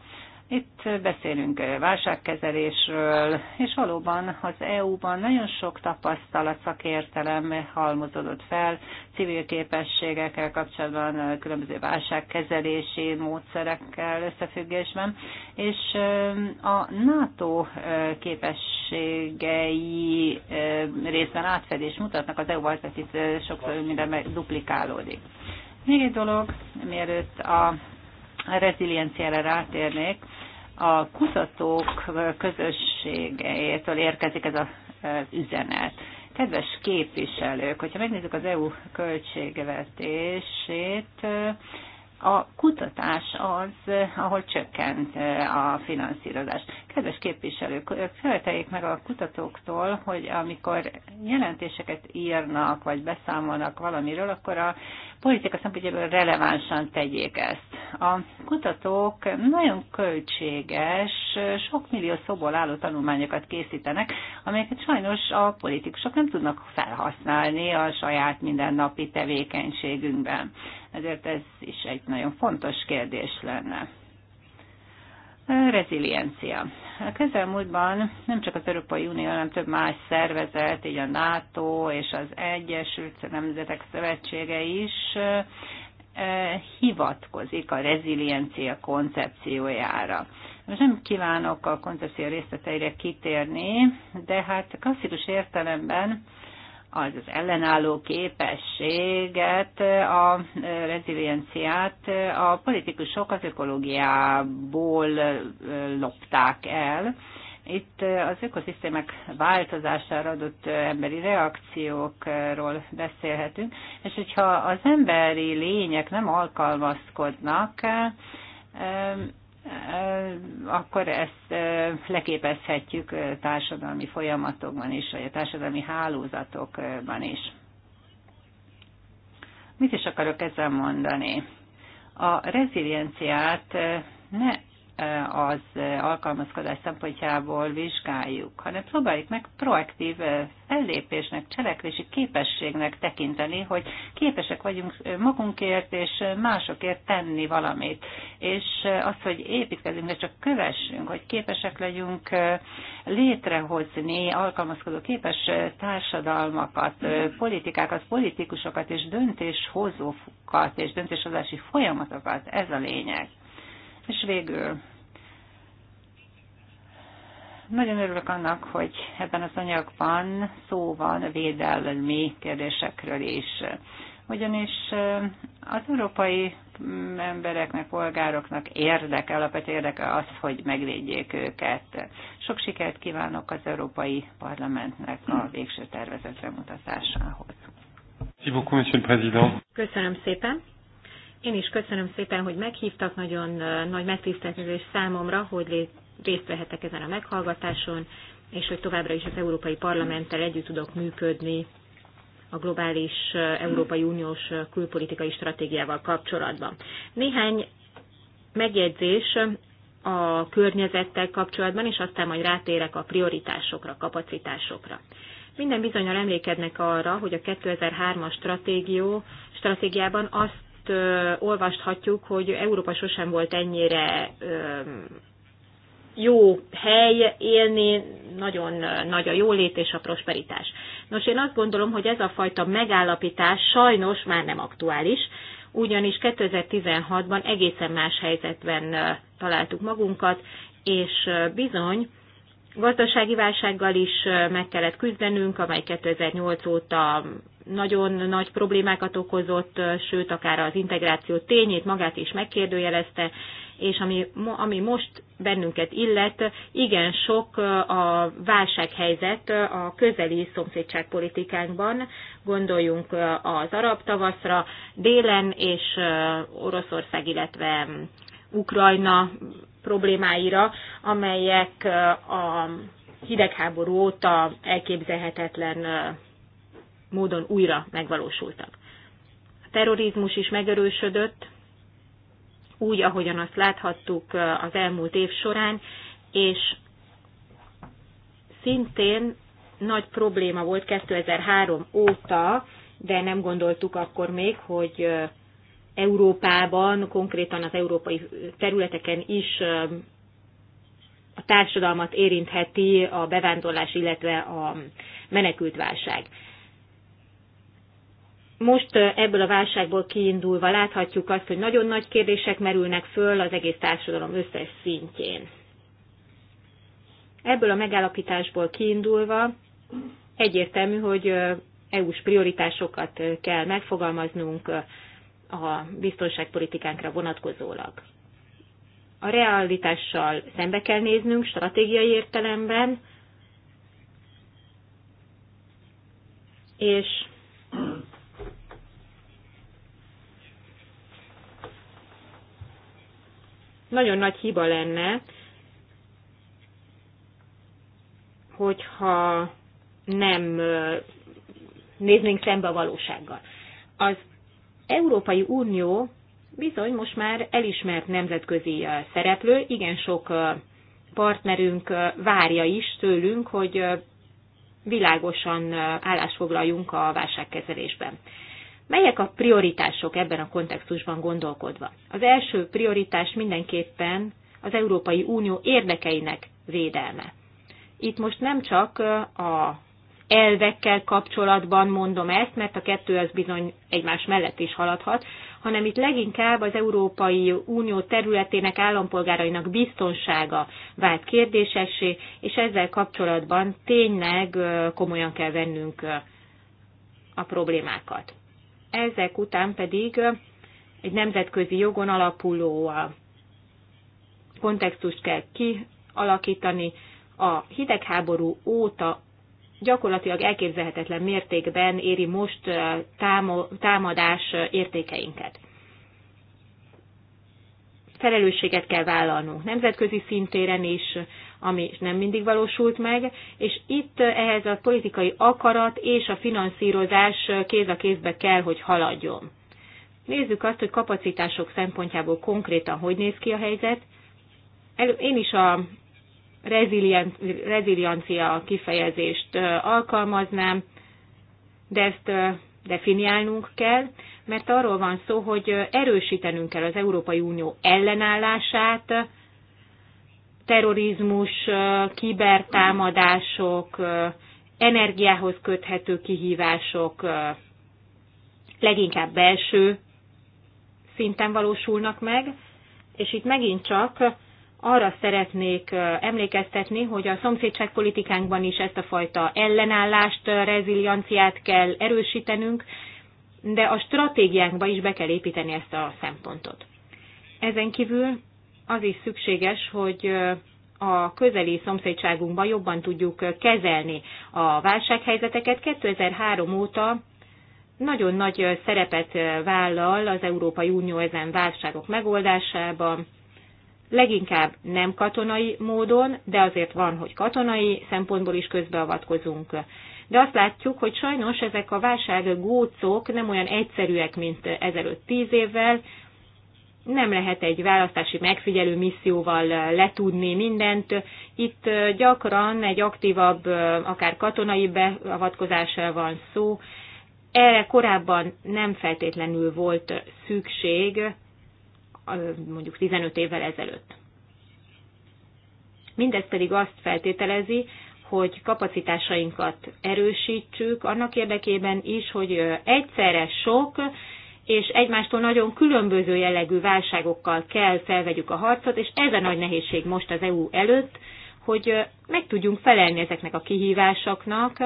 Itt beszélünk válságkezelésről, és valóban az EU-ban nagyon sok tapasztalat, szakértelem halmozódott fel civil képességekkel kapcsolatban, különböző válságkezelési módszerekkel összefüggésben, és a NATO képességei részben átfedés mutatnak az EU-val, itt sokszor minden duplikálódik. Még egy dolog, mielőtt a rezilienciára rátérnék, a kutatók közösségétől érkezik ez az üzenet. Kedves képviselők, hogyha megnézzük az EU költségvetését, a kutatás az, ahol csökkent eh, a finanszírozás. Kedves képviselők, követeljék meg a kutatóktól, hogy amikor jelentéseket írnak, vagy beszámolnak valamiről, akkor a politika szempontjából relevánsan tegyék ezt. A kutatók nagyon költséges, sok millió szóból álló tanulmányokat készítenek, amelyeket sajnos a politikusok nem tudnak felhasználni a saját mindennapi tevékenységünkben ezért ez is egy nagyon fontos kérdés lenne. Reziliencia. A közelmúltban nem csak az Európai Unió, hanem több más szervezet, így a NATO és az Egyesült Nemzetek Szövetsége is eh, hivatkozik a reziliencia koncepciójára. Most nem kívánok a koncepció részleteire kitérni, de hát klasszikus értelemben az, az ellenálló képességet, a e, rezilienciát a politikusok az ökológiából e, lopták el. Itt az ökoszisztémák változására adott e, emberi reakciókról beszélhetünk, és hogyha az emberi lények nem alkalmazkodnak, Eh, akkor ezt eh, leképezhetjük eh, társadalmi folyamatokban is, vagy a társadalmi hálózatokban is. Mit is akarok ezzel mondani? A rezilienciát ne az alkalmazkodás szempontjából vizsgáljuk, hanem próbáljuk meg proaktív eh, fellépésnek, cselekvési képességnek tekinteni, hogy képesek vagyunk magunkért és másokért tenni valamit. És eh, az, hogy építkezünk, de csak kövessünk, hogy képesek legyünk eh, létrehozni alkalmazkodó képes társadalmakat, politikákat, politikusokat és döntéshozókat és döntéshozási folyamatokat. Ez a lényeg. És végül nagyon örülök annak, hogy ebben az anyagban szó van védelmi kérdésekről is. Ugyanis az európai mm, embereknek, polgároknak érdeke, alapvető érdeke az, hogy megvédjék őket. Sok sikert kívánok az Európai Parlamentnek a végső tervezetre mutatásához. Köszönöm szépen. Én is köszönöm szépen, hogy meghívtak, nagyon nagy megtiszteltetés számomra, hogy részt vehetek ezen a meghallgatáson, és hogy továbbra is az Európai Parlamenttel együtt tudok működni a globális Európai Uniós külpolitikai stratégiával kapcsolatban. Néhány megjegyzés a környezettel kapcsolatban, és aztán majd rátérek a prioritásokra, kapacitásokra. Minden bizonyal emlékednek arra, hogy a 2003-as stratégió, stratégiában azt azt olvashatjuk, hogy Európa sosem volt ennyire jó hely élni, nagyon nagy a jólét és a prosperitás. Nos, én azt gondolom, hogy ez a fajta megállapítás sajnos már nem aktuális, ugyanis 2016-ban egészen más helyzetben találtuk magunkat, és bizony gazdasági válsággal is meg kellett küzdenünk, amely 2008 óta nagyon nagy problémákat okozott, sőt, akár az integráció tényét magát is megkérdőjelezte, és ami, ami most bennünket illet, igen sok a válsághelyzet a közeli szomszédságpolitikánkban, gondoljunk az arab tavaszra, délen és Oroszország, illetve Ukrajna problémáira, amelyek a hidegháború óta elképzelhetetlen módon újra megvalósultak. A terrorizmus is megerősödött, úgy, ahogyan azt láthattuk az elmúlt év során, és szintén nagy probléma volt 2003 óta, de nem gondoltuk akkor még, hogy Európában, konkrétan az európai területeken is a társadalmat érintheti a bevándorlás, illetve a menekültválság. Most ebből a válságból kiindulva láthatjuk azt, hogy nagyon nagy kérdések merülnek föl az egész társadalom összes szintjén. Ebből a megállapításból kiindulva egyértelmű, hogy EU-s prioritásokat kell megfogalmaznunk a biztonságpolitikánkra vonatkozólag. A realitással szembe kell néznünk stratégiai értelemben, és nagyon nagy hiba lenne, hogyha nem néznénk szembe a valósággal. Az Európai Unió bizony most már elismert nemzetközi szereplő, igen sok partnerünk várja is tőlünk, hogy világosan állásfoglaljunk a válságkezelésben. Melyek a prioritások ebben a kontextusban gondolkodva? Az első prioritás mindenképpen az Európai Unió érdekeinek védelme. Itt most nem csak a elvekkel kapcsolatban mondom ezt, mert a kettő az bizony egymás mellett is haladhat, hanem itt leginkább az Európai Unió területének állampolgárainak biztonsága vált kérdésessé, és ezzel kapcsolatban tényleg komolyan kell vennünk a problémákat. Ezek után pedig egy nemzetközi jogon alapuló kontextust kell kialakítani. A hidegháború óta gyakorlatilag elképzelhetetlen mértékben éri most támadás értékeinket. Felelősséget kell vállalnunk nemzetközi szintéren is, ami nem mindig valósult meg, és itt ehhez a politikai akarat és a finanszírozás kéz a kézbe kell, hogy haladjon. Nézzük azt, hogy kapacitások szempontjából konkrétan hogy néz ki a helyzet. Én is a reziliancia kifejezést alkalmaznám, de ezt definiálnunk kell, mert arról van szó, hogy erősítenünk kell az Európai Unió ellenállását, terrorizmus, kibertámadások, energiához köthető kihívások leginkább belső szinten valósulnak meg, és itt megint csak arra szeretnék emlékeztetni, hogy a szomszédságpolitikánkban is ezt a fajta ellenállást, rezilianciát kell erősítenünk, de a stratégiánkba is be kell építeni ezt a szempontot. Ezen kívül az is szükséges, hogy a közeli szomszédságunkban jobban tudjuk kezelni a válsághelyzeteket. 2003 óta nagyon nagy szerepet vállal az Európai Unió ezen válságok megoldásában, leginkább nem katonai módon, de azért van, hogy katonai szempontból is közbeavatkozunk. De azt látjuk, hogy sajnos ezek a válság gócok nem olyan egyszerűek, mint ezelőtt tíz évvel, nem lehet egy választási megfigyelő misszióval letudni mindent. Itt gyakran egy aktívabb, akár katonai beavatkozással van szó. Erre korábban nem feltétlenül volt szükség, mondjuk 15 évvel ezelőtt. Mindez pedig azt feltételezi, hogy kapacitásainkat erősítsük, annak érdekében is, hogy egyszerre sok és egymástól nagyon különböző jellegű válságokkal kell felvegyük a harcot, és ez a nagy nehézség most az EU előtt, hogy meg tudjunk felelni ezeknek a kihívásoknak,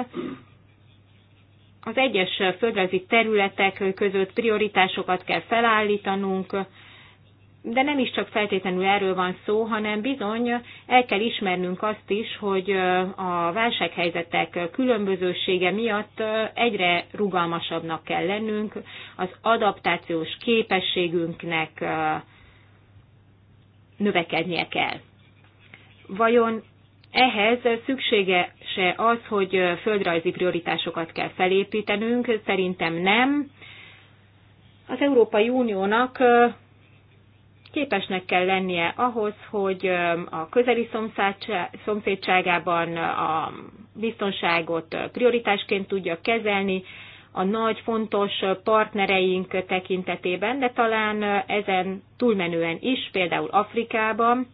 az egyes földrajzi területek között prioritásokat kell felállítanunk, de nem is csak feltétlenül erről van szó, hanem bizony el kell ismernünk azt is, hogy a válsághelyzetek különbözősége miatt egyre rugalmasabbnak kell lennünk, az adaptációs képességünknek növekednie kell. Vajon ehhez szüksége se az, hogy földrajzi prioritásokat kell felépítenünk? Szerintem nem. Az Európai Uniónak képesnek kell lennie ahhoz, hogy a közeli szomszédságában a biztonságot prioritásként tudja kezelni, a nagy, fontos partnereink tekintetében, de talán ezen túlmenően is, például Afrikában.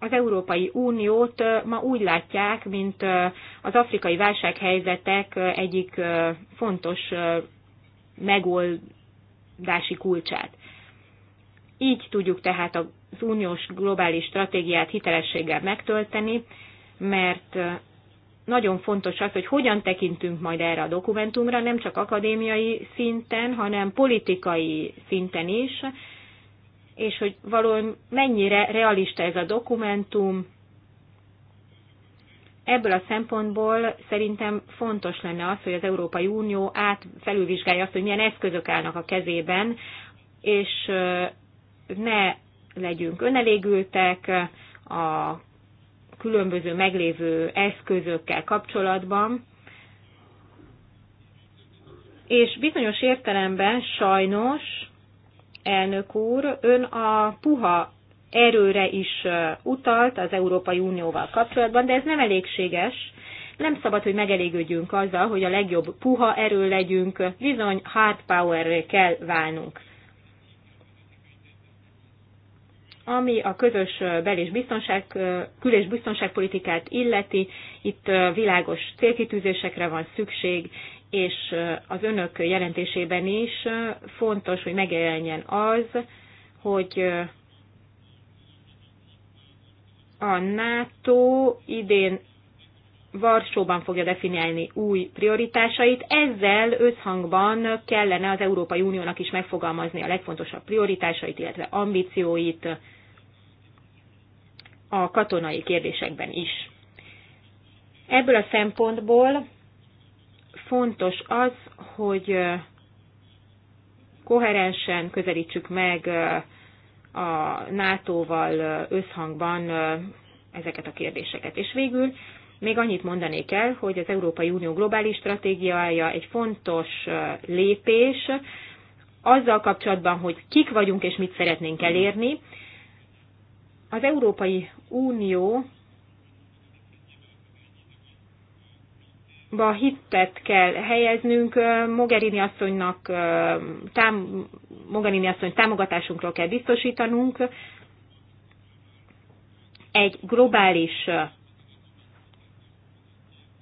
Az Európai Uniót ma úgy látják, mint az afrikai válsághelyzetek egyik fontos megold megoldási kulcsát. Így tudjuk tehát az uniós globális stratégiát hitelességgel megtölteni, mert nagyon fontos az, hogy hogyan tekintünk majd erre a dokumentumra, nem csak akadémiai szinten, hanem politikai szinten is, és hogy valóban mennyire realista ez a dokumentum, Ebből a szempontból szerintem fontos lenne az, hogy az Európai Unió át felülvizsgálja azt, hogy milyen eszközök állnak a kezében, és ne legyünk önelégültek a különböző meglévő eszközökkel kapcsolatban, és bizonyos értelemben sajnos, elnök úr, ön a puha erőre is utalt az Európai Unióval kapcsolatban, de ez nem elégséges. Nem szabad, hogy megelégődjünk azzal, hogy a legjobb puha erő legyünk, bizony hard power kell válnunk. Ami a közös bel- és biztonság, kül- és biztonságpolitikát illeti, itt világos célkitűzésekre van szükség, és az önök jelentésében is fontos, hogy megjelenjen az, hogy a NATO idén Varsóban fogja definiálni új prioritásait, ezzel összhangban kellene az Európai Uniónak is megfogalmazni a legfontosabb prioritásait, illetve ambícióit a katonai kérdésekben is. Ebből a szempontból fontos az, hogy koherensen közelítsük meg a NATO-val összhangban ezeket a kérdéseket. És végül még annyit mondanék el, hogy az Európai Unió globális stratégiája egy fontos lépés azzal kapcsolatban, hogy kik vagyunk és mit szeretnénk elérni. Az Európai Unió ba hittet kell helyeznünk, Mogherini asszonynak, tám, Mogherini asszony támogatásunkról kell biztosítanunk, egy globális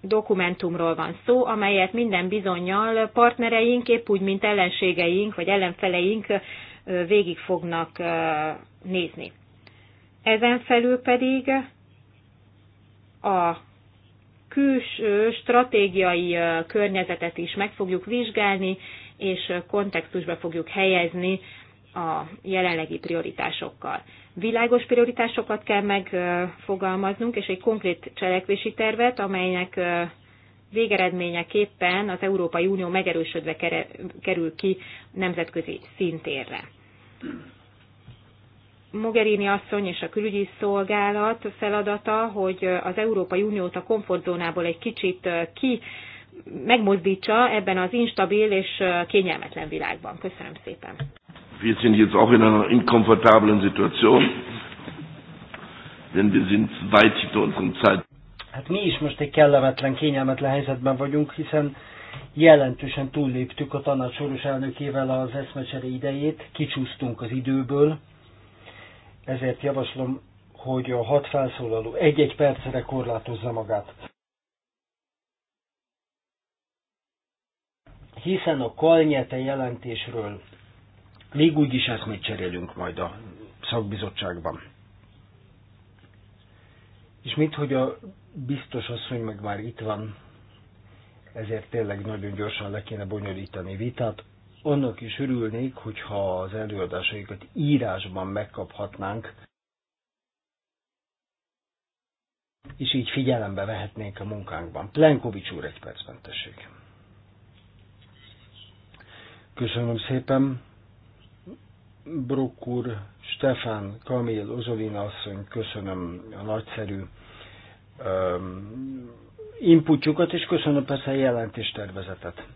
dokumentumról van szó, amelyet minden bizonyal partnereink, épp úgy, mint ellenségeink vagy ellenfeleink végig fognak nézni. Ezen felül pedig a külső stratégiai környezetet is meg fogjuk vizsgálni, és kontextusba fogjuk helyezni a jelenlegi prioritásokkal. Világos prioritásokat kell megfogalmaznunk, és egy konkrét cselekvési tervet, amelynek végeredményeképpen az Európai Unió megerősödve kerül ki nemzetközi szintérre. Mogherini asszony és a külügyi szolgálat feladata, hogy az Európai Uniót a komfortzónából egy kicsit ki megmozdítsa ebben az instabil és kényelmetlen világban. Köszönöm szépen. Wir sind jetzt auch in einer inkomfortablen Situation, denn wir sind weit hinter unserem Zeit. Hát mi is most egy kellemetlen, kényelmetlen helyzetben vagyunk, hiszen jelentősen túlléptük a tanácsoros elnökével az eszmecsere idejét, kicsúsztunk az időből, ezért javaslom, hogy a hat felszólaló egy-egy percre korlátozza magát. Hiszen a kalnyete jelentésről még úgy is eszmét cserélünk majd a szakbizottságban. És mit, hogy a biztos asszony meg már itt van, ezért tényleg nagyon gyorsan le kéne bonyolítani vitát annak is örülnék, hogyha az előadásaikat írásban megkaphatnánk, és így figyelembe vehetnénk a munkánkban. Plenkovics úr egy percben tessék. Köszönöm szépen. Brok úr, Stefan, Kamil, Ozolina asszony, köszönöm a nagyszerű um, inputjukat, és köszönöm persze a jelentéstervezetet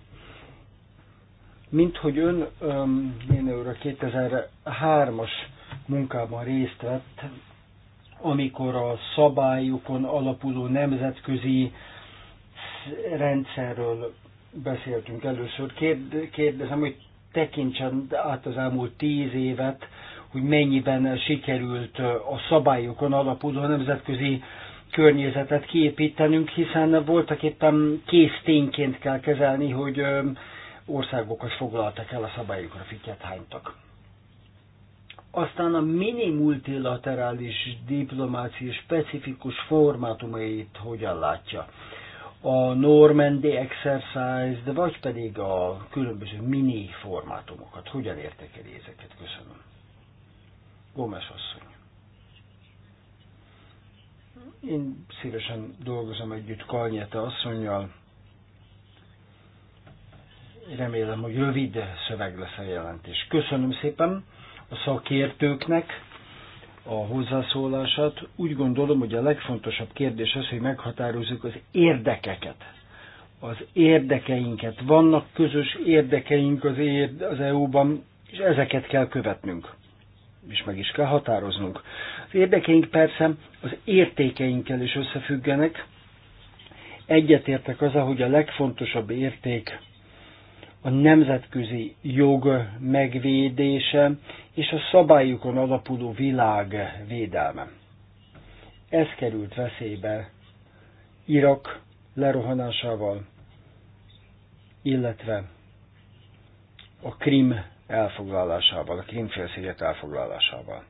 mint hogy ön um, 2003-as munkában részt vett, amikor a szabályokon alapuló nemzetközi rendszerről beszéltünk először. Kérdezem, hogy tekintsen át az elmúlt tíz évet, hogy mennyiben sikerült a szabályokon alapuló nemzetközi környezetet kiépítenünk, hiszen voltak éppen kész tényként kell kezelni, hogy országokat foglaltak el a szabályokra fityet hánytak. Aztán a mini multilaterális diplomácia specifikus formátumait hogyan látja? A Normandy Exercise, de vagy pedig a különböző mini formátumokat. Hogyan értekeli ezeket? Köszönöm. Gómez asszony. Én szívesen dolgozom együtt Kalnyete asszonynal, Remélem, hogy rövid szöveg lesz a jelentés. Köszönöm szépen a szakértőknek a hozzászólását. Úgy gondolom, hogy a legfontosabb kérdés az, hogy meghatározzuk az érdekeket. Az érdekeinket. Vannak közös érdekeink az, érd- az EU-ban, és ezeket kell követnünk és meg is kell határoznunk. Az érdekeink persze az értékeinkkel is összefüggenek. Egyetértek az, hogy a legfontosabb érték a nemzetközi jog megvédése és a szabályokon alapuló világ védelme. Ez került veszélybe Irak lerohanásával, illetve a Krim elfoglalásával, a Krim félsziget elfoglalásával.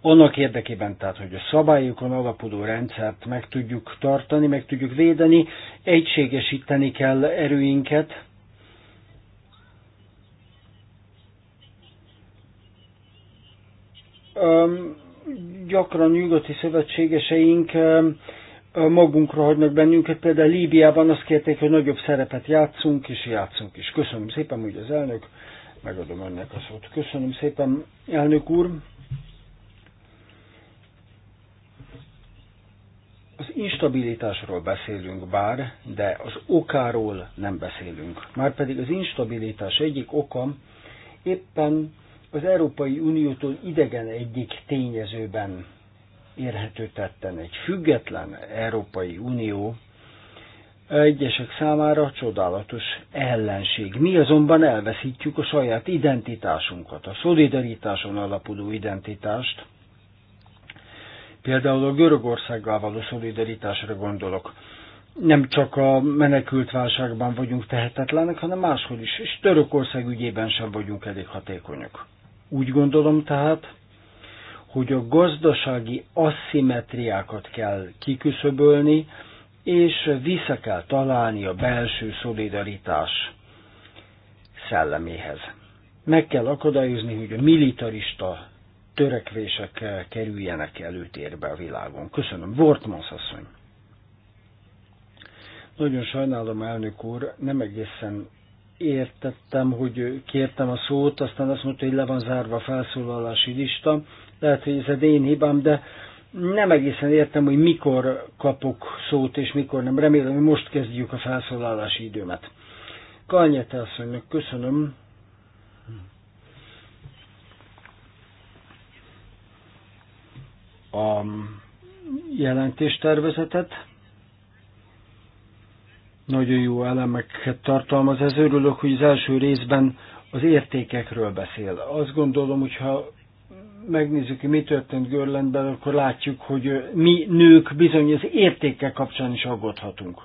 Annak érdekében tehát, hogy a szabályokon alapuló rendszert meg tudjuk tartani, meg tudjuk védeni, egységesíteni kell erőinket, gyakran nyugati szövetségeseink magunkra hagynak bennünket, például Líbiában azt kérték, hogy nagyobb szerepet játszunk, és játszunk is. Köszönöm szépen, úgy az elnök, megadom önnek a szót. Köszönöm szépen, elnök úr. Az instabilitásról beszélünk bár, de az okáról nem beszélünk. Márpedig az instabilitás egyik oka éppen az Európai Uniótól idegen egyik tényezőben érhető tetten. Egy független Európai Unió egyesek számára csodálatos ellenség. Mi azonban elveszítjük a saját identitásunkat, a szolidaritáson alapuló identitást. Például a Görögországgal való szolidaritásra gondolok. Nem csak a menekült válságban vagyunk tehetetlenek, hanem máshol is, és Törökország ügyében sem vagyunk elég hatékonyak. Úgy gondolom tehát, hogy a gazdasági asszimetriákat kell kiküszöbölni, és vissza kell találni a belső szolidaritás szelleméhez. Meg kell akadályozni, hogy a militarista törekvések kerüljenek előtérbe a világon. Köszönöm. Wortmans asszony. Nagyon sajnálom, elnök úr, nem egészen értettem, hogy kértem a szót, aztán azt mondta, hogy le van zárva a felszólalási lista. Lehet, hogy ez egy én hibám, de nem egészen értem, hogy mikor kapok szót, és mikor nem. Remélem, hogy most kezdjük a felszólalási időmet. Kanyete asszonynak köszönöm. A jelentéstervezetet nagyon jó elemeket tartalmaz, ez örülök, hogy az első részben az értékekről beszél. Azt gondolom, hogyha megnézzük, hogy mi történt Görlendben, akkor látjuk, hogy mi nők bizony az értékek kapcsán is aggódhatunk.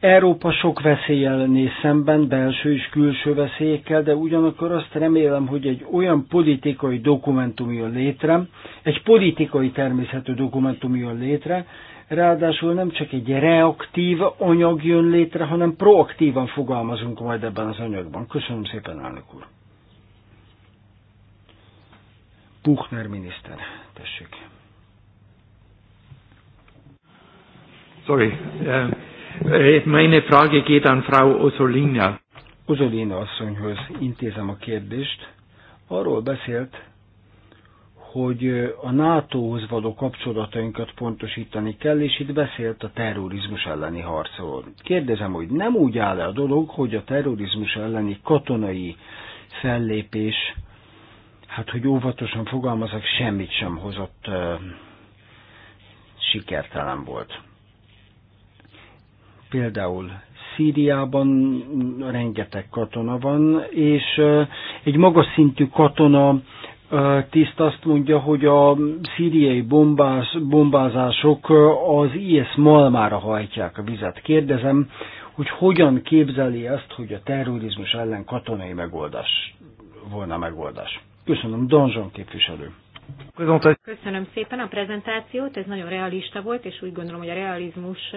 Európa sok veszélyel néz szemben, belső és külső veszélyekkel, de ugyanakkor azt remélem, hogy egy olyan politikai dokumentum jön létre, egy politikai természetű dokumentum jön létre, Ráadásul nem csak egy reaktív anyag jön létre, hanem proaktívan fogalmazunk majd ebben az anyagban. Köszönöm szépen, elnök úr. Buchner miniszter, tessék. Sorry. Eh, eh, meine Frage geht an Frau Osolina. Ozolina asszonyhoz intézem a kérdést. Arról beszélt, hogy a NATO-hoz való kapcsolatainkat pontosítani kell, és itt beszélt a terrorizmus elleni harcról. Kérdezem, hogy nem úgy áll-e a dolog, hogy a terrorizmus elleni katonai fellépés, hát hogy óvatosan fogalmazok, semmit sem hozott, sikertelen volt. Például Szíriában rengeteg katona van, és egy magas szintű katona tiszt azt mondja, hogy a szíriai bombáz, bombázások az IS malmára hajtják a vizet. Kérdezem, hogy hogyan képzeli ezt, hogy a terrorizmus ellen katonai megoldás volna megoldás. Köszönöm, Donzson képviselő. Köszönöm szépen a prezentációt, ez nagyon realista volt, és úgy gondolom, hogy a realizmus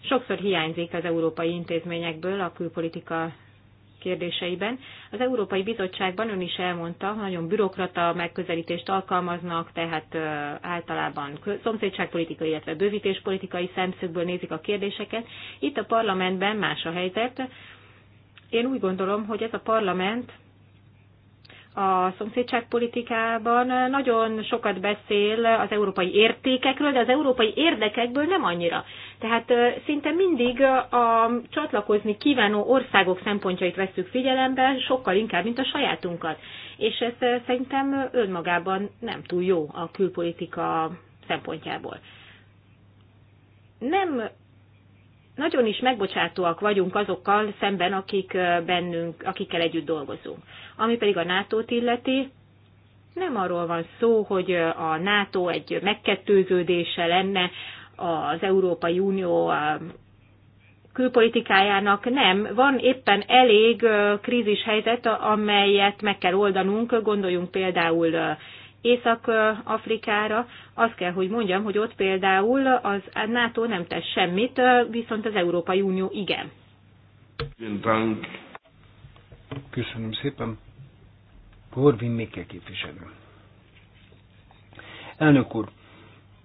sokszor hiányzik az európai intézményekből a külpolitika kérdéseiben. Az Európai Bizottságban ön is elmondta, nagyon bürokrata megközelítést alkalmaznak, tehát általában szomszédságpolitikai, illetve bővítéspolitikai szemszögből nézik a kérdéseket. Itt a parlamentben más a helyzet. Én úgy gondolom, hogy ez a parlament a szomszédságpolitikában nagyon sokat beszél az európai értékekről, de az európai érdekekből nem annyira. Tehát szinte mindig a csatlakozni kívánó országok szempontjait vesszük figyelembe, sokkal inkább, mint a sajátunkat. És ez szerintem önmagában nem túl jó a külpolitika szempontjából. Nem nagyon is megbocsátóak vagyunk azokkal szemben, akik bennünk, akikkel együtt dolgozunk. Ami pedig a NATO-t illeti, nem arról van szó, hogy a NATO egy megkettőződése lenne az Európai Unió külpolitikájának nem. Van éppen elég krízishelyzet, amelyet meg kell oldanunk. Gondoljunk például Észak-Afrikára, azt kell, hogy mondjam, hogy ott például az NATO nem tesz semmit, viszont az Európai Unió igen. Köszönöm szépen. Korvin Mikke képviselő. Elnök úr,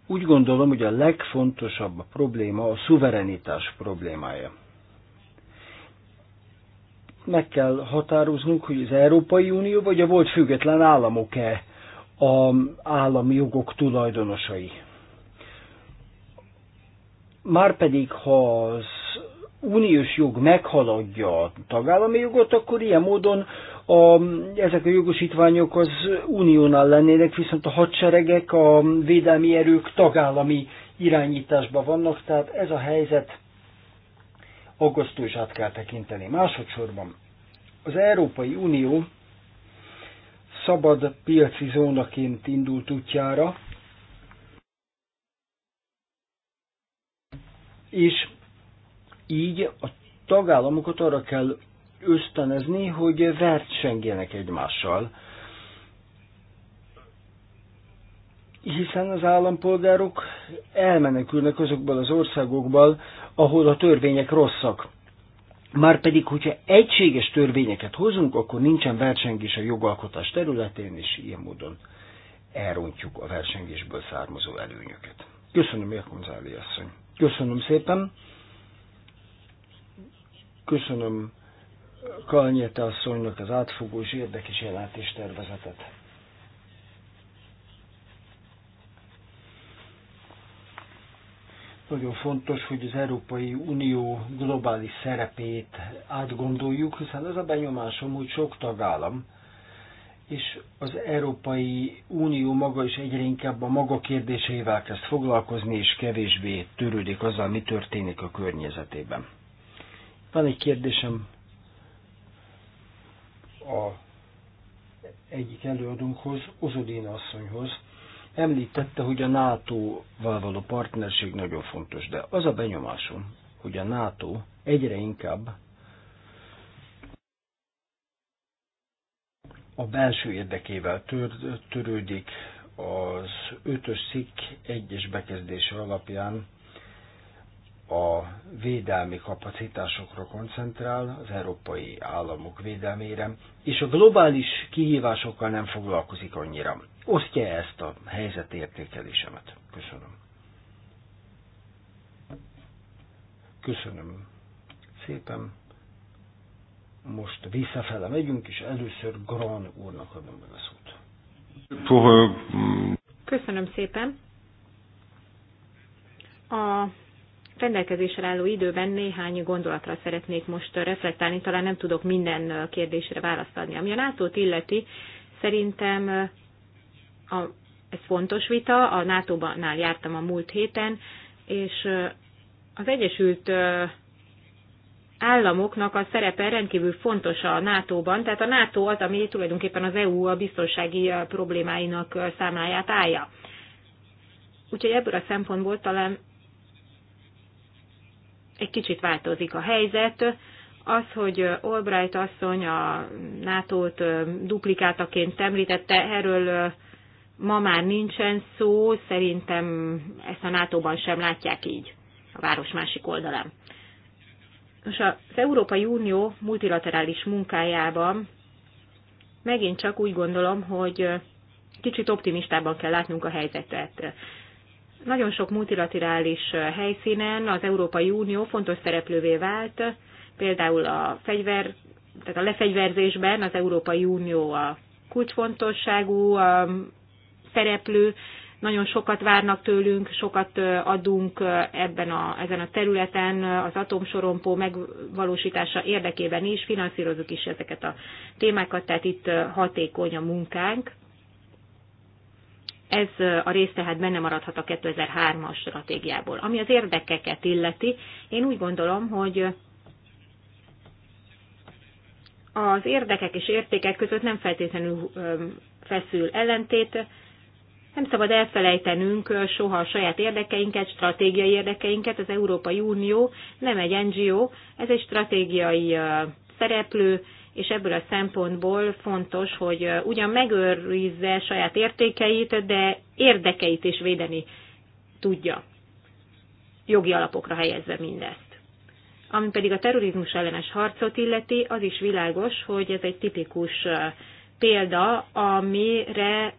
úgy gondolom, hogy a legfontosabb a probléma a szuverenitás problémája. Meg kell határoznunk, hogy az Európai Unió vagy a volt független államok-e a állami jogok tulajdonosai. Márpedig, ha az uniós jog meghaladja a tagállami jogot, akkor ilyen módon a, ezek a jogosítványok az uniónál lennének, viszont a hadseregek, a védelmi erők tagállami irányításban vannak, tehát ez a helyzet augusztusát kell tekinteni. Másodszorban az Európai Unió szabad piaci zónaként indult útjára, és így a tagállamokat arra kell ösztönözni, hogy versengjenek egymással. Hiszen az állampolgárok elmenekülnek azokból az országokból, ahol a törvények rosszak. Márpedig, hogyha egységes törvényeket hozunk, akkor nincsen versengés a jogalkotás területén, és ilyen módon elrontjuk a versengésből származó előnyöket. Köszönöm, Jakonzáli asszony. Köszönöm szépen. Köszönöm Kalnyete asszonynak az átfogó és érdekes jelentéstervezetet. Nagyon fontos, hogy az Európai Unió globális szerepét átgondoljuk, hiszen az a benyomásom, hogy sok tagállam, és az Európai Unió maga is egyre inkább a maga kérdéseivel kezd foglalkozni, és kevésbé törődik azzal, mi történik a környezetében. Van egy kérdésem a egyik előadónkhoz, Ozodina asszonyhoz, Említette, hogy a NATO-val való partnerség nagyon fontos, de az a benyomásom, hogy a NATO egyre inkább a belső érdekével tör, törődik az ötös szik egyes bekezdése alapján a védelmi kapacitásokra koncentrál, az európai államok védelmére, és a globális kihívásokkal nem foglalkozik annyira osztja ezt a helyzet értékelésemet. Köszönöm. Köszönöm szépen. Most visszafele megyünk, és először Gran úrnak adom meg a szót. Euh, Köszönöm szépen. A rendelkezésre álló időben néhány gondolatra szeretnék most reflektálni, talán nem tudok minden kérdésre választ adni. Ami a nato illeti, szerintem a, ez fontos vita, a NATO-nál jártam a múlt héten, és az Egyesült államoknak a szerepe rendkívül fontos a NATO-ban, tehát a NATO az, ami tulajdonképpen az EU a biztonsági problémáinak számláját állja. Úgyhogy ebből a szempontból talán egy kicsit változik a helyzet. Az, hogy Albright asszony a NATO-t duplikátaként említette, erről ma már nincsen szó, szerintem ezt a NATO-ban sem látják így a város másik oldalán. Nos, az Európai Unió multilaterális munkájában megint csak úgy gondolom, hogy kicsit optimistában kell látnunk a helyzetet. Nagyon sok multilaterális helyszínen az Európai Unió fontos szereplővé vált, például a fegyver, tehát a lefegyverzésben az Európai Unió a kulcsfontosságú szereplő, nagyon sokat várnak tőlünk, sokat adunk ebben a, ezen a területen az atomsorompó megvalósítása érdekében is, finanszírozunk is ezeket a témákat, tehát itt hatékony a munkánk. Ez a rész tehát benne maradhat a 2003-as stratégiából. Ami az érdekeket illeti, én úgy gondolom, hogy az érdekek és értékek között nem feltétlenül feszül ellentét, nem szabad elfelejtenünk soha a saját érdekeinket, stratégiai érdekeinket. Az Európai Unió nem egy NGO, ez egy stratégiai szereplő, és ebből a szempontból fontos, hogy ugyan megőrizze saját értékeit, de érdekeit is védeni tudja. Jogi alapokra helyezve mindezt. Ami pedig a terrorizmus ellenes harcot illeti, az is világos, hogy ez egy tipikus példa, amire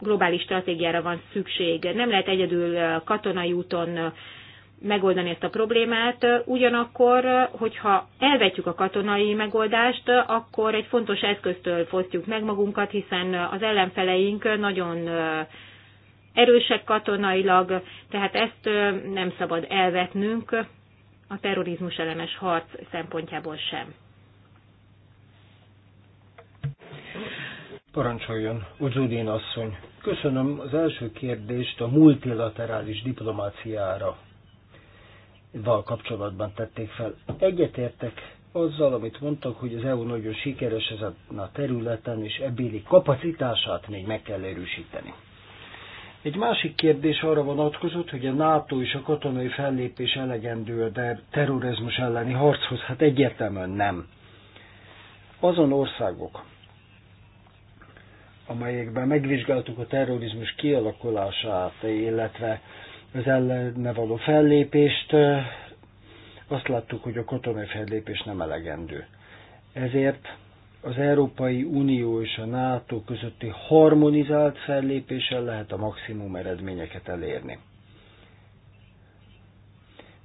globális stratégiára van szükség. Nem lehet egyedül katonai úton megoldani ezt a problémát, ugyanakkor, hogyha elvetjük a katonai megoldást, akkor egy fontos eszköztől fosztjuk meg magunkat, hiszen az ellenfeleink nagyon erősek katonailag, tehát ezt nem szabad elvetnünk a terrorizmus ellenes harc szempontjából sem. Parancsoljon, Udzudin asszony. Köszönöm az első kérdést a multilaterális diplomáciára val kapcsolatban tették fel. Egyetértek azzal, amit mondtak, hogy az EU nagyon sikeres ezen a területen, és ebéli kapacitását még meg kell erősíteni. Egy másik kérdés arra vonatkozott, hogy a NATO és a katonai fellépés elegendő a terrorizmus elleni harchoz. Hát egyértelműen nem. Azon országok, amelyekben megvizsgáltuk a terrorizmus kialakulását, illetve az ellene való fellépést, azt láttuk, hogy a katonai fellépés nem elegendő. Ezért az Európai Unió és a NATO közötti harmonizált fellépéssel lehet a maximum eredményeket elérni.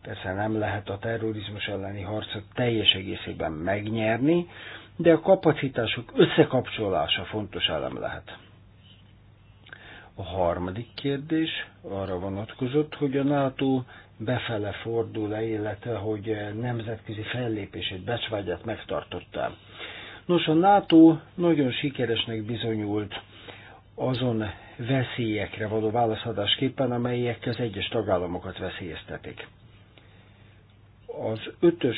Persze nem lehet a terrorizmus elleni harcot teljes egészében megnyerni, de a kapacitások összekapcsolása fontos elem lehet. A harmadik kérdés arra vonatkozott, hogy a NATO befele fordul-e, illetve hogy nemzetközi fellépését, becsvágyát megtartotta. Nos, a NATO nagyon sikeresnek bizonyult azon veszélyekre való válaszadásképpen, amelyek az egyes tagállamokat veszélyeztetik az ötös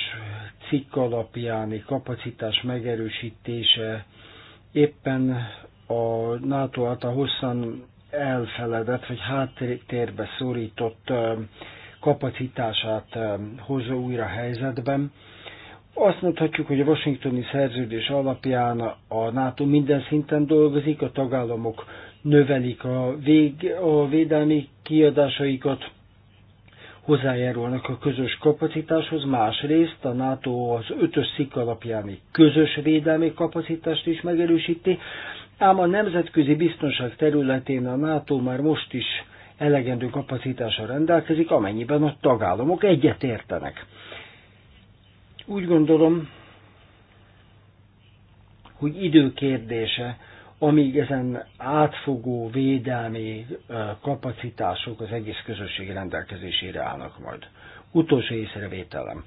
cikk alapjáni kapacitás megerősítése éppen a NATO által hosszan elfeledett, vagy háttérbe szorított kapacitását hozza újra helyzetben. Azt mondhatjuk, hogy a washingtoni szerződés alapján a NATO minden szinten dolgozik, a tagállamok növelik a, vég, a védelmi kiadásaikat, hozzájárulnak a közös kapacitáshoz, másrészt a NATO az ötös szik alapján egy közös védelmi kapacitást is megerősíti, ám a nemzetközi biztonság területén a NATO már most is elegendő kapacitással rendelkezik, amennyiben a tagállamok egyetértenek. Úgy gondolom, hogy idő kérdése, amíg ezen átfogó védelmi kapacitások az egész közösség rendelkezésére állnak majd. Utolsó észrevételem.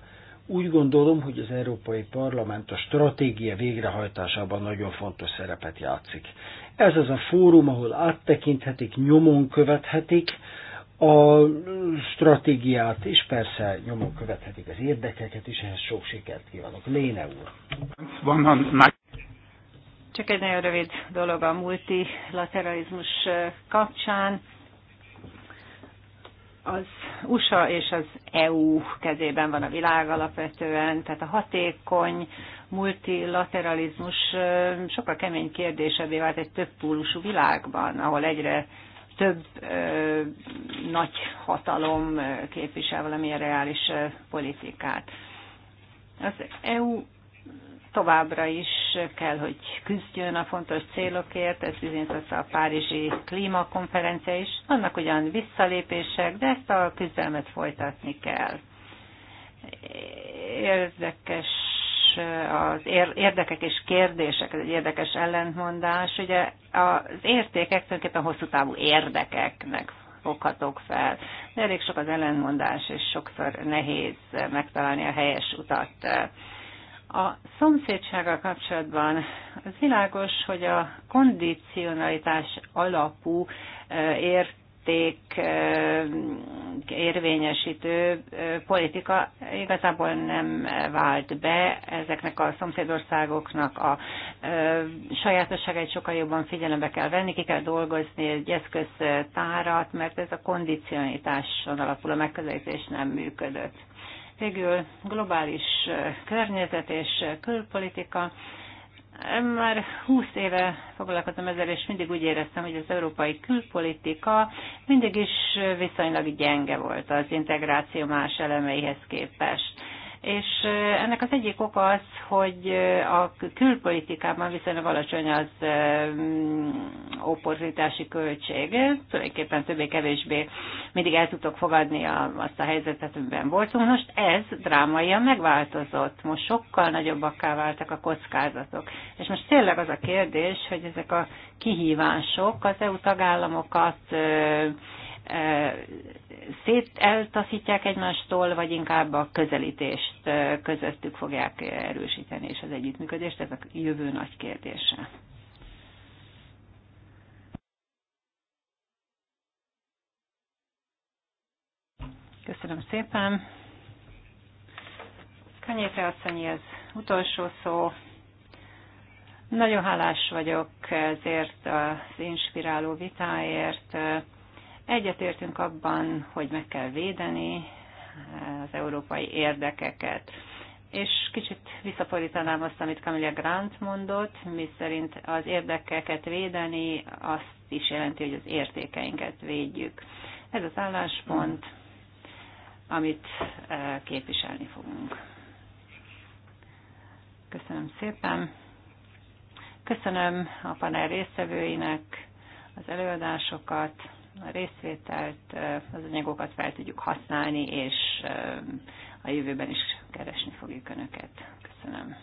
Úgy gondolom, hogy az Európai Parlament a stratégia végrehajtásában nagyon fontos szerepet játszik. Ez az a fórum, ahol áttekinthetik, nyomon követhetik a stratégiát, és persze nyomon követhetik az érdekeket is, ehhez sok sikert kívánok. Léne úr! Csak egy nagyon rövid dolog a multilateralizmus kapcsán. Az USA és az EU kezében van a világ alapvetően, tehát a hatékony multilateralizmus sokkal kemény kérdésebbé vált egy több pólusú világban, ahol egyre több ö, nagy hatalom képvisel valamilyen reális ö, politikát. Az EU továbbra is kell, hogy küzdjön a fontos célokért, ez bizonyította a Párizsi klímakonferencia is. Vannak ugyan visszalépések, de ezt a küzdelmet folytatni kell. Érdekes az érdekek és kérdések, ez egy érdekes ellentmondás. Ugye az értékek tulajdonképpen hosszú távú érdekeknek foghatók fel. De elég sok az ellentmondás, és sokszor nehéz megtalálni a helyes utat. A szomszédsággal kapcsolatban az világos, hogy a kondicionalitás alapú e, érték e, érvényesítő e, politika igazából nem vált be. Ezeknek a szomszédországoknak a sajátosságait sokkal jobban figyelembe kell venni, ki kell dolgozni egy eszköztárat, mert ez a kondicionalitáson alapuló megközelítés nem működött. Végül globális környezet és külpolitika. Már 20 éve foglalkozom ezzel, és mindig úgy éreztem, hogy az európai külpolitika mindig is viszonylag gyenge volt az integráció más elemeihez képest és ennek az egyik oka az, hogy a külpolitikában viszonylag alacsony az mm, opportunitási költség. Tulajdonképpen többé-kevésbé mindig el tudtok fogadni azt a helyzetet, amiben voltunk. Most ez drámaian megváltozott. Most sokkal nagyobbakká váltak a kockázatok. És most tényleg az a kérdés, hogy ezek a kihívások az EU tagállamokat szét eltaszítják egymástól, vagy inkább a közelítést közöttük fogják erősíteni, és az együttműködést, ez a jövő nagy kérdése. Köszönöm szépen. Kanyéte asszony, ez utolsó szó. Nagyon hálás vagyok ezért az inspiráló vitáért. Egyetértünk abban, hogy meg kell védeni eh, az európai érdekeket. És kicsit visszafordítanám azt, amit Camilla Grant mondott, mi szerint az érdekeket védeni azt is jelenti, hogy az értékeinket védjük. Ez az álláspont, amit eh, képviselni fogunk. Köszönöm szépen. Köszönöm a panel résztvevőinek az előadásokat a részvételt, az anyagokat fel tudjuk használni, és a jövőben is keresni fogjuk Önöket. Köszönöm.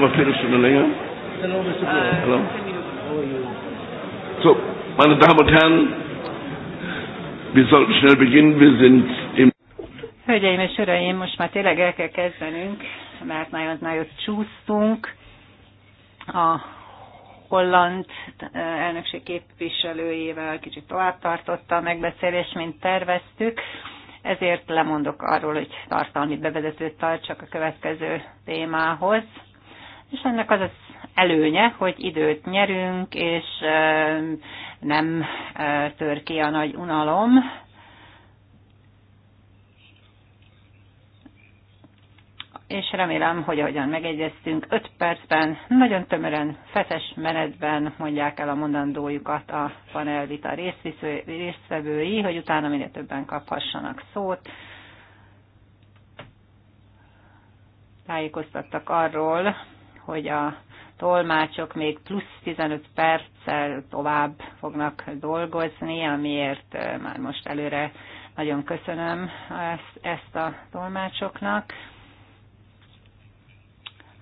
Have a finish in the layer? Hello, So, meine Damen und Herren, wir sollten schnell beginnen. Wir sind im. Hölgyeim és Uraim, most már tényleg el kell kezdenünk, mert nagyon nagyon csúsztunk. A holland eh, elnökség képviselőjével kicsit tovább tartotta a megbeszélés, mint terveztük ezért lemondok arról, hogy tartalmi bevezetőt tartsak a következő témához és ennek az az előnye, hogy időt nyerünk, és nem tör ki a nagy unalom. És remélem, hogy ahogyan megegyeztünk, 5 percben, nagyon tömören, feszes menetben mondják el a mondandójukat a panelvita résztvevői, hogy utána minél többen kaphassanak szót. Tájékoztattak arról, hogy a tolmácsok még plusz 15 perccel tovább fognak dolgozni, amiért eh, már most előre nagyon köszönöm ezt, ezt a tolmácsoknak.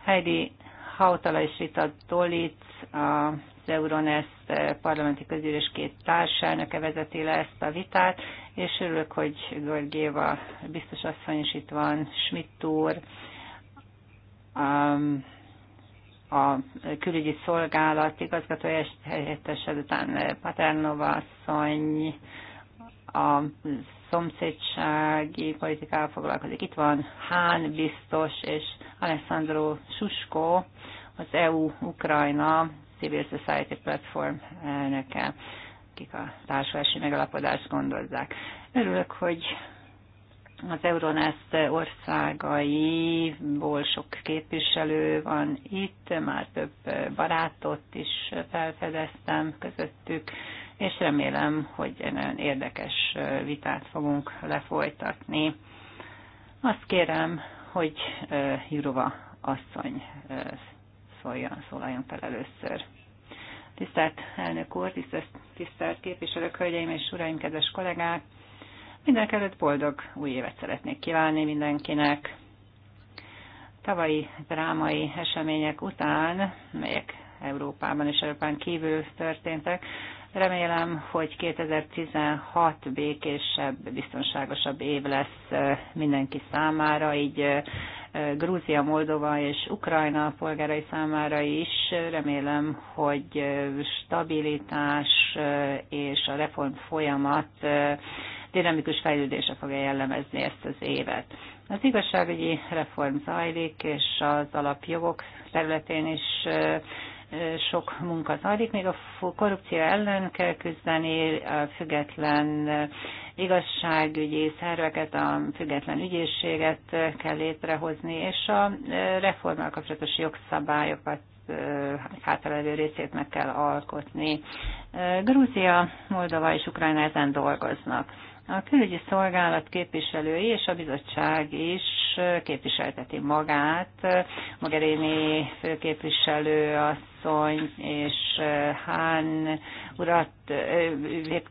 Heidi Hautala és Rita Dolic, az Euronest eh, parlamenti közülés két társelnöke vezeti le ezt a vitát, és örülök, hogy Gorgéva biztos asszony is itt van, Schmidt úr, um, a külügyi szolgálat igazgatója, helyettes ezután Paternova asszony, a szomszédsági politikával foglalkozik. Itt van Hán biztos és Alessandro Susko, az EU-Ukrajna Civil Society Platform elnöke, akik a társulási megalapodást gondozzák. Örülök, hogy az Euronest országaiból sok képviselő van itt, már több barátot is felfedeztem közöttük, és remélem, hogy egy nagyon érdekes vitát fogunk lefolytatni. Azt kérem, hogy Jurova asszony szóljon, szólaljon fel először. Tisztelt elnök úr, tisztelt, tisztelt képviselők, hölgyeim és uraim, kedves kollégák! Mindenek előtt boldog új évet szeretnék kívánni mindenkinek. Tavalyi drámai események után, melyek Európában és Európán kívül történtek, remélem, hogy 2016 békésebb, biztonságosabb év lesz mindenki számára, így Grúzia, Moldova és Ukrajna polgárai számára is. Remélem, hogy stabilitás és a reform folyamat dinamikus fejlődése fogja jellemezni ezt az évet. Az igazságügyi reform zajlik, és az alapjogok területén is sok munka zajlik, még a korrupció ellen kell küzdeni, a független igazságügyi szerveket, a független ügyészséget kell létrehozni, és a reformmal kapcsolatos jogszabályokat hátralévő részét meg kell alkotni. Grúzia, Moldova és Ukrajna ezen dolgoznak. A külügyi szolgálat képviselői és a bizottság is képviselteti magát. Magerémi főképviselő asszony és eh, Hán urat eh,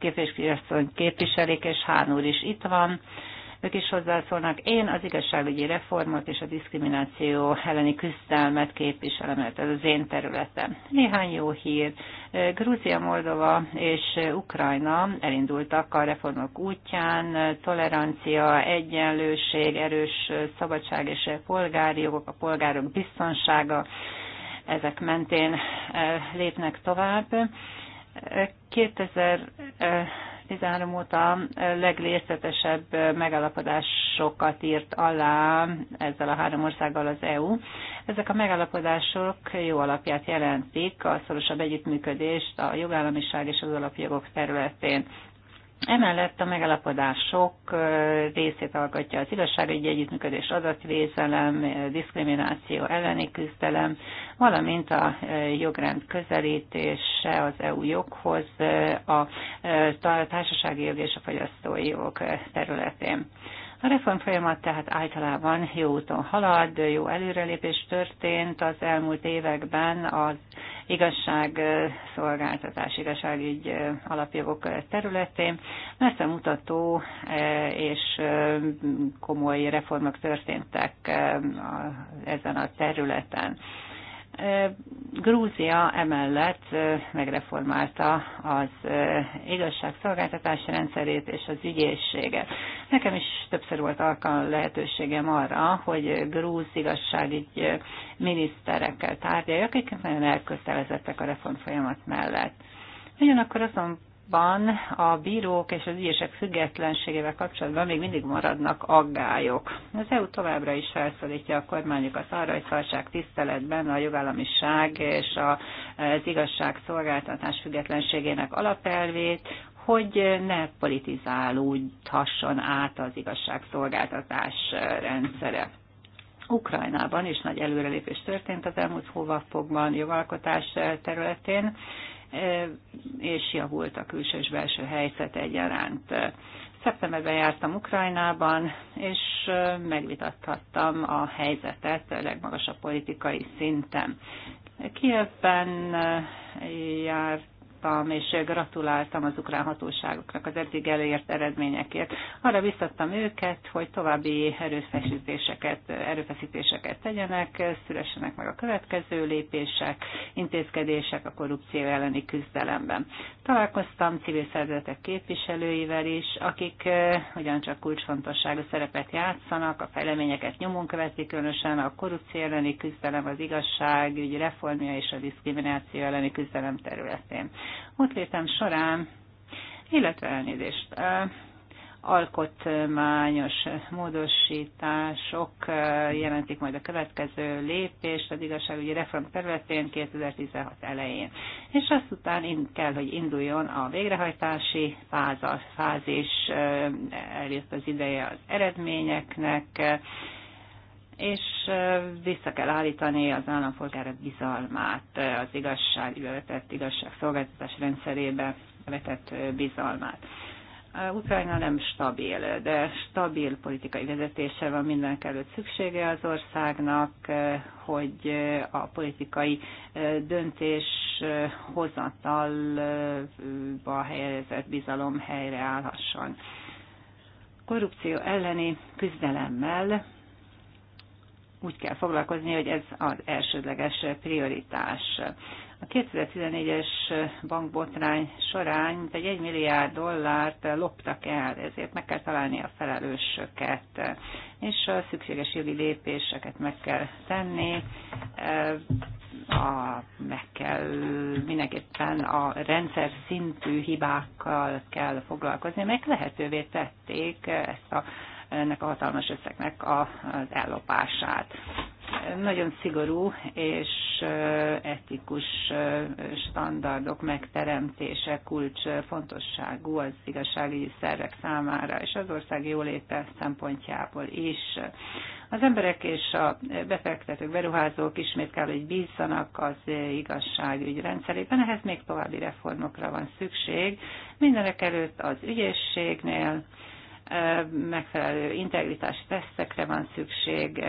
képviselik, és Hán úr is itt van ők is hozzászólnak. Én az igazságügyi reformot és a diszkrimináció elleni küzdelmet képviselem, mert ez az én területem. Néhány jó hír. Grúzia, Moldova és Ukrajna elindultak a reformok útján, tolerancia, egyenlőség, erős szabadság és polgári jogok, a polgárok biztonsága, ezek mentén lépnek tovább. 2000 2013 óta legrészletesebb megállapodásokat írt alá ezzel a három országgal az EU. Ezek a megállapodások jó alapját jelentik a szorosabb együttműködést a jogállamiság és az alapjogok területén. Emellett a megalapodások részét alkotja az igazságügyi együttműködés, adatvézelem, diszkrimináció elleni küzdelem, valamint a jogrend közelítése az EU joghoz a társasági jog és a fogyasztói jog területén. A reform folyamat tehát általában jó úton halad, jó előrelépés történt az elmúlt években az igazságszolgáltatás, igazságügy alapjogok területén. Messze mutató és komoly reformok történtek ezen a területen. Grúzia emellett megreformálta az igazságszolgáltatási rendszerét és az ügyészséget. Nekem is többször volt alkalom lehetőségem arra, hogy grúz igazságügy miniszterekkel tárgyaljak, akik nagyon elkötelezettek a reform folyamat mellett. Ugyanakkor azon ban a bírók és az ügyesek függetlenségével kapcsolatban még mindig maradnak aggályok. Az EU továbbra is felszólítja a kormányokat arra, hogy tartsák tiszteletben a jogállamiság és az igazságszolgáltatás függetlenségének alapelvét, hogy ne politizálódhasson át az igazságszolgáltatás rendszere. Ukrajnában is nagy előrelépés történt az elmúlt hónapokban jogalkotás területén és javult a külső és belső helyzet egyaránt. Szeptemberben jártam Ukrajnában, és megvitathattam a helyzetet a legmagasabb politikai szinten. Kievben járt dolgoztam, és gratuláltam az ukrán hatóságoknak az eddig elért eredményekért. Arra visszattam őket, hogy további erőfeszítéseket, erőfeszítéseket tegyenek, szülessenek meg a következő lépések, intézkedések a korrupció elleni küzdelemben. Találkoztam civil szervezetek képviselőivel is, akik ugyancsak eh, kulcsfontosságú szerepet játszanak, a fejleményeket nyomon követik, különösen a korrupció elleni küzdelem, az igazságügy reformja és a diszkrimináció elleni küzdelem területén. Ott létem során, illetve elnézést, alkotmányos módosítások jelentik majd a következő lépést az igazságügyi reform területén 2016 elején. És azután kell, hogy induljon a végrehajtási fázis, eljött az ideje az eredményeknek, és vissza kell állítani az állampolgárok bizalmát, az igazság, vetett igazságszolgáltatás rendszerébe vetett bizalmát. Ukrajna nem stabil, de stabil politikai vezetése van minden előtt szüksége az országnak, hogy a politikai döntés hozatalba helyezett bizalom helyreállhasson. Korrupció elleni küzdelemmel úgy kell foglalkozni, hogy ez az elsődleges prioritás. A 2014-es bankbotrány során mintegy 1 milliárd dollárt loptak el, ezért meg kell találni a felelősöket, és a szükséges jogi lépéseket meg kell tenni, a, meg kell mindenképpen a rendszer szintű hibákkal kell foglalkozni, meg lehetővé tették ezt a ennek a hatalmas összegnek az ellopását. Nagyon szigorú és etikus standardok megteremtése kulcs fontosságú az igazságügyi szervek számára, és az ország jóléte szempontjából is. Az emberek és a befektetők, beruházók ismét kell, hogy bízzanak az igazságügy rendszerében, ehhez még további reformokra van szükség. Mindenek előtt az ügyészségnél, megfelelő integritás tesztekre van szükség,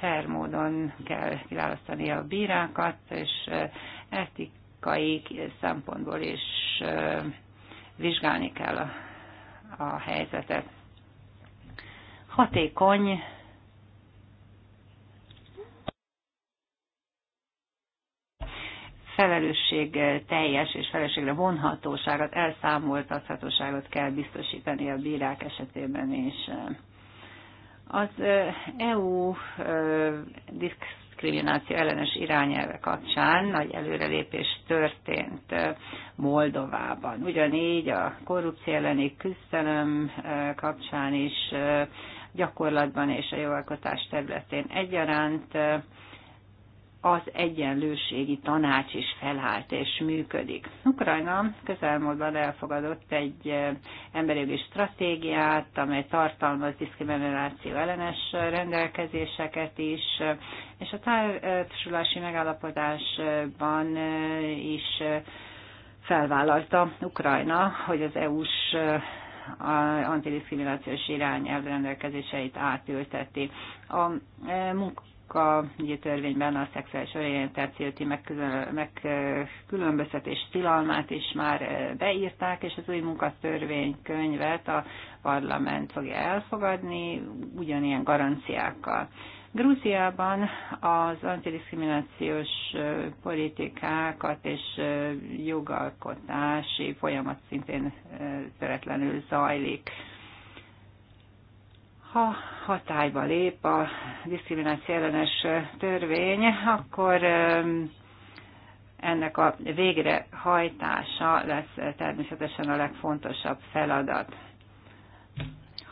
fair módon kell kiválasztani a bírákat, és etikai szempontból is vizsgálni kell a, a helyzetet. Hatékony felelősség teljes és felelősségre vonhatóságot, elszámoltathatóságot kell biztosítani a bírák esetében is. Az EU diszkrimináció ellenes irányelve kapcsán nagy előrelépés történt Moldovában. Ugyanígy a korrupció elleni küzdelem kapcsán is gyakorlatban és a jogalkotás területén egyaránt az egyenlőségi tanács is felállt és működik. Ukrajna közelmúltban elfogadott egy eh, emberjogi stratégiát, amely tartalmaz diszkrimináció ellenes rendelkezéseket is, eh, és a társulási megállapodásban eh, is felvállalta Ukrajna, hogy az EU-s antidiszkriminációs irány rendelkezéseit átülteti. A a ugye, törvényben a szexuális orientációti megkülönböztetés tilalmát is már eh, beírták, és az új munkatörvénykönyvet a parlament fogja elfogadni ugyanilyen garanciákkal. Grúziában az antidiszkriminációs eh, politikákat és eh, jogalkotási folyamat szintén töretlenül zajlik ha hatályba lép a diszkrimináció ellenes törvény, akkor ennek a végrehajtása lesz természetesen a legfontosabb feladat.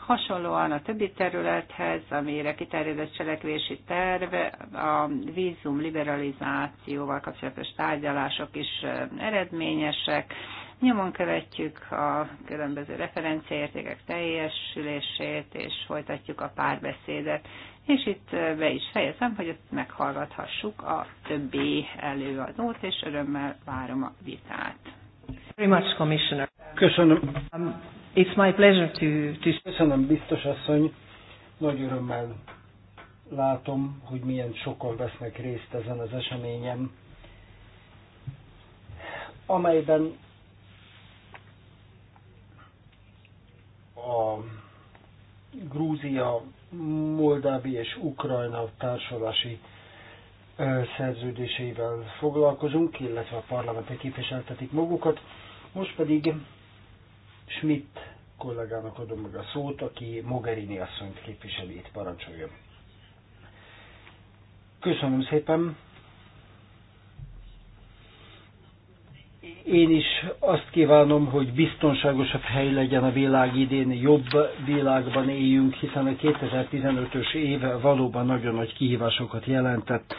Hasonlóan a többi területhez, amire kiterjedett cselekvési terv, a vízum liberalizációval kapcsolatos tárgyalások is eredményesek, Nyomon követjük a különböző referenciaértékek teljesülését, és folytatjuk a párbeszédet. És itt be is fejezem, hogy ott meghallgathassuk a többi előadót, és örömmel várom a vitát. Very much, Commissioner. Köszönöm. Um, it's my pleasure to, to... Köszönöm, biztos asszony. Nagy örömmel látom, hogy milyen sokan vesznek részt ezen az eseményen, amelyben a Grúzia, Moldávia és Ukrajna társadalmi szerződéseivel foglalkozunk, illetve a parlamentek képviseltetik magukat. Most pedig Schmidt kollégának adom meg a szót, aki Mogherini asszonyt képviseli itt, parancsoljon. Köszönöm szépen, Én is azt kívánom, hogy biztonságosabb hely legyen a világ idén, jobb világban éljünk, hiszen a 2015-ös éve valóban nagyon nagy kihívásokat jelentett,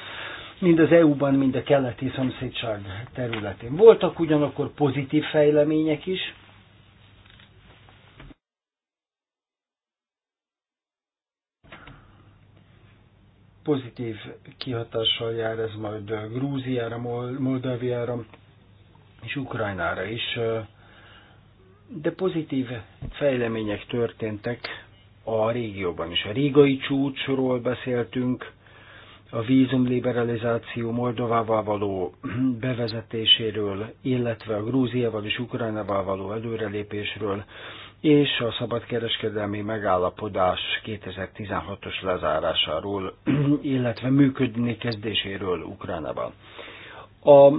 mind az EU-ban, mind a keleti szomszédság területén. Voltak ugyanakkor pozitív fejlemények is, pozitív kihatással jár ez majd Grúziára, Moldáviára, és Ukrajnára is, de pozitív fejlemények történtek a régióban is. A régai csúcsról beszéltünk, a vízum liberalizáció Moldovával való bevezetéséről, illetve a Grúziával és Ukrajnával való előrelépésről, és a szabadkereskedelmi megállapodás 2016-os lezárásáról, illetve működni kezdéséről Ukrajnában. A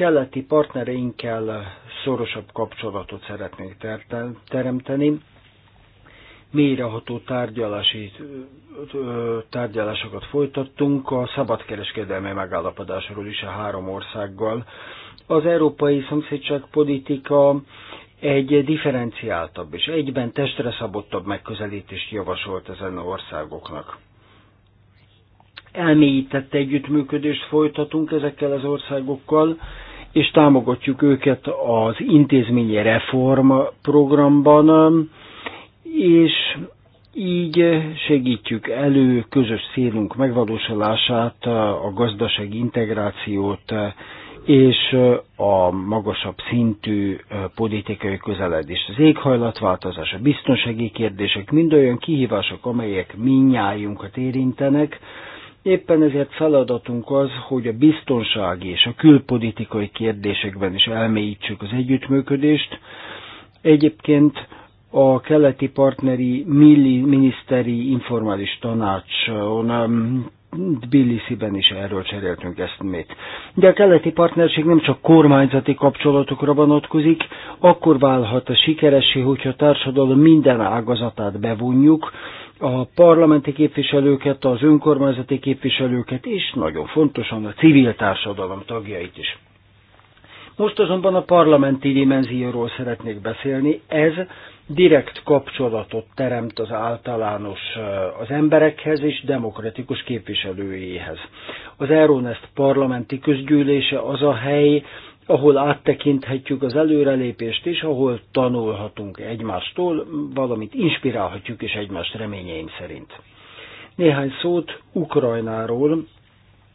keleti partnereinkkel szorosabb kapcsolatot szeretnénk ter- teremteni, mélyreható tárgyalási, tárgyalásokat folytattunk a szabadkereskedelmi megállapodásról is a három országgal. Az európai politika egy differenciáltabb és egyben testre szabottabb megközelítést javasolt ezen országoknak. Elmélyített együttműködést folytatunk ezekkel az országokkal, és támogatjuk őket az intézményi reform programban, és így segítjük elő közös célunk megvalósulását, a gazdasági integrációt és a magasabb szintű politikai közeledést. Az éghajlatváltozás, a biztonsági kérdések mind olyan kihívások, amelyek minnyájunkat érintenek, Éppen ezért feladatunk az, hogy a biztonsági és a külpolitikai kérdésekben is elmélyítsük az együttműködést. Egyébként a keleti partneri milli, miniszteri informális tanácson um, Tbilisi-ben is erről cseréltünk mit. De a keleti partnerség nem csak kormányzati kapcsolatokra vonatkozik, akkor válhat a sikeresé, hogyha a társadalom minden ágazatát bevonjuk, a parlamenti képviselőket, az önkormányzati képviselőket, és nagyon fontosan a civil társadalom tagjait is. Most azonban a parlamenti dimenzióról szeretnék beszélni. Ez direkt kapcsolatot teremt az általános eh, az emberekhez és demokratikus képviselőjéhez. Az Euronest parlamenti közgyűlése az a hely, ahol áttekinthetjük az előrelépést és ahol tanulhatunk egymástól, valamit inspirálhatjuk is egymást reményeim szerint. Néhány szót Ukrajnáról,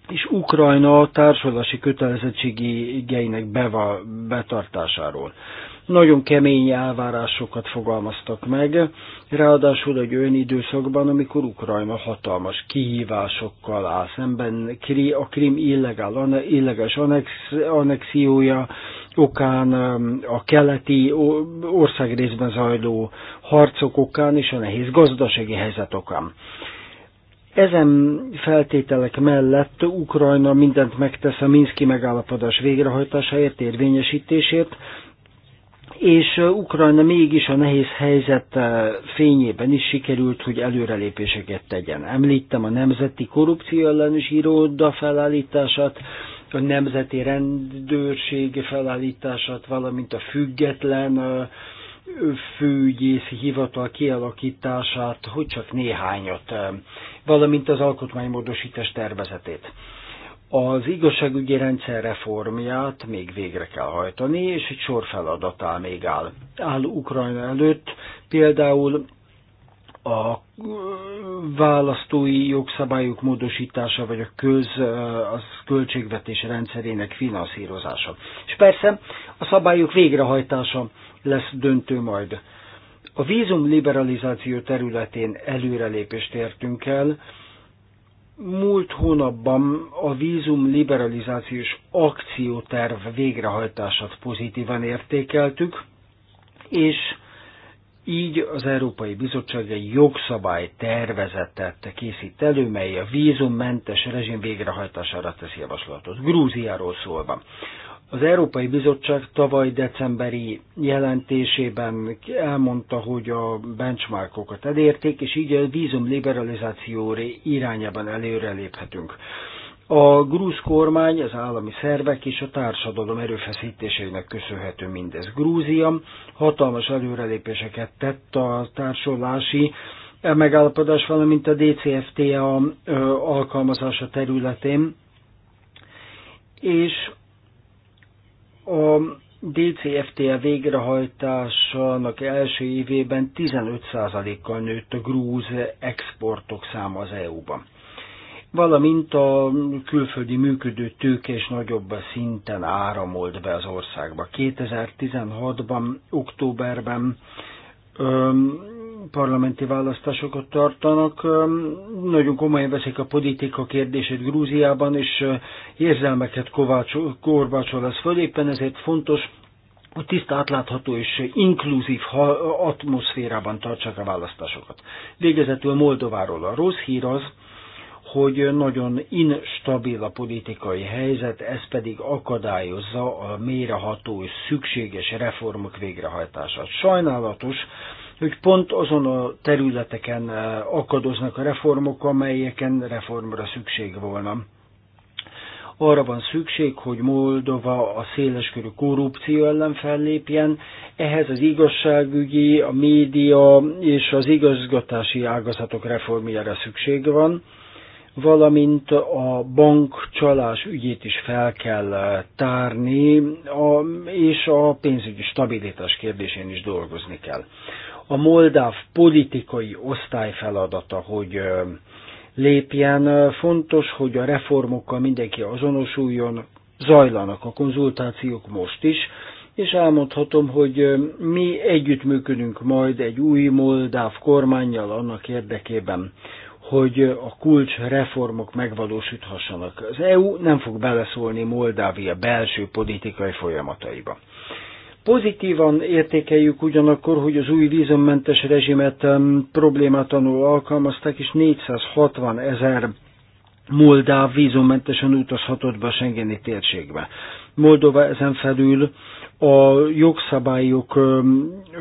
és Ukrajna társadalmi kötelezettségi kötelezettségeinek betartásáról nagyon kemény elvárásokat fogalmaztak meg, ráadásul egy olyan időszakban, amikor Ukrajna hatalmas kihívásokkal áll szemben, a krim illegál, illegális annex, annexiója okán, um, a keleti ország részben zajló harcok okán és a nehéz gazdasági helyzet okán. Ezen feltételek mellett Ukrajna mindent megtesz a Minszki megállapodás végrehajtásáért, érvényesítésért, és Ukrajna mégis a nehéz helyzet fényében is sikerült, hogy előrelépéseket tegyen. Említem a Nemzeti Korrupció ellenes iroda felállítását, a Nemzeti Rendőrség felállítását, valamint a független főügyészi hivatal kialakítását, hogy csak néhányat, valamint az alkotmánymódosítás tervezetét az igazságügyi rendszer reformját még végre kell hajtani, és egy sor áll még áll. Áll Ukrajna előtt például a választói jogszabályok módosítása, vagy a köz, az költségvetés rendszerének finanszírozása. És persze a szabályok végrehajtása lesz döntő majd. A vízum liberalizáció területén előrelépést értünk el, múlt hónapban a vízum liberalizációs akcióterv végrehajtását pozitívan értékeltük, és így az Európai Bizottság egy jogszabály tervezetet készít elő, mely a vízummentes rezsim végrehajtására teszi javaslatot. Grúziáról szólva. Az Európai Bizottság tavaly decemberi jelentésében elmondta, hogy a benchmarkokat elérték, és így a vízum liberalizáció irányában előreléphetünk. A grúz kormány, az állami szervek és a társadalom erőfeszítéseinek köszönhető mindez. Grúzia hatalmas előrelépéseket tett a társulási megállapodás, valamint a DCFTA alkalmazása területén, és a DCFTA végrehajtásának első évében 15%-kal nőtt a grúz exportok száma az EU-ban valamint a külföldi működő tőke is nagyobb szinten áramolt be az országba. 2016-ban, októberben parlamenti választásokat tartanak. Nagyon komolyan veszik a politika kérdését Grúziában, és érzelmeket korbácsol ez föl. Éppen ezért fontos, hogy tiszta, átlátható és inkluzív atmoszférában tartsák a választásokat. Végezetül Moldováról a rossz hír az, hogy nagyon instabil a politikai helyzet, ez pedig akadályozza a méreható és szükséges reformok végrehajtását. Sajnálatos, hogy pont azon a területeken eh, akadoznak a reformok, amelyeken reformra szükség volna. Arra van szükség, hogy Moldova a széleskörű korrupció ellen fellépjen, ehhez az igazságügyi, a média és az igazgatási ágazatok reformjára szükség van valamint a bankcsalás ügyét is fel kell eh, tárni, és a pénzügyi stabilitás kérdésén is dolgozni kell a moldáv politikai osztály feladata, hogy lépjen. Fontos, hogy a reformokkal mindenki azonosuljon, zajlanak a konzultációk most is, és elmondhatom, hogy mi együttműködünk majd egy új moldáv kormányjal annak érdekében, hogy a kulcs reformok megvalósíthassanak. Az EU nem fog beleszólni Moldávia belső politikai folyamataiba. Pozitívan értékeljük ugyanakkor, hogy az új vízummentes rezsimet problémátanul alkalmazták, és 460 ezer Moldáv vízummentesen utazhatott be a Schengeni térségbe. Moldova ezen felül a jogszabályok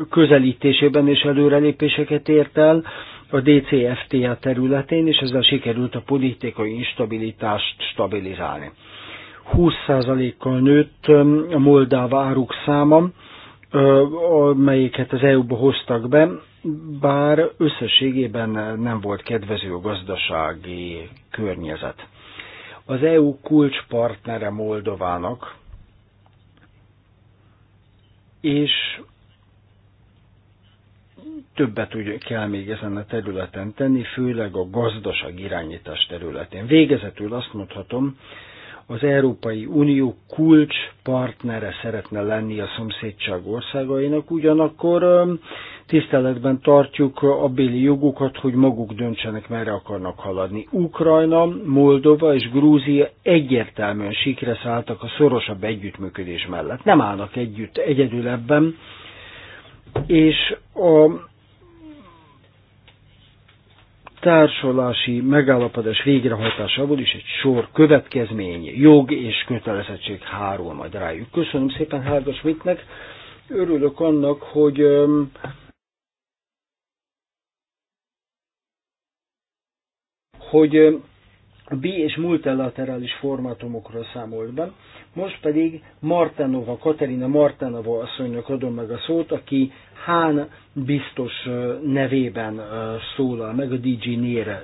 közelítésében és előrelépéseket ért el a DCFTA területén, és ezzel sikerült a politikai instabilitást stabilizálni. 20%-kal nőtt a moldáv áruk száma, amelyeket az EU-ba hoztak be, bár összességében nem volt kedvező a gazdasági környezet. Az EU kulcspartnere Moldovának, és többet úgy kell még ezen a területen tenni, főleg a gazdaság irányítás területén. Végezetül azt mondhatom, az Európai Unió kulcs partnere szeretne lenni a szomszédság országainak, ugyanakkor tiszteletben tartjuk a béli jogukat, hogy maguk döntsenek, merre akarnak haladni. Ukrajna, Moldova és Grúzia egyértelműen sikre szálltak a szorosabb együttműködés mellett. Nem állnak együtt egyedül ebben, és a társulási megállapodás végrehajtásából is egy sor következmény, jog és kötelezettség hárul majd rájuk. Köszönöm szépen Helga Mitnek. örülök annak, hogy hogy a bi- és multilaterális formátumokról számolt be. Most pedig Martenova, Katerina Martenova, asszonynak adom meg a szót, aki Hán biztos nevében szólal meg, a DG Nére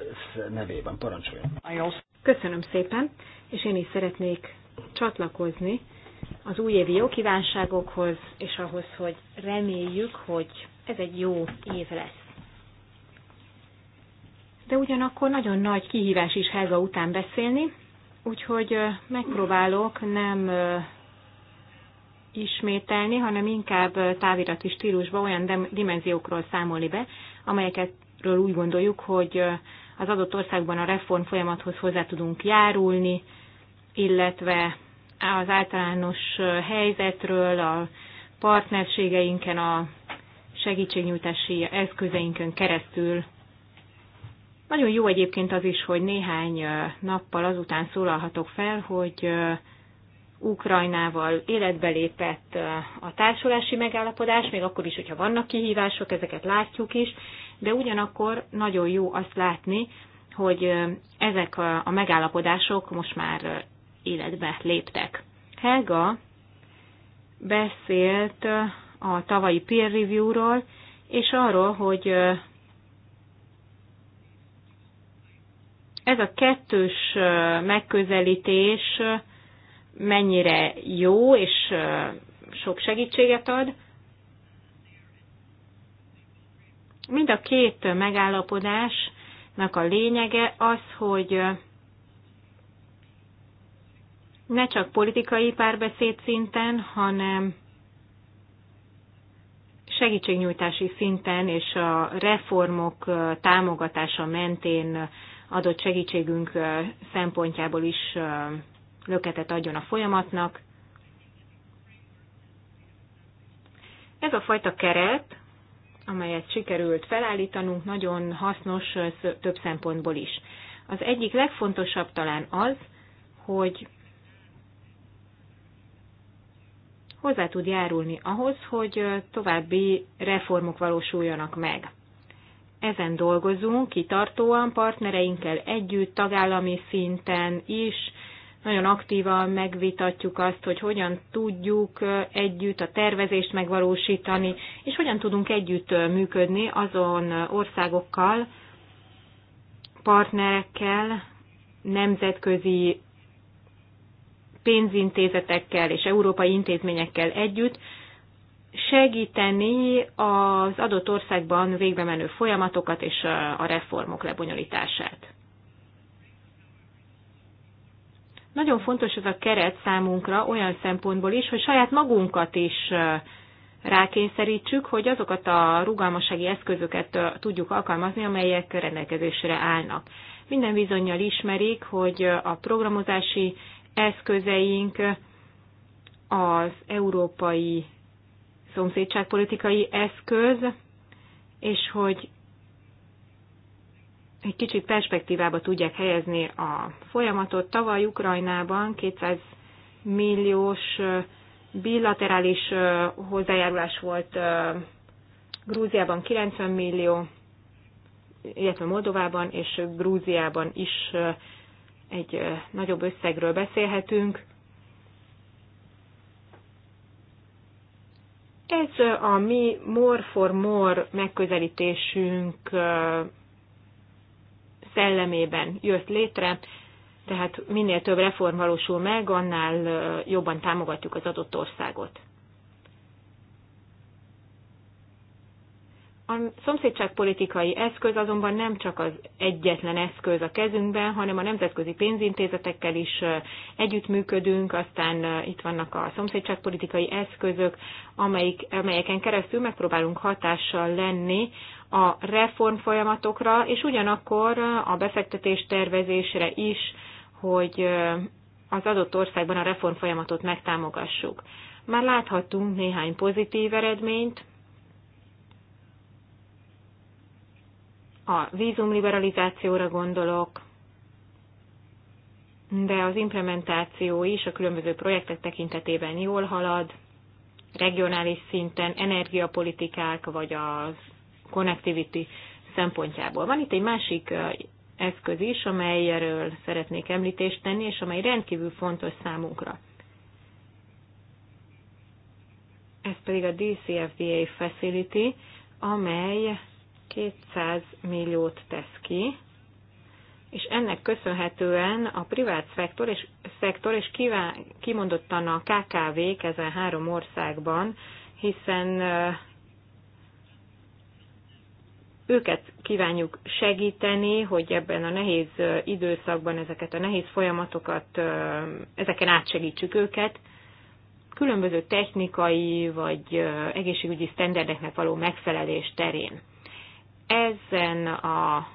nevében. Parancsoljon. Köszönöm szépen, és én is szeretnék csatlakozni az újévi jó kívánságokhoz, és ahhoz, hogy reméljük, hogy ez egy jó év lesz de ugyanakkor nagyon nagy kihívás is Helga után beszélni, úgyhogy megpróbálok nem ismételni, hanem inkább távirati stílusba olyan dimenziókról számolni be, amelyekről úgy gondoljuk, hogy az adott országban a reform folyamathoz hozzá tudunk járulni, illetve az általános helyzetről, a partnerségeinken, a segítségnyújtási eszközeinkön keresztül nagyon jó egyébként az is, hogy néhány nappal azután szólalhatok fel, hogy Ukrajnával életbe lépett a társulási megállapodás, még akkor is, hogyha vannak kihívások, ezeket látjuk is, de ugyanakkor nagyon jó azt látni, hogy ezek a megállapodások most már életbe léptek. Helga beszélt a tavalyi peer review-ról, és arról, hogy ez a kettős megközelítés mennyire jó és sok segítséget ad. Mind a két megállapodásnak a lényege az, hogy ne csak politikai párbeszéd szinten, hanem segítségnyújtási szinten és a reformok támogatása mentén adott segítségünk szempontjából is löketet adjon a folyamatnak. Ez a fajta keret, amelyet sikerült felállítanunk, nagyon hasznos több szempontból is. Az egyik legfontosabb talán az, hogy hozzá tud járulni ahhoz, hogy további reformok valósuljanak meg ezen dolgozunk kitartóan partnereinkkel együtt, tagállami szinten is, nagyon aktívan megvitatjuk azt, hogy hogyan tudjuk együtt a tervezést megvalósítani, és hogyan tudunk együtt működni azon országokkal, partnerekkel, nemzetközi pénzintézetekkel és európai intézményekkel együtt, segíteni az adott országban végbe menő folyamatokat és a reformok lebonyolítását. Nagyon fontos ez a keret számunkra olyan szempontból is, hogy saját magunkat is rákényszerítsük, hogy azokat a rugalmassági eszközöket tudjuk alkalmazni, amelyek rendelkezésre állnak. Minden bizonyal ismerik, hogy a programozási eszközeink az európai szomszédságpolitikai eszköz, és hogy egy kicsit perspektívába tudják helyezni a folyamatot. Tavaly Ukrajnában 200 milliós bilaterális hozzájárulás volt, Grúziában 90 millió, illetve Moldovában és Grúziában is egy nagyobb összegről beszélhetünk. Ez a mi more for more megközelítésünk szellemében jött létre, tehát minél több reform valósul meg, annál jobban támogatjuk az adott országot. A szomszédságpolitikai eszköz azonban nem csak az egyetlen eszköz a kezünkben, hanem a nemzetközi pénzintézetekkel is együttműködünk, aztán itt vannak a szomszédságpolitikai eszközök, amelyik, amelyeken keresztül megpróbálunk hatással lenni a reform folyamatokra, és ugyanakkor a befektetés tervezésre is, hogy az adott országban a reform folyamatot megtámogassuk. Már láthattunk néhány pozitív eredményt, a vízumliberalizációra gondolok, de az implementáció is a különböző projektek tekintetében jól halad, regionális szinten energiapolitikák vagy a connectivity szempontjából. Van itt egy másik eszköz is, amelyről szeretnék említést tenni, és amely rendkívül fontos számunkra. Ez pedig a DCFDA Facility, amely 200 milliót tesz ki, és ennek köszönhetően a privát szektor és, szektor és kivá, kimondottan a KKV-k ezen három országban, hiszen őket kívánjuk segíteni, hogy ebben a nehéz időszakban ezeket a nehéz folyamatokat, ezeken átsegítsük őket. Különböző technikai vagy egészségügyi sztenderdeknek való megfelelés terén ezen a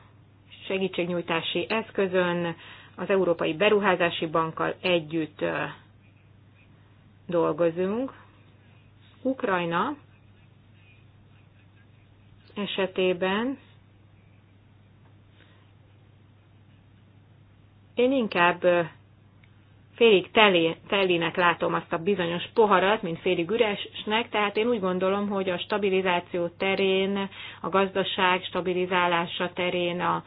segítségnyújtási eszközön az Európai Beruházási Bankkal együtt dolgozunk. Ukrajna esetében én inkább félig telé, telinek látom azt a bizonyos poharat, mint félig üresnek, tehát én úgy gondolom, hogy a stabilizáció terén, a gazdaság stabilizálása terén, a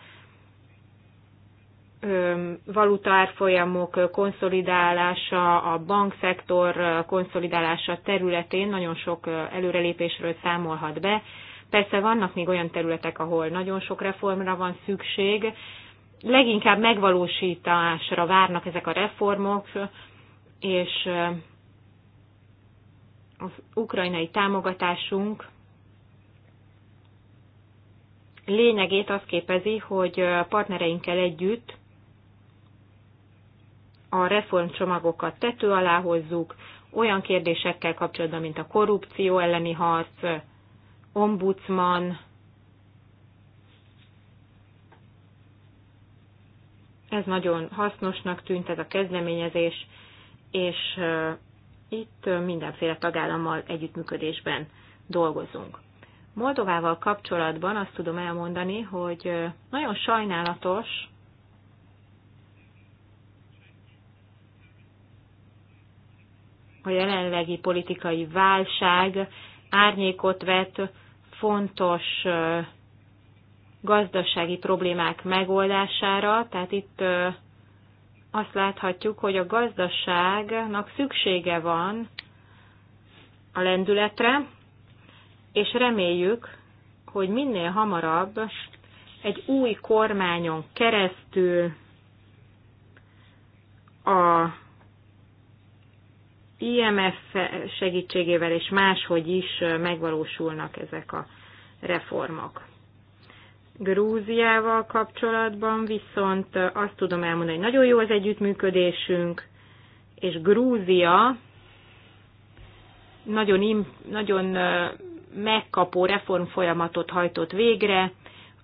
valutárfolyamok konszolidálása, a bankszektor konszolidálása területén nagyon sok előrelépésről számolhat be. Persze vannak még olyan területek, ahol nagyon sok reformra van szükség, leginkább megvalósításra várnak ezek a reformok, és az ukrajnai támogatásunk lényegét az képezi, hogy partnereinkkel együtt a reformcsomagokat tető alá hozzuk, olyan kérdésekkel kapcsolatban, mint a korrupció elleni harc, ombudsman, Ez nagyon hasznosnak tűnt ez a kezdeményezés, és itt mindenféle tagállammal együttműködésben dolgozunk. Moldovával kapcsolatban azt tudom elmondani, hogy nagyon sajnálatos, a jelenlegi politikai válság árnyékot vet fontos gazdasági problémák megoldására, tehát itt azt láthatjuk, hogy a gazdaságnak szüksége van a lendületre, és reméljük, hogy minél hamarabb egy új kormányon keresztül a IMF segítségével és máshogy is megvalósulnak ezek a reformok. Grúziával kapcsolatban viszont azt tudom elmondani, hogy nagyon jó az együttműködésünk, és Grúzia nagyon, nagyon megkapó reformfolyamatot hajtott végre,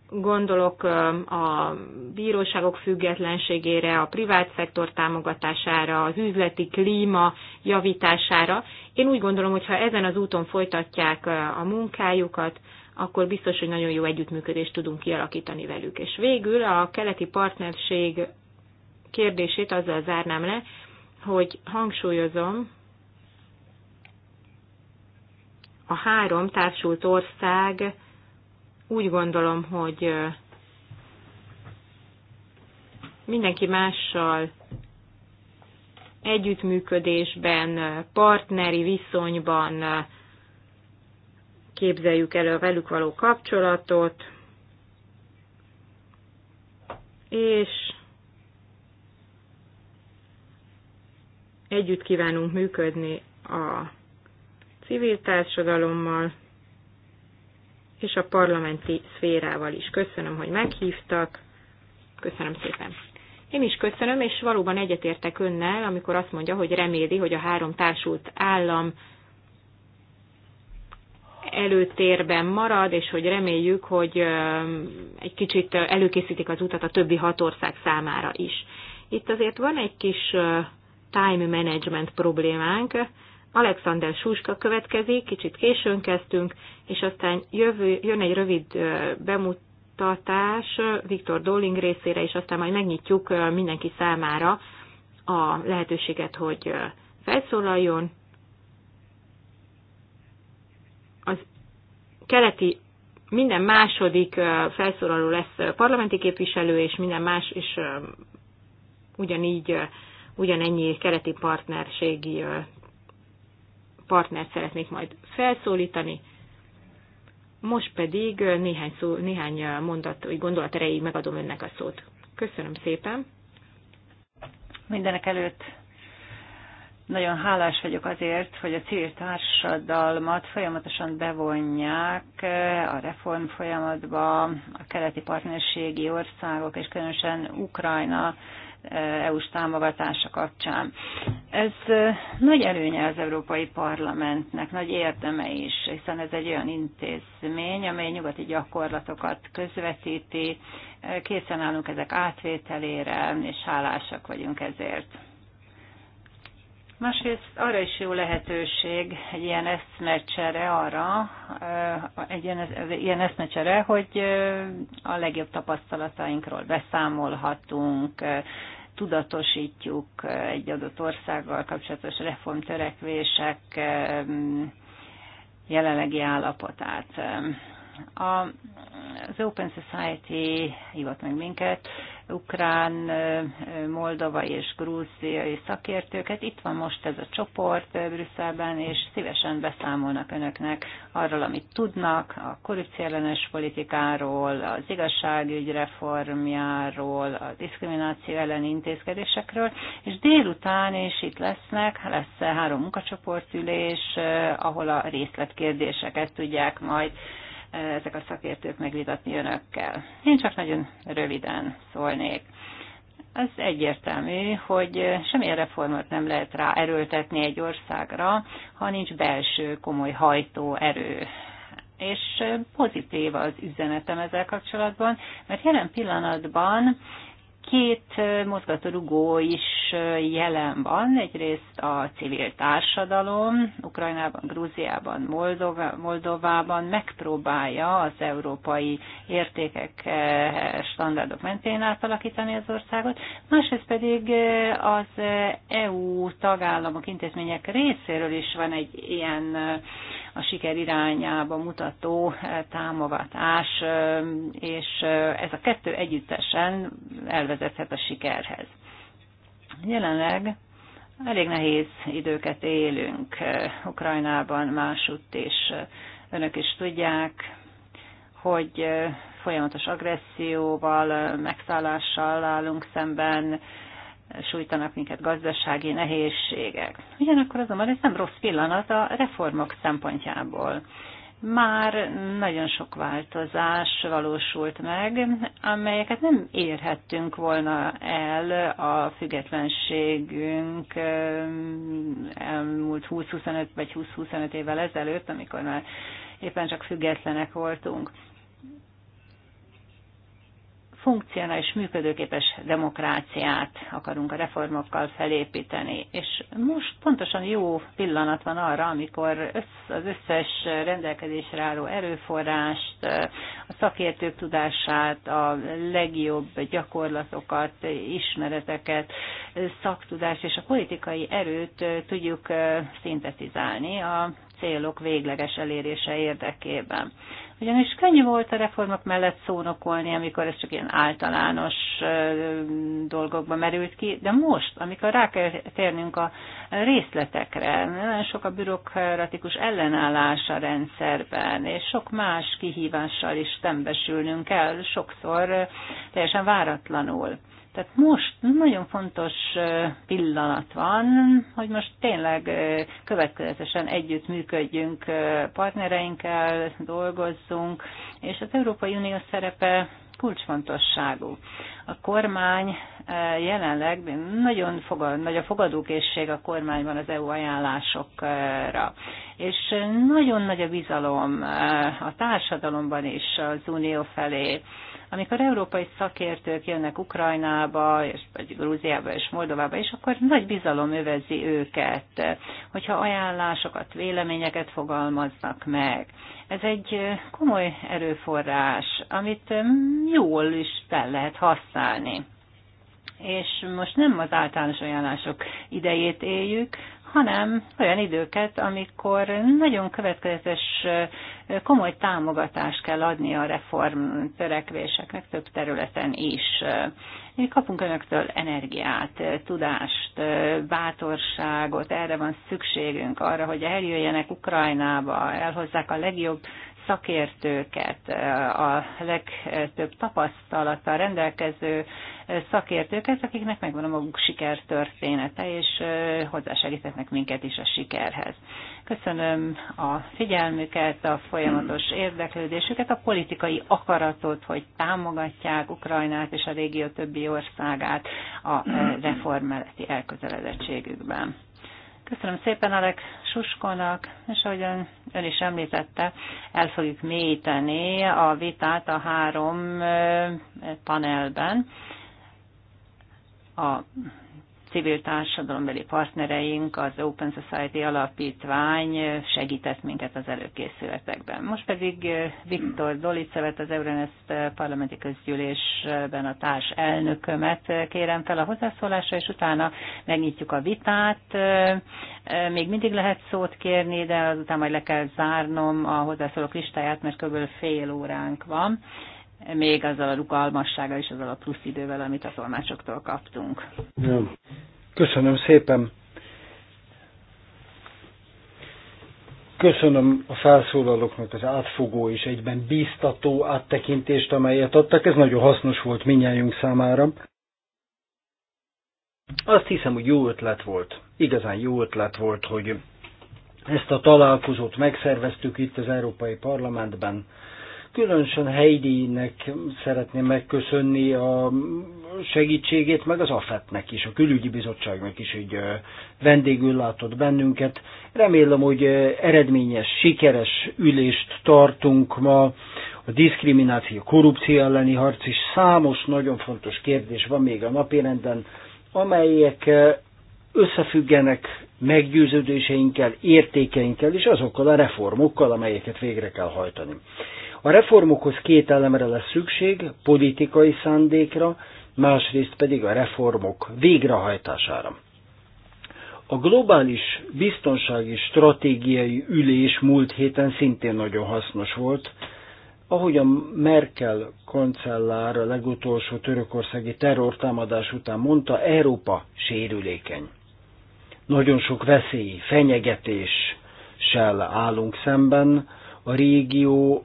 gondolok a bíróságok függetlenségére, a privát szektor támogatására, az üzleti klíma javítására. Én úgy gondolom, hogy ha ezen az úton folytatják a munkájukat, akkor biztos, hogy nagyon jó együttműködést tudunk kialakítani velük. És végül a keleti partnerség kérdését azzal zárnám le, hogy hangsúlyozom, a három társult ország úgy gondolom, hogy mindenki mással együttműködésben, partneri viszonyban képzeljük elő a velük való kapcsolatot, és együtt kívánunk működni a civil társadalommal és a parlamenti szférával is. Köszönöm, hogy meghívtak. Köszönöm szépen. Én is köszönöm, és valóban egyetértek önnel, amikor azt mondja, hogy reméli, hogy a három társult állam előtérben marad, és hogy reméljük, hogy egy kicsit előkészítik az utat a többi hat ország számára is. Itt azért van egy kis time management problémánk. Alexander Suska következik, kicsit későn kezdtünk, és aztán jövő, jön egy rövid bemutatás Viktor Dolling részére, és aztán majd megnyitjuk mindenki számára a lehetőséget, hogy felszólaljon, keleti minden második felszólaló lesz parlamenti képviselő, és minden más, és ugyanígy ugyanennyi keleti partnerségi partnert szeretnék majd felszólítani. Most pedig néhány, szó, néhány mondat, vagy gondolat erejéig megadom önnek a szót. Köszönöm szépen. Mindenek előtt nagyon hálás vagyok azért, hogy a civil társadalmat folyamatosan bevonják eh, a reform folyamatba, a keleti partnerségi országok, és különösen Ukrajna eh, EU-s támogatása kapcsán. Ez eh, nagy előnye az Európai Parlamentnek, nagy érdeme is, hiszen ez egy olyan intézmény, amely nyugati gyakorlatokat közvetíti, készen állunk ezek átvételére, és hálásak vagyunk ezért. Másrészt arra is jó lehetőség egy ilyen eszmecsere arra, egy ilyen, eszmecsere, hogy a legjobb tapasztalatainkról beszámolhatunk, tudatosítjuk egy adott országgal kapcsolatos reformtörekvések jelenlegi állapotát. A, az Open Society hívott meg minket, ukrán, moldovai és grúziai szakértőket. Itt van most ez a csoport Brüsszelben, és szívesen beszámolnak önöknek arról, amit tudnak, a korrupciellenes politikáról, az igazságügy reformjáról, a diszkrimináció elleni intézkedésekről, és délután is itt lesznek, lesz három munkacsoportülés, ahol a részletkérdéseket tudják majd ezek a szakértők megvitatni önökkel. Én csak nagyon röviden szólnék. Az egyértelmű, hogy semmilyen reformot nem lehet rá erőltetni egy országra, ha nincs belső komoly hajtóerő. és pozitív az üzenetem ezzel kapcsolatban, mert jelen pillanatban két mozgatórugó is jelen van, egyrészt a civil társadalom, Ukrajnában, Grúziában, Moldova, Moldovában megpróbálja az európai értékek, standardok mentén átalakítani az országot, másrészt pedig az EU tagállamok intézmények részéről is van egy ilyen a siker irányába mutató eh, támogatás, eh, és eh, ez a kettő együttesen elvezethet a sikerhez. Jelenleg elég nehéz időket élünk Ukrajnában, másutt is. Önök is tudják, hogy folyamatos agresszióval, megszállással állunk szemben, sújtanak minket gazdasági nehézségek. Ugyanakkor azonban ez nem rossz pillanat a reformok szempontjából. Már nagyon sok változás valósult meg, amelyeket nem érhettünk volna el a függetlenségünk eh, elmúlt 20-25 vagy 20-25 évvel ezelőtt, amikor már éppen csak függetlenek voltunk funkcionális, működőképes demokráciát akarunk a reformokkal felépíteni. És most pontosan jó pillanat van arra, amikor az összes rendelkezésre álló erőforrást, a szakértők tudását, a legjobb gyakorlatokat, ismereteket, szaktudást és a politikai erőt tudjuk szintetizálni a célok végleges elérése érdekében. Ugyanis könnyű volt a reformok mellett szónokolni, amikor ez csak ilyen általános dolgokba merült ki, de most, amikor rá kell térnünk a részletekre, nagyon sok a bürokratikus ellenállás a rendszerben, és sok más kihívással is szembesülnünk kell, sokszor teljesen váratlanul. Tehát most nagyon fontos pillanat van, hogy most tényleg következetesen együtt működjünk partnereinkkel, dolgozzunk, és az Európai Unió szerepe kulcsfontosságú. A kormány eh, jelenleg nagyon fogad, nagy a fogadókészség a kormányban az EU ajánlásokra, és nagyon nagy a bizalom eh, a társadalomban is az unió felé amikor európai szakértők jönnek Ukrajnába, és, vagy Grúziába és Moldovába és akkor nagy bizalom övezi őket, hogyha ajánlásokat, véleményeket fogalmaznak meg. Ez egy eh, komoly erőforrás, amit jól is fel lehet használni használni. És most nem az általános ajánlások idejét éljük, hanem olyan időket, amikor nagyon következetes, komoly támogatást kell adni a reform törekvéseknek több területen is. Mi kapunk önöktől energiát, tudást, bátorságot, erre van szükségünk, arra, hogy eljöjjenek Ukrajnába, elhozzák a legjobb szakértőket, a legtöbb tapasztalattal rendelkező szakértőket, akiknek megvan a maguk sikertörténete, és hozzásegítetnek minket is a sikerhez. Köszönöm a figyelmüket, a folyamatos érdeklődésüket, a politikai akaratot, hogy támogatják Ukrajnát és a régió többi országát a reform melletti Köszönöm szépen Alek Suskonak, és ahogy ön is említette, el fogjuk mélyíteni a vitát a három panelben. A civil társadalombeli partnereink, az Open Society Alapítvány segített minket az előkészületekben. Most pedig eh, Viktor Dolicevet, az Euronest eh, parlamenti közgyűlésben a társ elnökömet eh, kérem fel a hozzászólásra, és utána megnyitjuk a vitát. Még mindig lehet szót kérni, de azután majd le kell zárnom a hozzászólók listáját, mert kb. fél óránk van még azzal a rugalmassággal és azzal a plusz idővel, amit a tolmácsoktól kaptunk. Ja. Köszönöm szépen! Köszönöm a felszólalóknak az átfogó és egyben bíztató áttekintést, amelyet adtak. Ez nagyon hasznos volt minnyájunk számára. Azt hiszem, hogy jó ötlet volt. Igazán jó ötlet volt, hogy ezt a találkozót megszerveztük itt az Európai Parlamentben Különösen Heidi-nek szeretném megköszönni a segítségét, meg az AFET-nek is, a külügyi bizottságnak is, hogy vendégül látott bennünket. Remélem, hogy eredményes, sikeres ülést tartunk ma. A diszkrimináció, korrupció elleni harc is számos nagyon fontos kérdés van még a napirenden, amelyek összefüggenek meggyőződéseinkkel, értékeinkkel és azokkal a reformokkal, amelyeket végre kell hajtani. A reformokhoz két elemre lesz szükség, politikai szándékra, másrészt pedig a reformok végrehajtására. A globális biztonsági stratégiai ülés múlt héten szintén nagyon hasznos volt. Ahogy a Merkel kancellár a legutolsó törökországi terrortámadás után mondta, Európa sérülékeny. Nagyon sok veszély, fenyegetéssel állunk szemben, a régió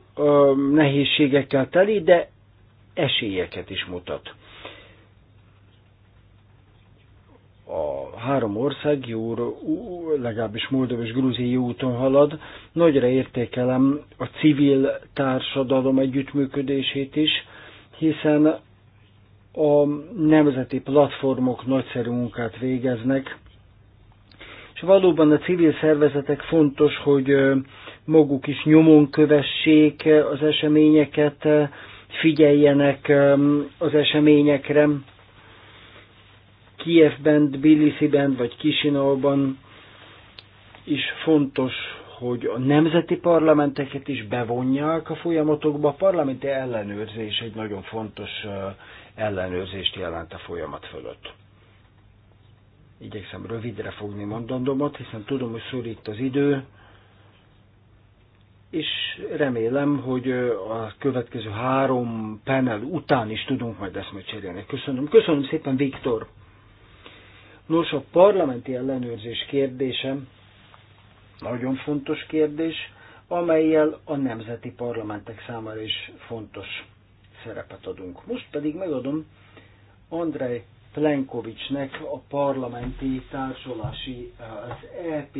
nehézségekkel teli, de esélyeket is mutat. a három ország jó, legalábbis Moldova és Grúzia jó úton halad. Nagyra értékelem a civil társadalom együttműködését is, hiszen a nemzeti platformok nagyszerű munkát végeznek, és valóban a civil szervezetek fontos, hogy maguk is nyomon kövessék az eseményeket, figyeljenek um, az eseményekre. Kievben, Tbilisiben vagy Kisinóban is fontos, hogy a nemzeti parlamenteket is bevonják a folyamatokba. A parlamenti ellenőrzés egy nagyon fontos uh, ellenőrzést jelent a folyamat fölött. Igyekszem rövidre fogni mondandomat, hiszen tudom, hogy szorít az idő, és remélem, hogy a következő három panel után is tudunk majd majd cserélni. Köszönöm. Köszönöm szépen, Viktor. Nos, a parlamenti ellenőrzés kérdése nagyon fontos kérdés, amelyel a nemzeti parlamentek számára is fontos szerepet adunk. Most pedig megadom Andrei Plenkovicsnek a parlamenti társulási, az EP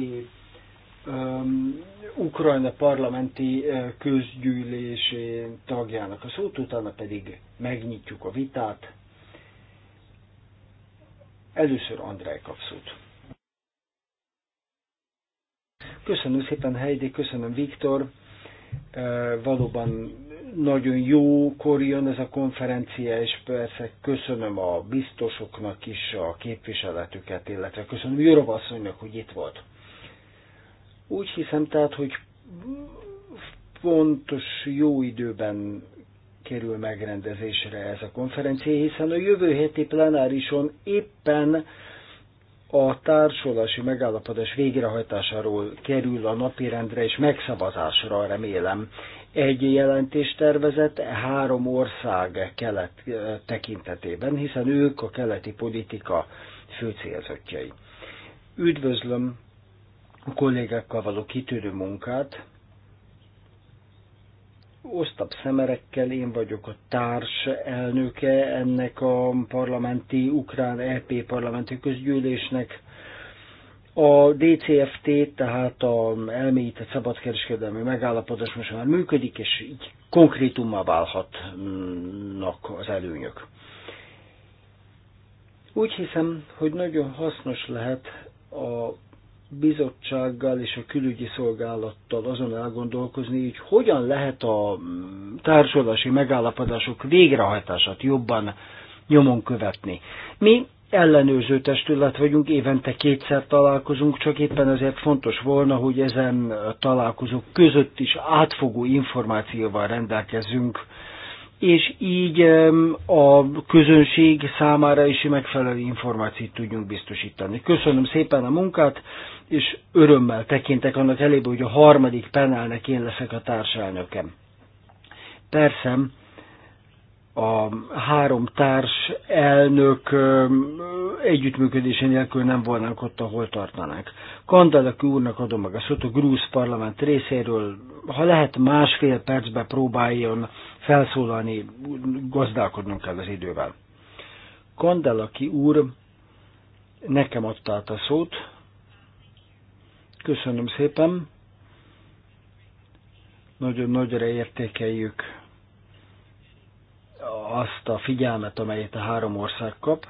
um, Ukrajna parlamenti közgyűlésé tagjának a szót, utána pedig megnyitjuk a vitát. Először Andrej kap szót. Köszönöm szépen, Heidi, köszönöm, Viktor. Valóban nagyon kor jön ez a konferencia, és persze köszönöm a biztosoknak is a képviseletüket, illetve köszönöm Jurov asszonynak, hogy itt volt. Úgy hiszem tehát, hogy pontos jó időben kerül megrendezésre ez a konferencia, hiszen a jövő heti plenárison éppen a társulási megállapodás végrehajtásáról kerül a napirendre és megszavazásra remélem. Egy jelentést tervezett három ország kelet tekintetében, hiszen ők a keleti politika fő célzottjai. Üdvözlöm a kollégákkal való kitűrő munkát. Osztabb szemerekkel én vagyok a társ elnöke ennek a parlamenti, ukrán EP parlamenti közgyűlésnek. A DCFT, tehát a elmélyített szabadkereskedelmi megállapodás most már működik, és így konkrétummá válhatnak az előnyök. Úgy hiszem, hogy nagyon hasznos lehet a bizottsággal és a külügyi szolgálattal azon elgondolkozni, hogy hogyan lehet a társadalmi megállapodások végrehajtását jobban nyomon követni. Mi ellenőrző testület vagyunk, évente kétszer találkozunk, csak éppen ezért fontos volna, hogy ezen találkozók között is átfogó információval rendelkezzünk és így a közönség számára is megfelelő információt tudjunk biztosítani. Köszönöm szépen a munkát, és örömmel tekintek annak elébe, hogy a harmadik penelnek én leszek a társelnökem. Persze, a három társ elnök együttműködése nélkül nem volnánk ott, ahol tartanánk. Kandalaki úrnak adom meg a szót a grúz parlament részéről, ha lehet másfél percbe próbáljon felszólalni, gazdálkodnunk kell az idővel. Kandelaki úr nekem adta át a szót. Köszönöm szépen. Nagyon nagyra értékeljük azt a figyelmet, amelyet a három ország kap.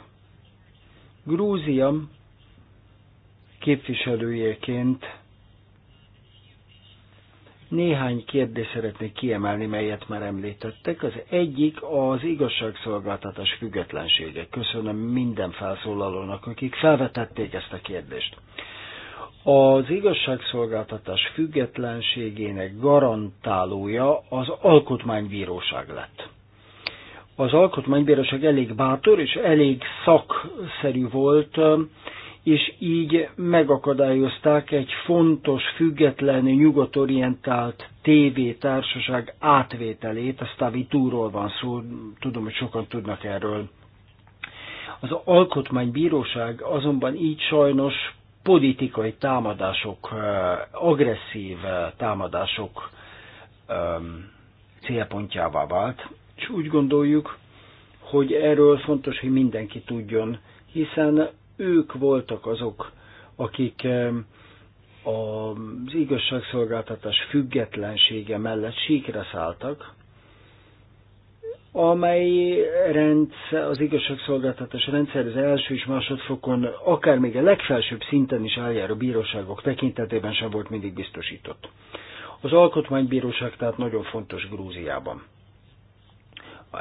Grúzia képviselőjéként néhány kérdést szeretnék kiemelni, melyet már említettek. Az egyik az igazságszolgáltatás függetlensége. Köszönöm minden felszólalónak, akik felvetették ezt a kérdést. Az igazságszolgáltatás függetlenségének garantálója az alkotmánybíróság lett. Az alkotmánybíróság elég bátor és elég szakszerű volt, és így megakadályozták egy fontos, független, nyugatorientált tévétársaság átvételét, a Stavitúról van szó, tudom, hogy sokan tudnak erről. Az alkotmánybíróság azonban így sajnos politikai támadások, agresszív támadások célpontjává vált, és úgy gondoljuk, hogy erről fontos, hogy mindenki tudjon, hiszen ők voltak azok, akik az igazságszolgáltatás függetlensége mellett síkra szálltak, amely rendszer, az igazságszolgáltatás rendszer az első és másodfokon, akár még a legfelsőbb szinten is eljáró bíróságok tekintetében sem volt mindig biztosított. Az alkotmánybíróság tehát nagyon fontos Grúziában.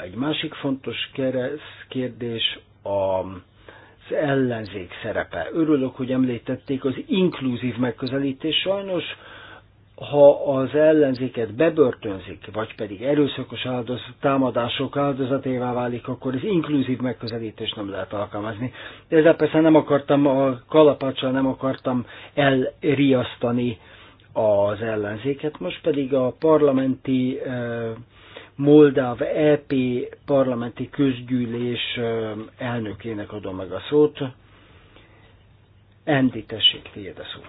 Egy másik fontos kérdés a az ellenzék szerepe. Örülök, hogy említették az inkluzív megközelítés. Sajnos, ha az ellenzéket bebörtönzik, vagy pedig erőszakos áldoz, támadások áldozatévá válik, akkor az inkluzív megközelítés nem lehet alkalmazni. De ezzel persze nem akartam, a kalapáccsal nem akartam elriasztani az ellenzéket. Most pedig a parlamenti eh, Moldáv EP parlamenti közgyűlés elnökének adom meg a szót. Endi, tessék, tiéd a szó.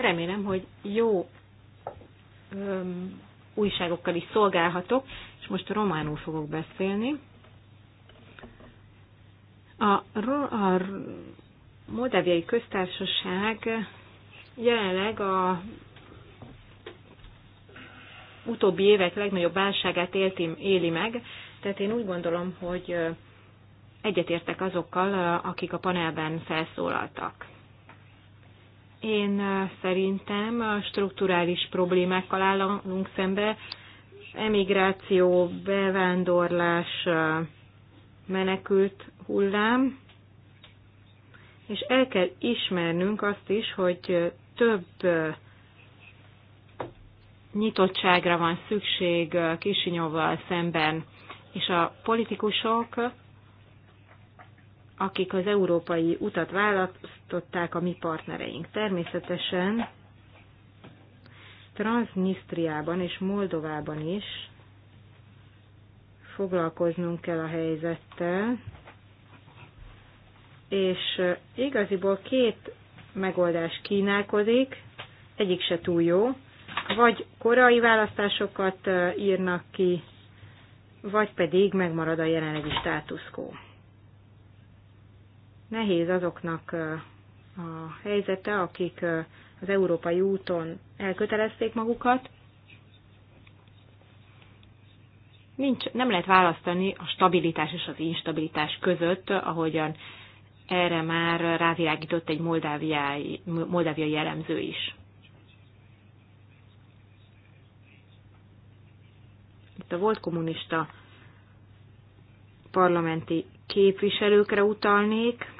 Remélem, hogy jó öm, újságokkal is szolgálhatok, és most a románul fogok beszélni. A, a Moldáviai Köztársaság jelenleg a utóbbi évek legnagyobb válságát élti, éli meg. Tehát én úgy gondolom, hogy egyetértek azokkal, akik a panelben felszólaltak. Én szerintem strukturális problémákkal állunk szembe, emigráció, bevándorlás, menekült hullám, és el kell ismernünk azt is, hogy több nyitottságra van szükség Kisinyóval szemben, és a politikusok, akik az európai utat választották, a mi partnereink. Természetesen Transnistriában és Moldovában is foglalkoznunk kell a helyzettel, és igaziból két megoldás kínálkozik, egyik se túl jó, vagy korai választásokat írnak ki, vagy pedig megmarad a jelenlegi státuszkó. Nehéz azoknak a helyzete, akik az európai úton elkötelezték magukat. Nincs, nem lehet választani a stabilitás és az instabilitás között, ahogyan erre már rávilágított egy moldáviai, moldáviai jellemző is. a volt kommunista parlamenti képviselőkre utalnék,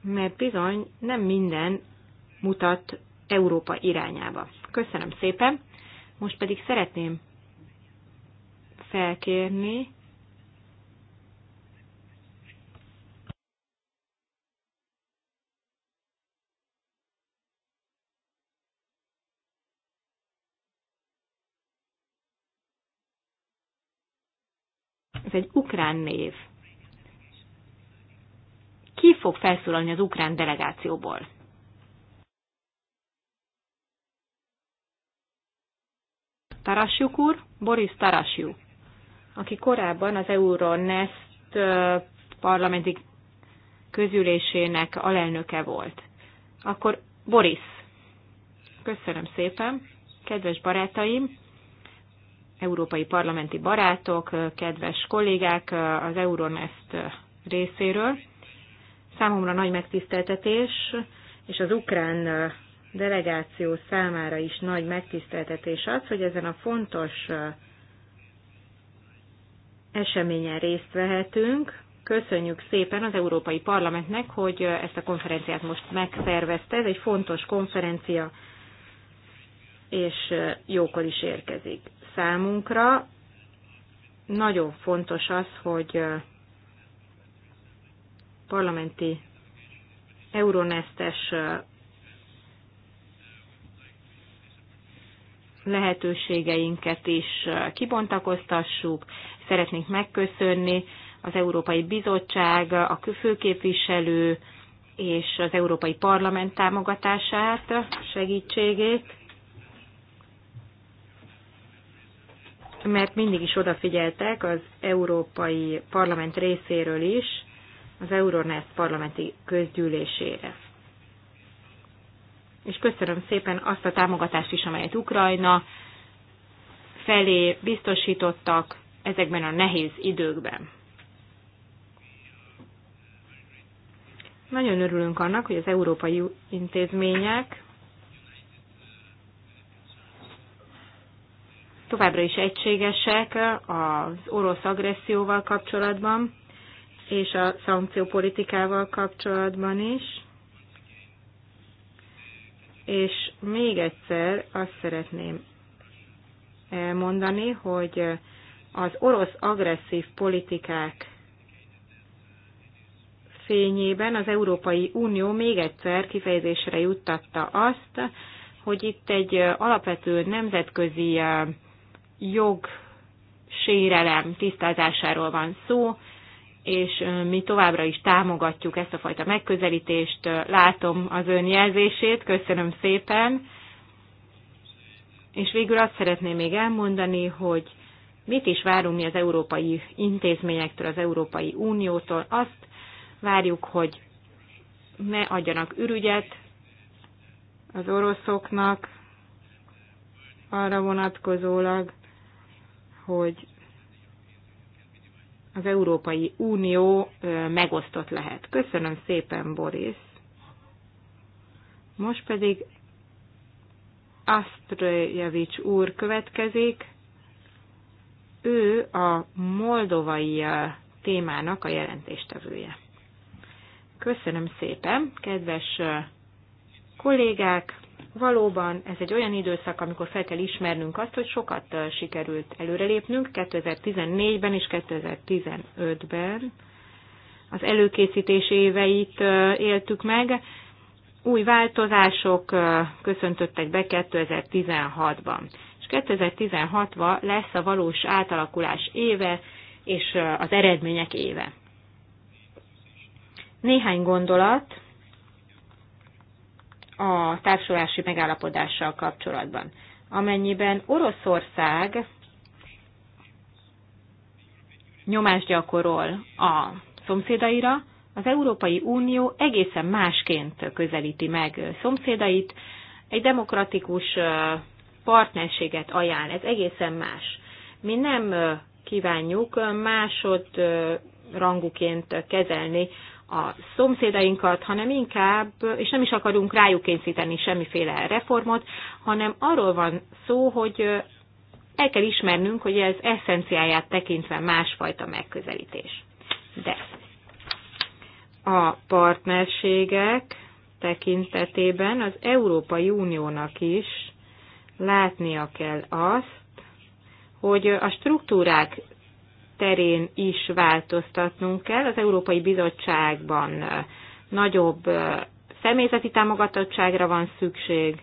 mert bizony nem minden mutat Európa irányába. Köszönöm szépen! Most pedig szeretném felkérni Ez egy ukrán név. Ki fog felszólalni az ukrán delegációból? Tarasjuk úr, Boris Tarasjuk, aki korábban az Euronest parlamenti közülésének alelnöke volt. Akkor Boris, köszönöm szépen, kedves barátaim, európai parlamenti barátok, kedves kollégák az Euronest részéről. Számomra nagy megtiszteltetés, és az ukrán delegáció számára is nagy megtiszteltetés az, hogy ezen a fontos eseményen részt vehetünk. Köszönjük szépen az Európai Parlamentnek, hogy ezt a konferenciát most megszervezte. Ez egy fontos konferencia, és jókor is érkezik számunkra nagyon fontos az, hogy parlamenti euronesztes lehetőségeinket is kibontakoztassuk. Szeretnénk megköszönni az Európai Bizottság, a főképviselő és az Európai Parlament támogatását, segítségét. mert mindig is odafigyeltek az Európai Parlament részéről is az Euronest parlamenti közgyűlésére. És köszönöm szépen azt a támogatást is, amelyet Ukrajna felé biztosítottak ezekben a nehéz időkben. Nagyon örülünk annak, hogy az európai intézmények továbbra is egységesek az orosz agresszióval kapcsolatban, és a szankciópolitikával kapcsolatban is. És még egyszer azt szeretném mondani, hogy az orosz agresszív politikák fényében az Európai Unió még egyszer kifejezésre juttatta azt, hogy itt egy alapvető nemzetközi jog sérelem tisztázásáról van szó, és mi továbbra is támogatjuk ezt a fajta megközelítést. Látom az ön jelzését, köszönöm szépen. És végül azt szeretném még elmondani, hogy mit is várunk mi az európai intézményektől, az Európai Uniótól. Azt várjuk, hogy ne adjanak ürügyet az oroszoknak arra vonatkozólag, hogy az Európai Unió megosztott lehet. Köszönöm szépen, Boris. Most pedig Astrojevic úr következik. Ő a moldovai témának a jelentéstevője. Köszönöm szépen, kedves kollégák! Valóban ez egy olyan időszak, amikor fel kell ismernünk azt, hogy sokat sikerült előrelépnünk 2014-ben és 2015-ben. Az előkészítés éveit éltük meg. Új változások köszöntöttek be 2016-ban. És 2016-ban lesz a valós átalakulás éve és az eredmények éve. Néhány gondolat a társulási megállapodással kapcsolatban. Amennyiben Oroszország nyomást gyakorol a szomszédaira, az Európai Unió egészen másként közelíti meg szomszédait, egy demokratikus partnerséget ajánl, ez egészen más. Mi nem kívánjuk másod ranguként kezelni a szomszédainkat, hanem inkább, és nem is akarunk rájuk kényszíteni semmiféle reformot, hanem arról van szó, hogy el kell ismernünk, hogy ez eszenciáját tekintve másfajta megközelítés. De a partnerségek tekintetében az Európai Uniónak is látnia kell azt, hogy a struktúrák terén is változtatnunk kell. Az Európai Bizottságban nagyobb személyzeti támogatottságra van szükség.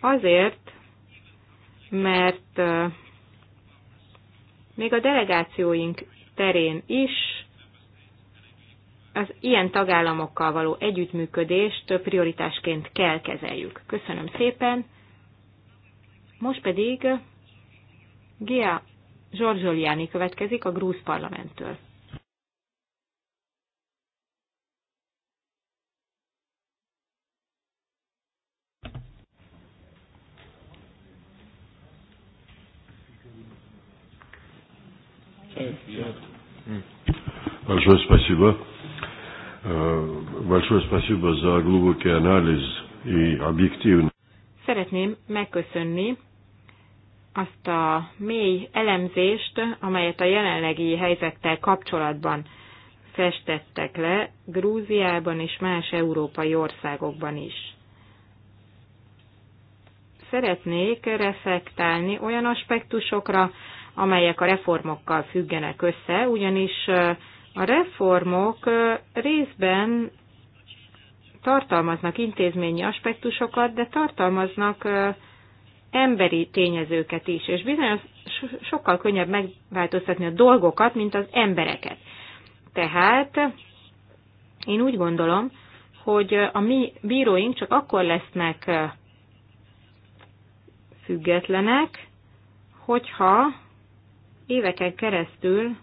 Azért, mert még a delegációink terén is az ilyen tagállamokkal való együttműködést prioritásként kell kezeljük. Köszönöm szépen. Most pedig Gia Zsorzsoliáni következik a grúz parlamenttől. Большое спасибо. Э, большое спасибо за глубокий анализ и объективный. Szeretném megköszönni azt a mély elemzést, amelyet a jelenlegi helyzettel kapcsolatban festettek le Grúziában és más európai országokban is. Szeretnék reflektálni olyan aspektusokra, amelyek a reformokkal függenek össze, ugyanis a reformok részben tartalmaznak intézményi aspektusokat, de tartalmaznak emberi tényezőket is, és bizonyos sokkal könnyebb megváltoztatni a dolgokat, mint az embereket. Tehát én úgy gondolom, hogy a mi bíróink csak akkor lesznek függetlenek, hogyha éveken keresztül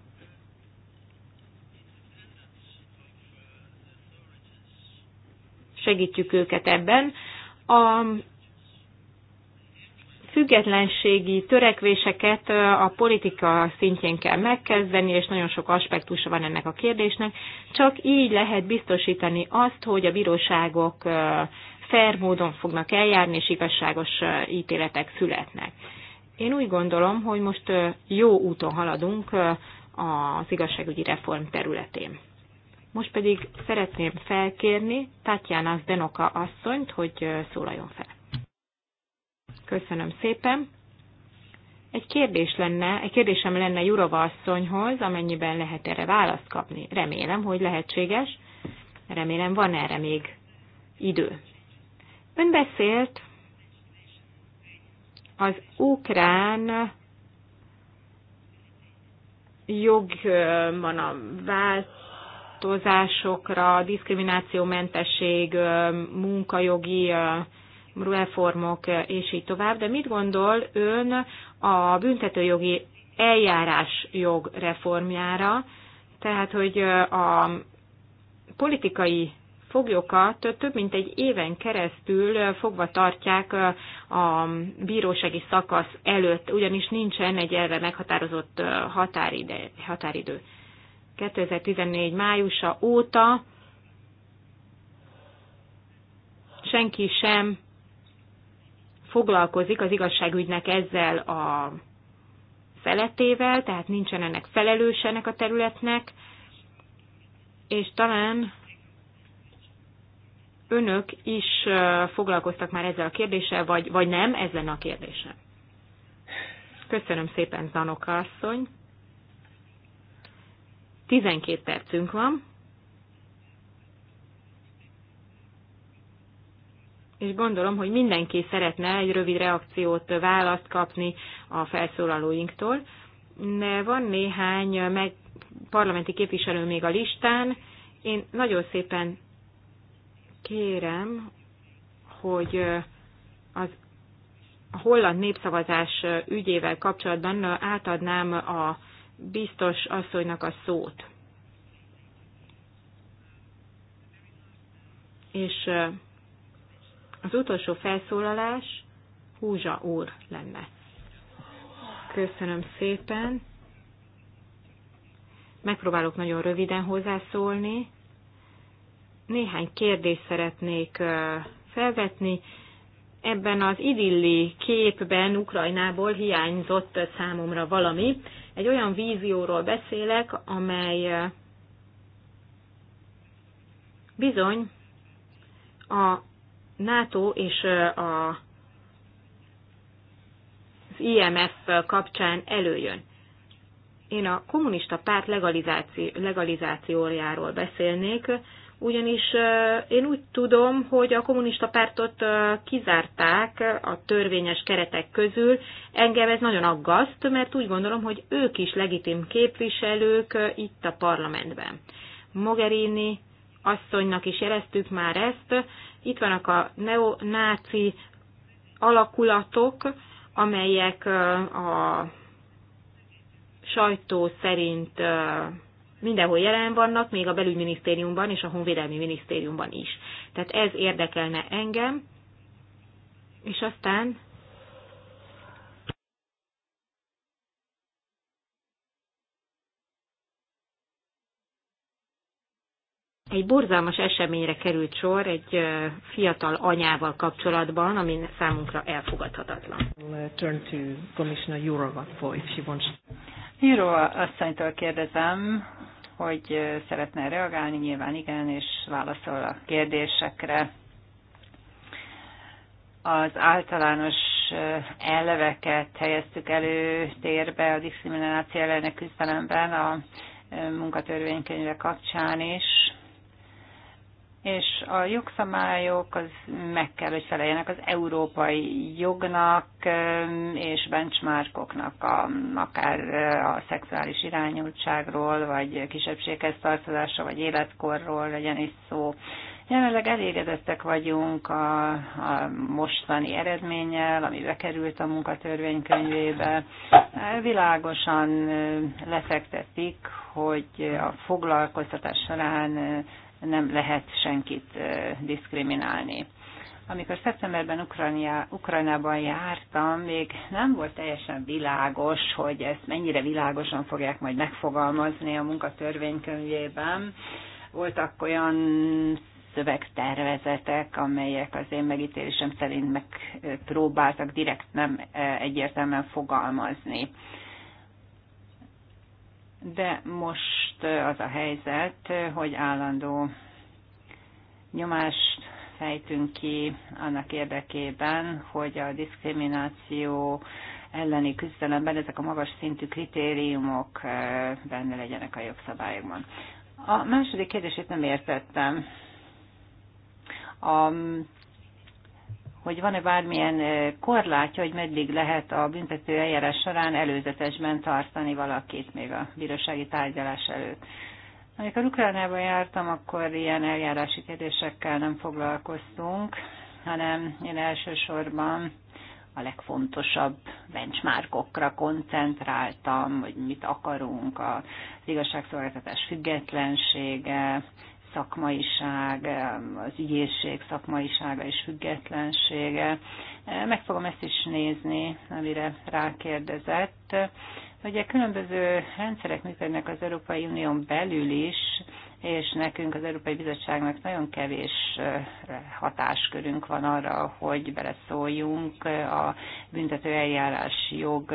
segítjük őket ebben. A függetlenségi törekvéseket a politika szintjén kell megkezdeni, és nagyon sok aspektusa van ennek a kérdésnek. Csak így lehet biztosítani azt, hogy a bíróságok fair módon fognak eljárni, és igazságos ítéletek születnek. Én úgy gondolom, hogy most jó úton haladunk az igazságügyi reform területén. Most pedig szeretném felkérni Tatjana Zdenoka asszonyt, hogy szólaljon fel. Köszönöm szépen. Egy kérdés lenne, egy kérdésem lenne Jurova asszonyhoz, amennyiben lehet erre választ kapni. Remélem, hogy lehetséges. Remélem, van erre még idő. Ön beszélt az ukrán jogban a változásokra, diszkriminációmentesség, munkajogi reformok, és így tovább. De mit gondol ön a büntetőjogi eljárás jog reformjára, tehát hogy a politikai foglyokat több mint egy éven keresztül fogva tartják a bírósági szakasz előtt, ugyanis nincsen egy erre meghatározott határide, határidő. 2014 májusa óta senki sem foglalkozik az igazságügynek ezzel a feletével, tehát nincsen ennek felelős ennek a területnek, és talán önök is foglalkoztak már ezzel a kérdéssel, vagy, vagy nem, ez lenne a kérdésem. Köszönöm szépen, Zanoka asszony. 12 percünk van. és gondolom, hogy mindenki szeretne egy rövid reakciót, választ kapni a felszólalóinktól. De van néhány meg, parlamenti képviselő még a listán. Én nagyon szépen kérem, hogy az a holland népszavazás ügyével kapcsolatban átadnám a biztos asszonynak a szót. És az utolsó felszólalás Húzsa úr lenne. Köszönöm szépen. Megpróbálok nagyon röviden hozzászólni. Néhány kérdést szeretnék felvetni. Ebben az idilli képben Ukrajnából hiányzott számomra valami. Egy olyan vízióról beszélek, amely bizony a NATO és a, az IMF kapcsán előjön. Én a kommunista párt legalizáció, legalizációjáról beszélnék, ugyanis én úgy tudom, hogy a kommunista pártot kizárták a törvényes keretek közül. Engem ez nagyon aggaszt, mert úgy gondolom, hogy ők is legitim képviselők itt a parlamentben. Mogherini asszonynak is jeleztük már ezt. Itt vannak a neonáci alakulatok, amelyek a sajtó szerint mindenhol jelen vannak, még a belügyminisztériumban és a honvédelmi minisztériumban is. Tehát ez érdekelne engem, és aztán egy borzalmas eseményre került sor egy fiatal anyával kapcsolatban, ami számunkra elfogadhatatlan. Uh, turn to Commissioner Jurova for if she wants. Jourova asszonytól kérdezem, hogy szeretne reagálni, nyilván igen, és válaszol a kérdésekre. Az általános elveket helyeztük elő térbe a diszkrimináció ellenek küzdelemben a munkatörvénykönyve kapcsán is és a jogszabályok az meg kell, hogy feleljenek az európai jognak és benchmarkoknak, a, akár a szexuális irányultságról, vagy kisebbséghez tartozásról, vagy életkorról legyen is szó. Jelenleg elégedettek vagyunk a, a mostani eredménnyel, ami bekerült a munkatörvénykönyvébe. Világosan lefektetik, hogy a foglalkoztatás során nem lehet senkit diszkriminálni. Amikor szeptemberben Ukrania, Ukrajnában jártam, még nem volt teljesen világos, hogy ezt mennyire világosan fogják majd megfogalmazni a munkatörvénykönyvében. Voltak olyan szövegtervezetek, amelyek az én megítélésem szerint megpróbáltak direkt nem egyértelműen fogalmazni de most eh, az a helyzet, eh, hogy állandó nyomást fejtünk ki annak érdekében, hogy a diszkrimináció elleni küzdelemben ezek a magas szintű kritériumok eh, benne legyenek a jogszabályokban. A második kérdését nem értettem. A hogy van-e bármilyen korlátja, hogy meddig lehet a büntető eljárás során előzetesben tartani valakit még a bírósági tárgyalás előtt. Amikor Ukrajnában jártam, akkor ilyen eljárási kérdésekkel nem foglalkoztunk, hanem én elsősorban a legfontosabb benchmarkokra koncentráltam, hogy mit akarunk, az igazságszolgáltatás függetlensége, szakmaiság, az ügyészség szakmaisága és függetlensége. Meg fogom ezt is nézni, amire rákérdezett. Ugye különböző rendszerek működnek az Európai Unión belül is, és nekünk az Európai Bizottságnak nagyon kevés hatáskörünk van arra, hogy beleszóljunk a büntető eljárás jog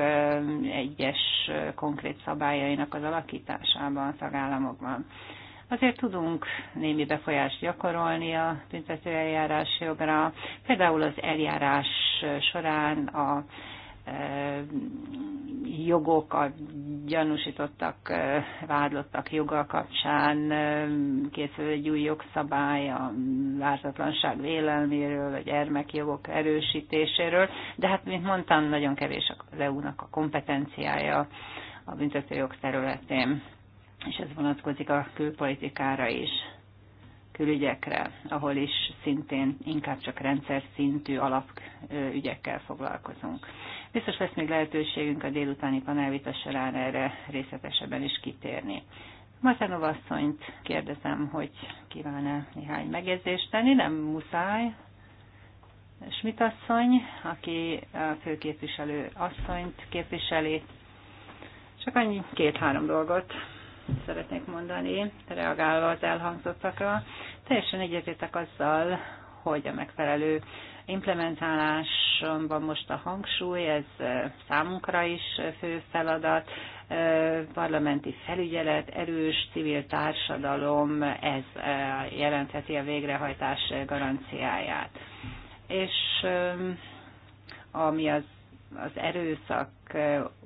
egyes konkrét szabályainak az alakításában a tagállamokban azért tudunk némi befolyást gyakorolni a eljárás jogra, például az eljárás során a e, jogok a gyanúsítottak, e, vádlottak joga kapcsán e, készül egy új jogszabály a vártatlanság vélelméről, a gyermekjogok erősítéséről, de hát, mint mondtam, nagyon kevés az EU-nak a kompetenciája a büntetőjog területén és ez vonatkozik a külpolitikára is, külügyekre, ahol is szintén inkább csak rendszer szintű alapügyekkel foglalkozunk. Biztos lesz még lehetőségünk a délutáni panelvita során erre részletesebben is kitérni. Matanov asszonyt kérdezem, hogy kíván-e néhány megjegyzést tenni, nem muszáj. Schmidt asszony, aki a főképviselő asszonyt képviseli, csak annyi két-három dolgot szeretnék mondani, reagálva az elhangzottakra. Teljesen egyetértek azzal, hogy a megfelelő implementálásban most a hangsúly, ez számunkra is fő feladat, parlamenti felügyelet, erős civil társadalom, ez jelentheti a végrehajtás garanciáját. És ami az, az erőszak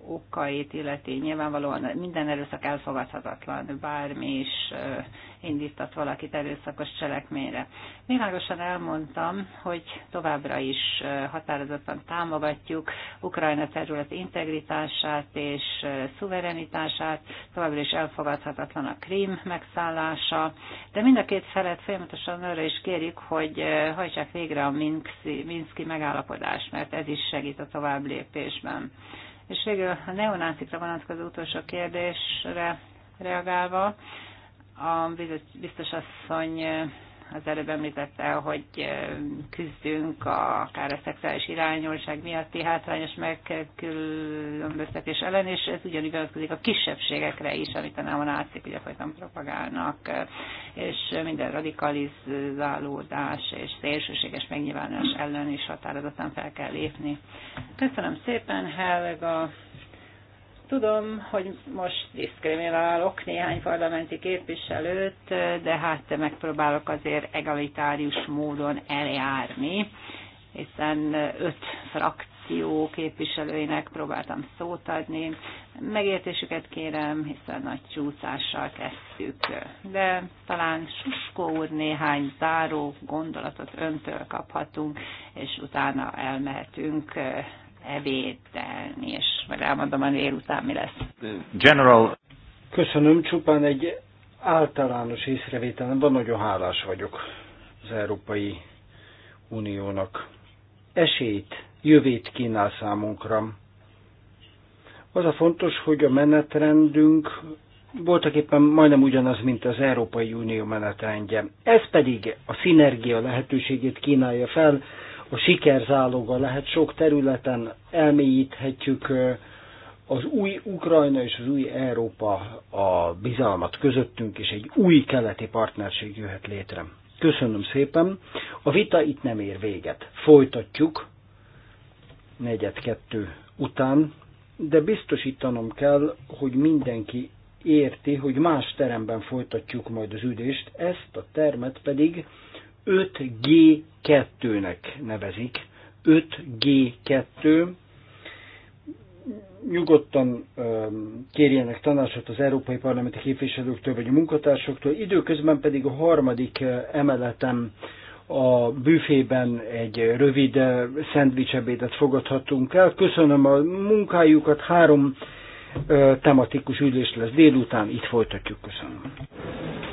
okait illeti, nyilvánvalóan minden erőszak elfogadhatatlan, bármi is indított valakit erőszakos cselekményre. Világosan elmondtam, hogy továbbra is határozottan támogatjuk Ukrajna terület integritását és szuverenitását, továbbra is elfogadhatatlan a krím megszállása, de mind a két felet folyamatosan arra is kérjük, hogy hajtsák végre a Minszki megállapodást, mert ez is segít a tovább lépésben. És végül a neonácikra vonatkozó utolsó kérdésre reagálva, a biztos asszony az előbb említette, hogy küzdünk a, akár a szexuális irányoltság miatti hátrányos megkülönböztetés ellen, és ez ugyanúgy vonatkozik a kisebbségekre is, amit a náma látszik, a folyton propagálnak, és minden radikalizálódás és szélsőséges megnyilvánulás ellen is határozottan fel kell lépni. Köszönöm szépen, Helga! Tudom, hogy most diszkriminálok néhány parlamenti képviselőt, de hát megpróbálok azért egalitárius módon eljárni, hiszen öt frakció képviselőinek próbáltam szót adni. Megértésüket kérem, hiszen nagy csúszással kezdtük. De talán Suskó úr néhány záró gondolatot öntől kaphatunk, és utána elmehetünk ebédelni, és majd elmondom a délután mi lesz. General. Köszönöm, csupán egy általános észrevételem, van nagyon hálás vagyok az Európai Uniónak. Esélyt, jövét kínál számunkra. Az a fontos, hogy a menetrendünk voltak éppen majdnem ugyanaz, mint az Európai Unió menetrendje. Ez pedig a szinergia lehetőségét kínálja fel, a sikerzáloga lehet. Sok területen elmélyíthetjük az új Ukrajna és az új Európa a bizalmat közöttünk, és egy új keleti partnerség jöhet létre. Köszönöm szépen. A vita itt nem ér véget. Folytatjuk negyed kettő után, de biztosítanom kell, hogy mindenki érti, hogy más teremben folytatjuk majd az üdést, ezt a termet pedig 5G2-nek nevezik. 5G2. Nyugodtan kérjenek tanácsot az Európai Parlamenti képviselőktől vagy a munkatársoktól, időközben pedig a harmadik emeletem a büfében egy rövid szendvicsebédet fogadhatunk el. Köszönöm a munkájukat, három tematikus ülés lesz délután, itt folytatjuk, köszönöm.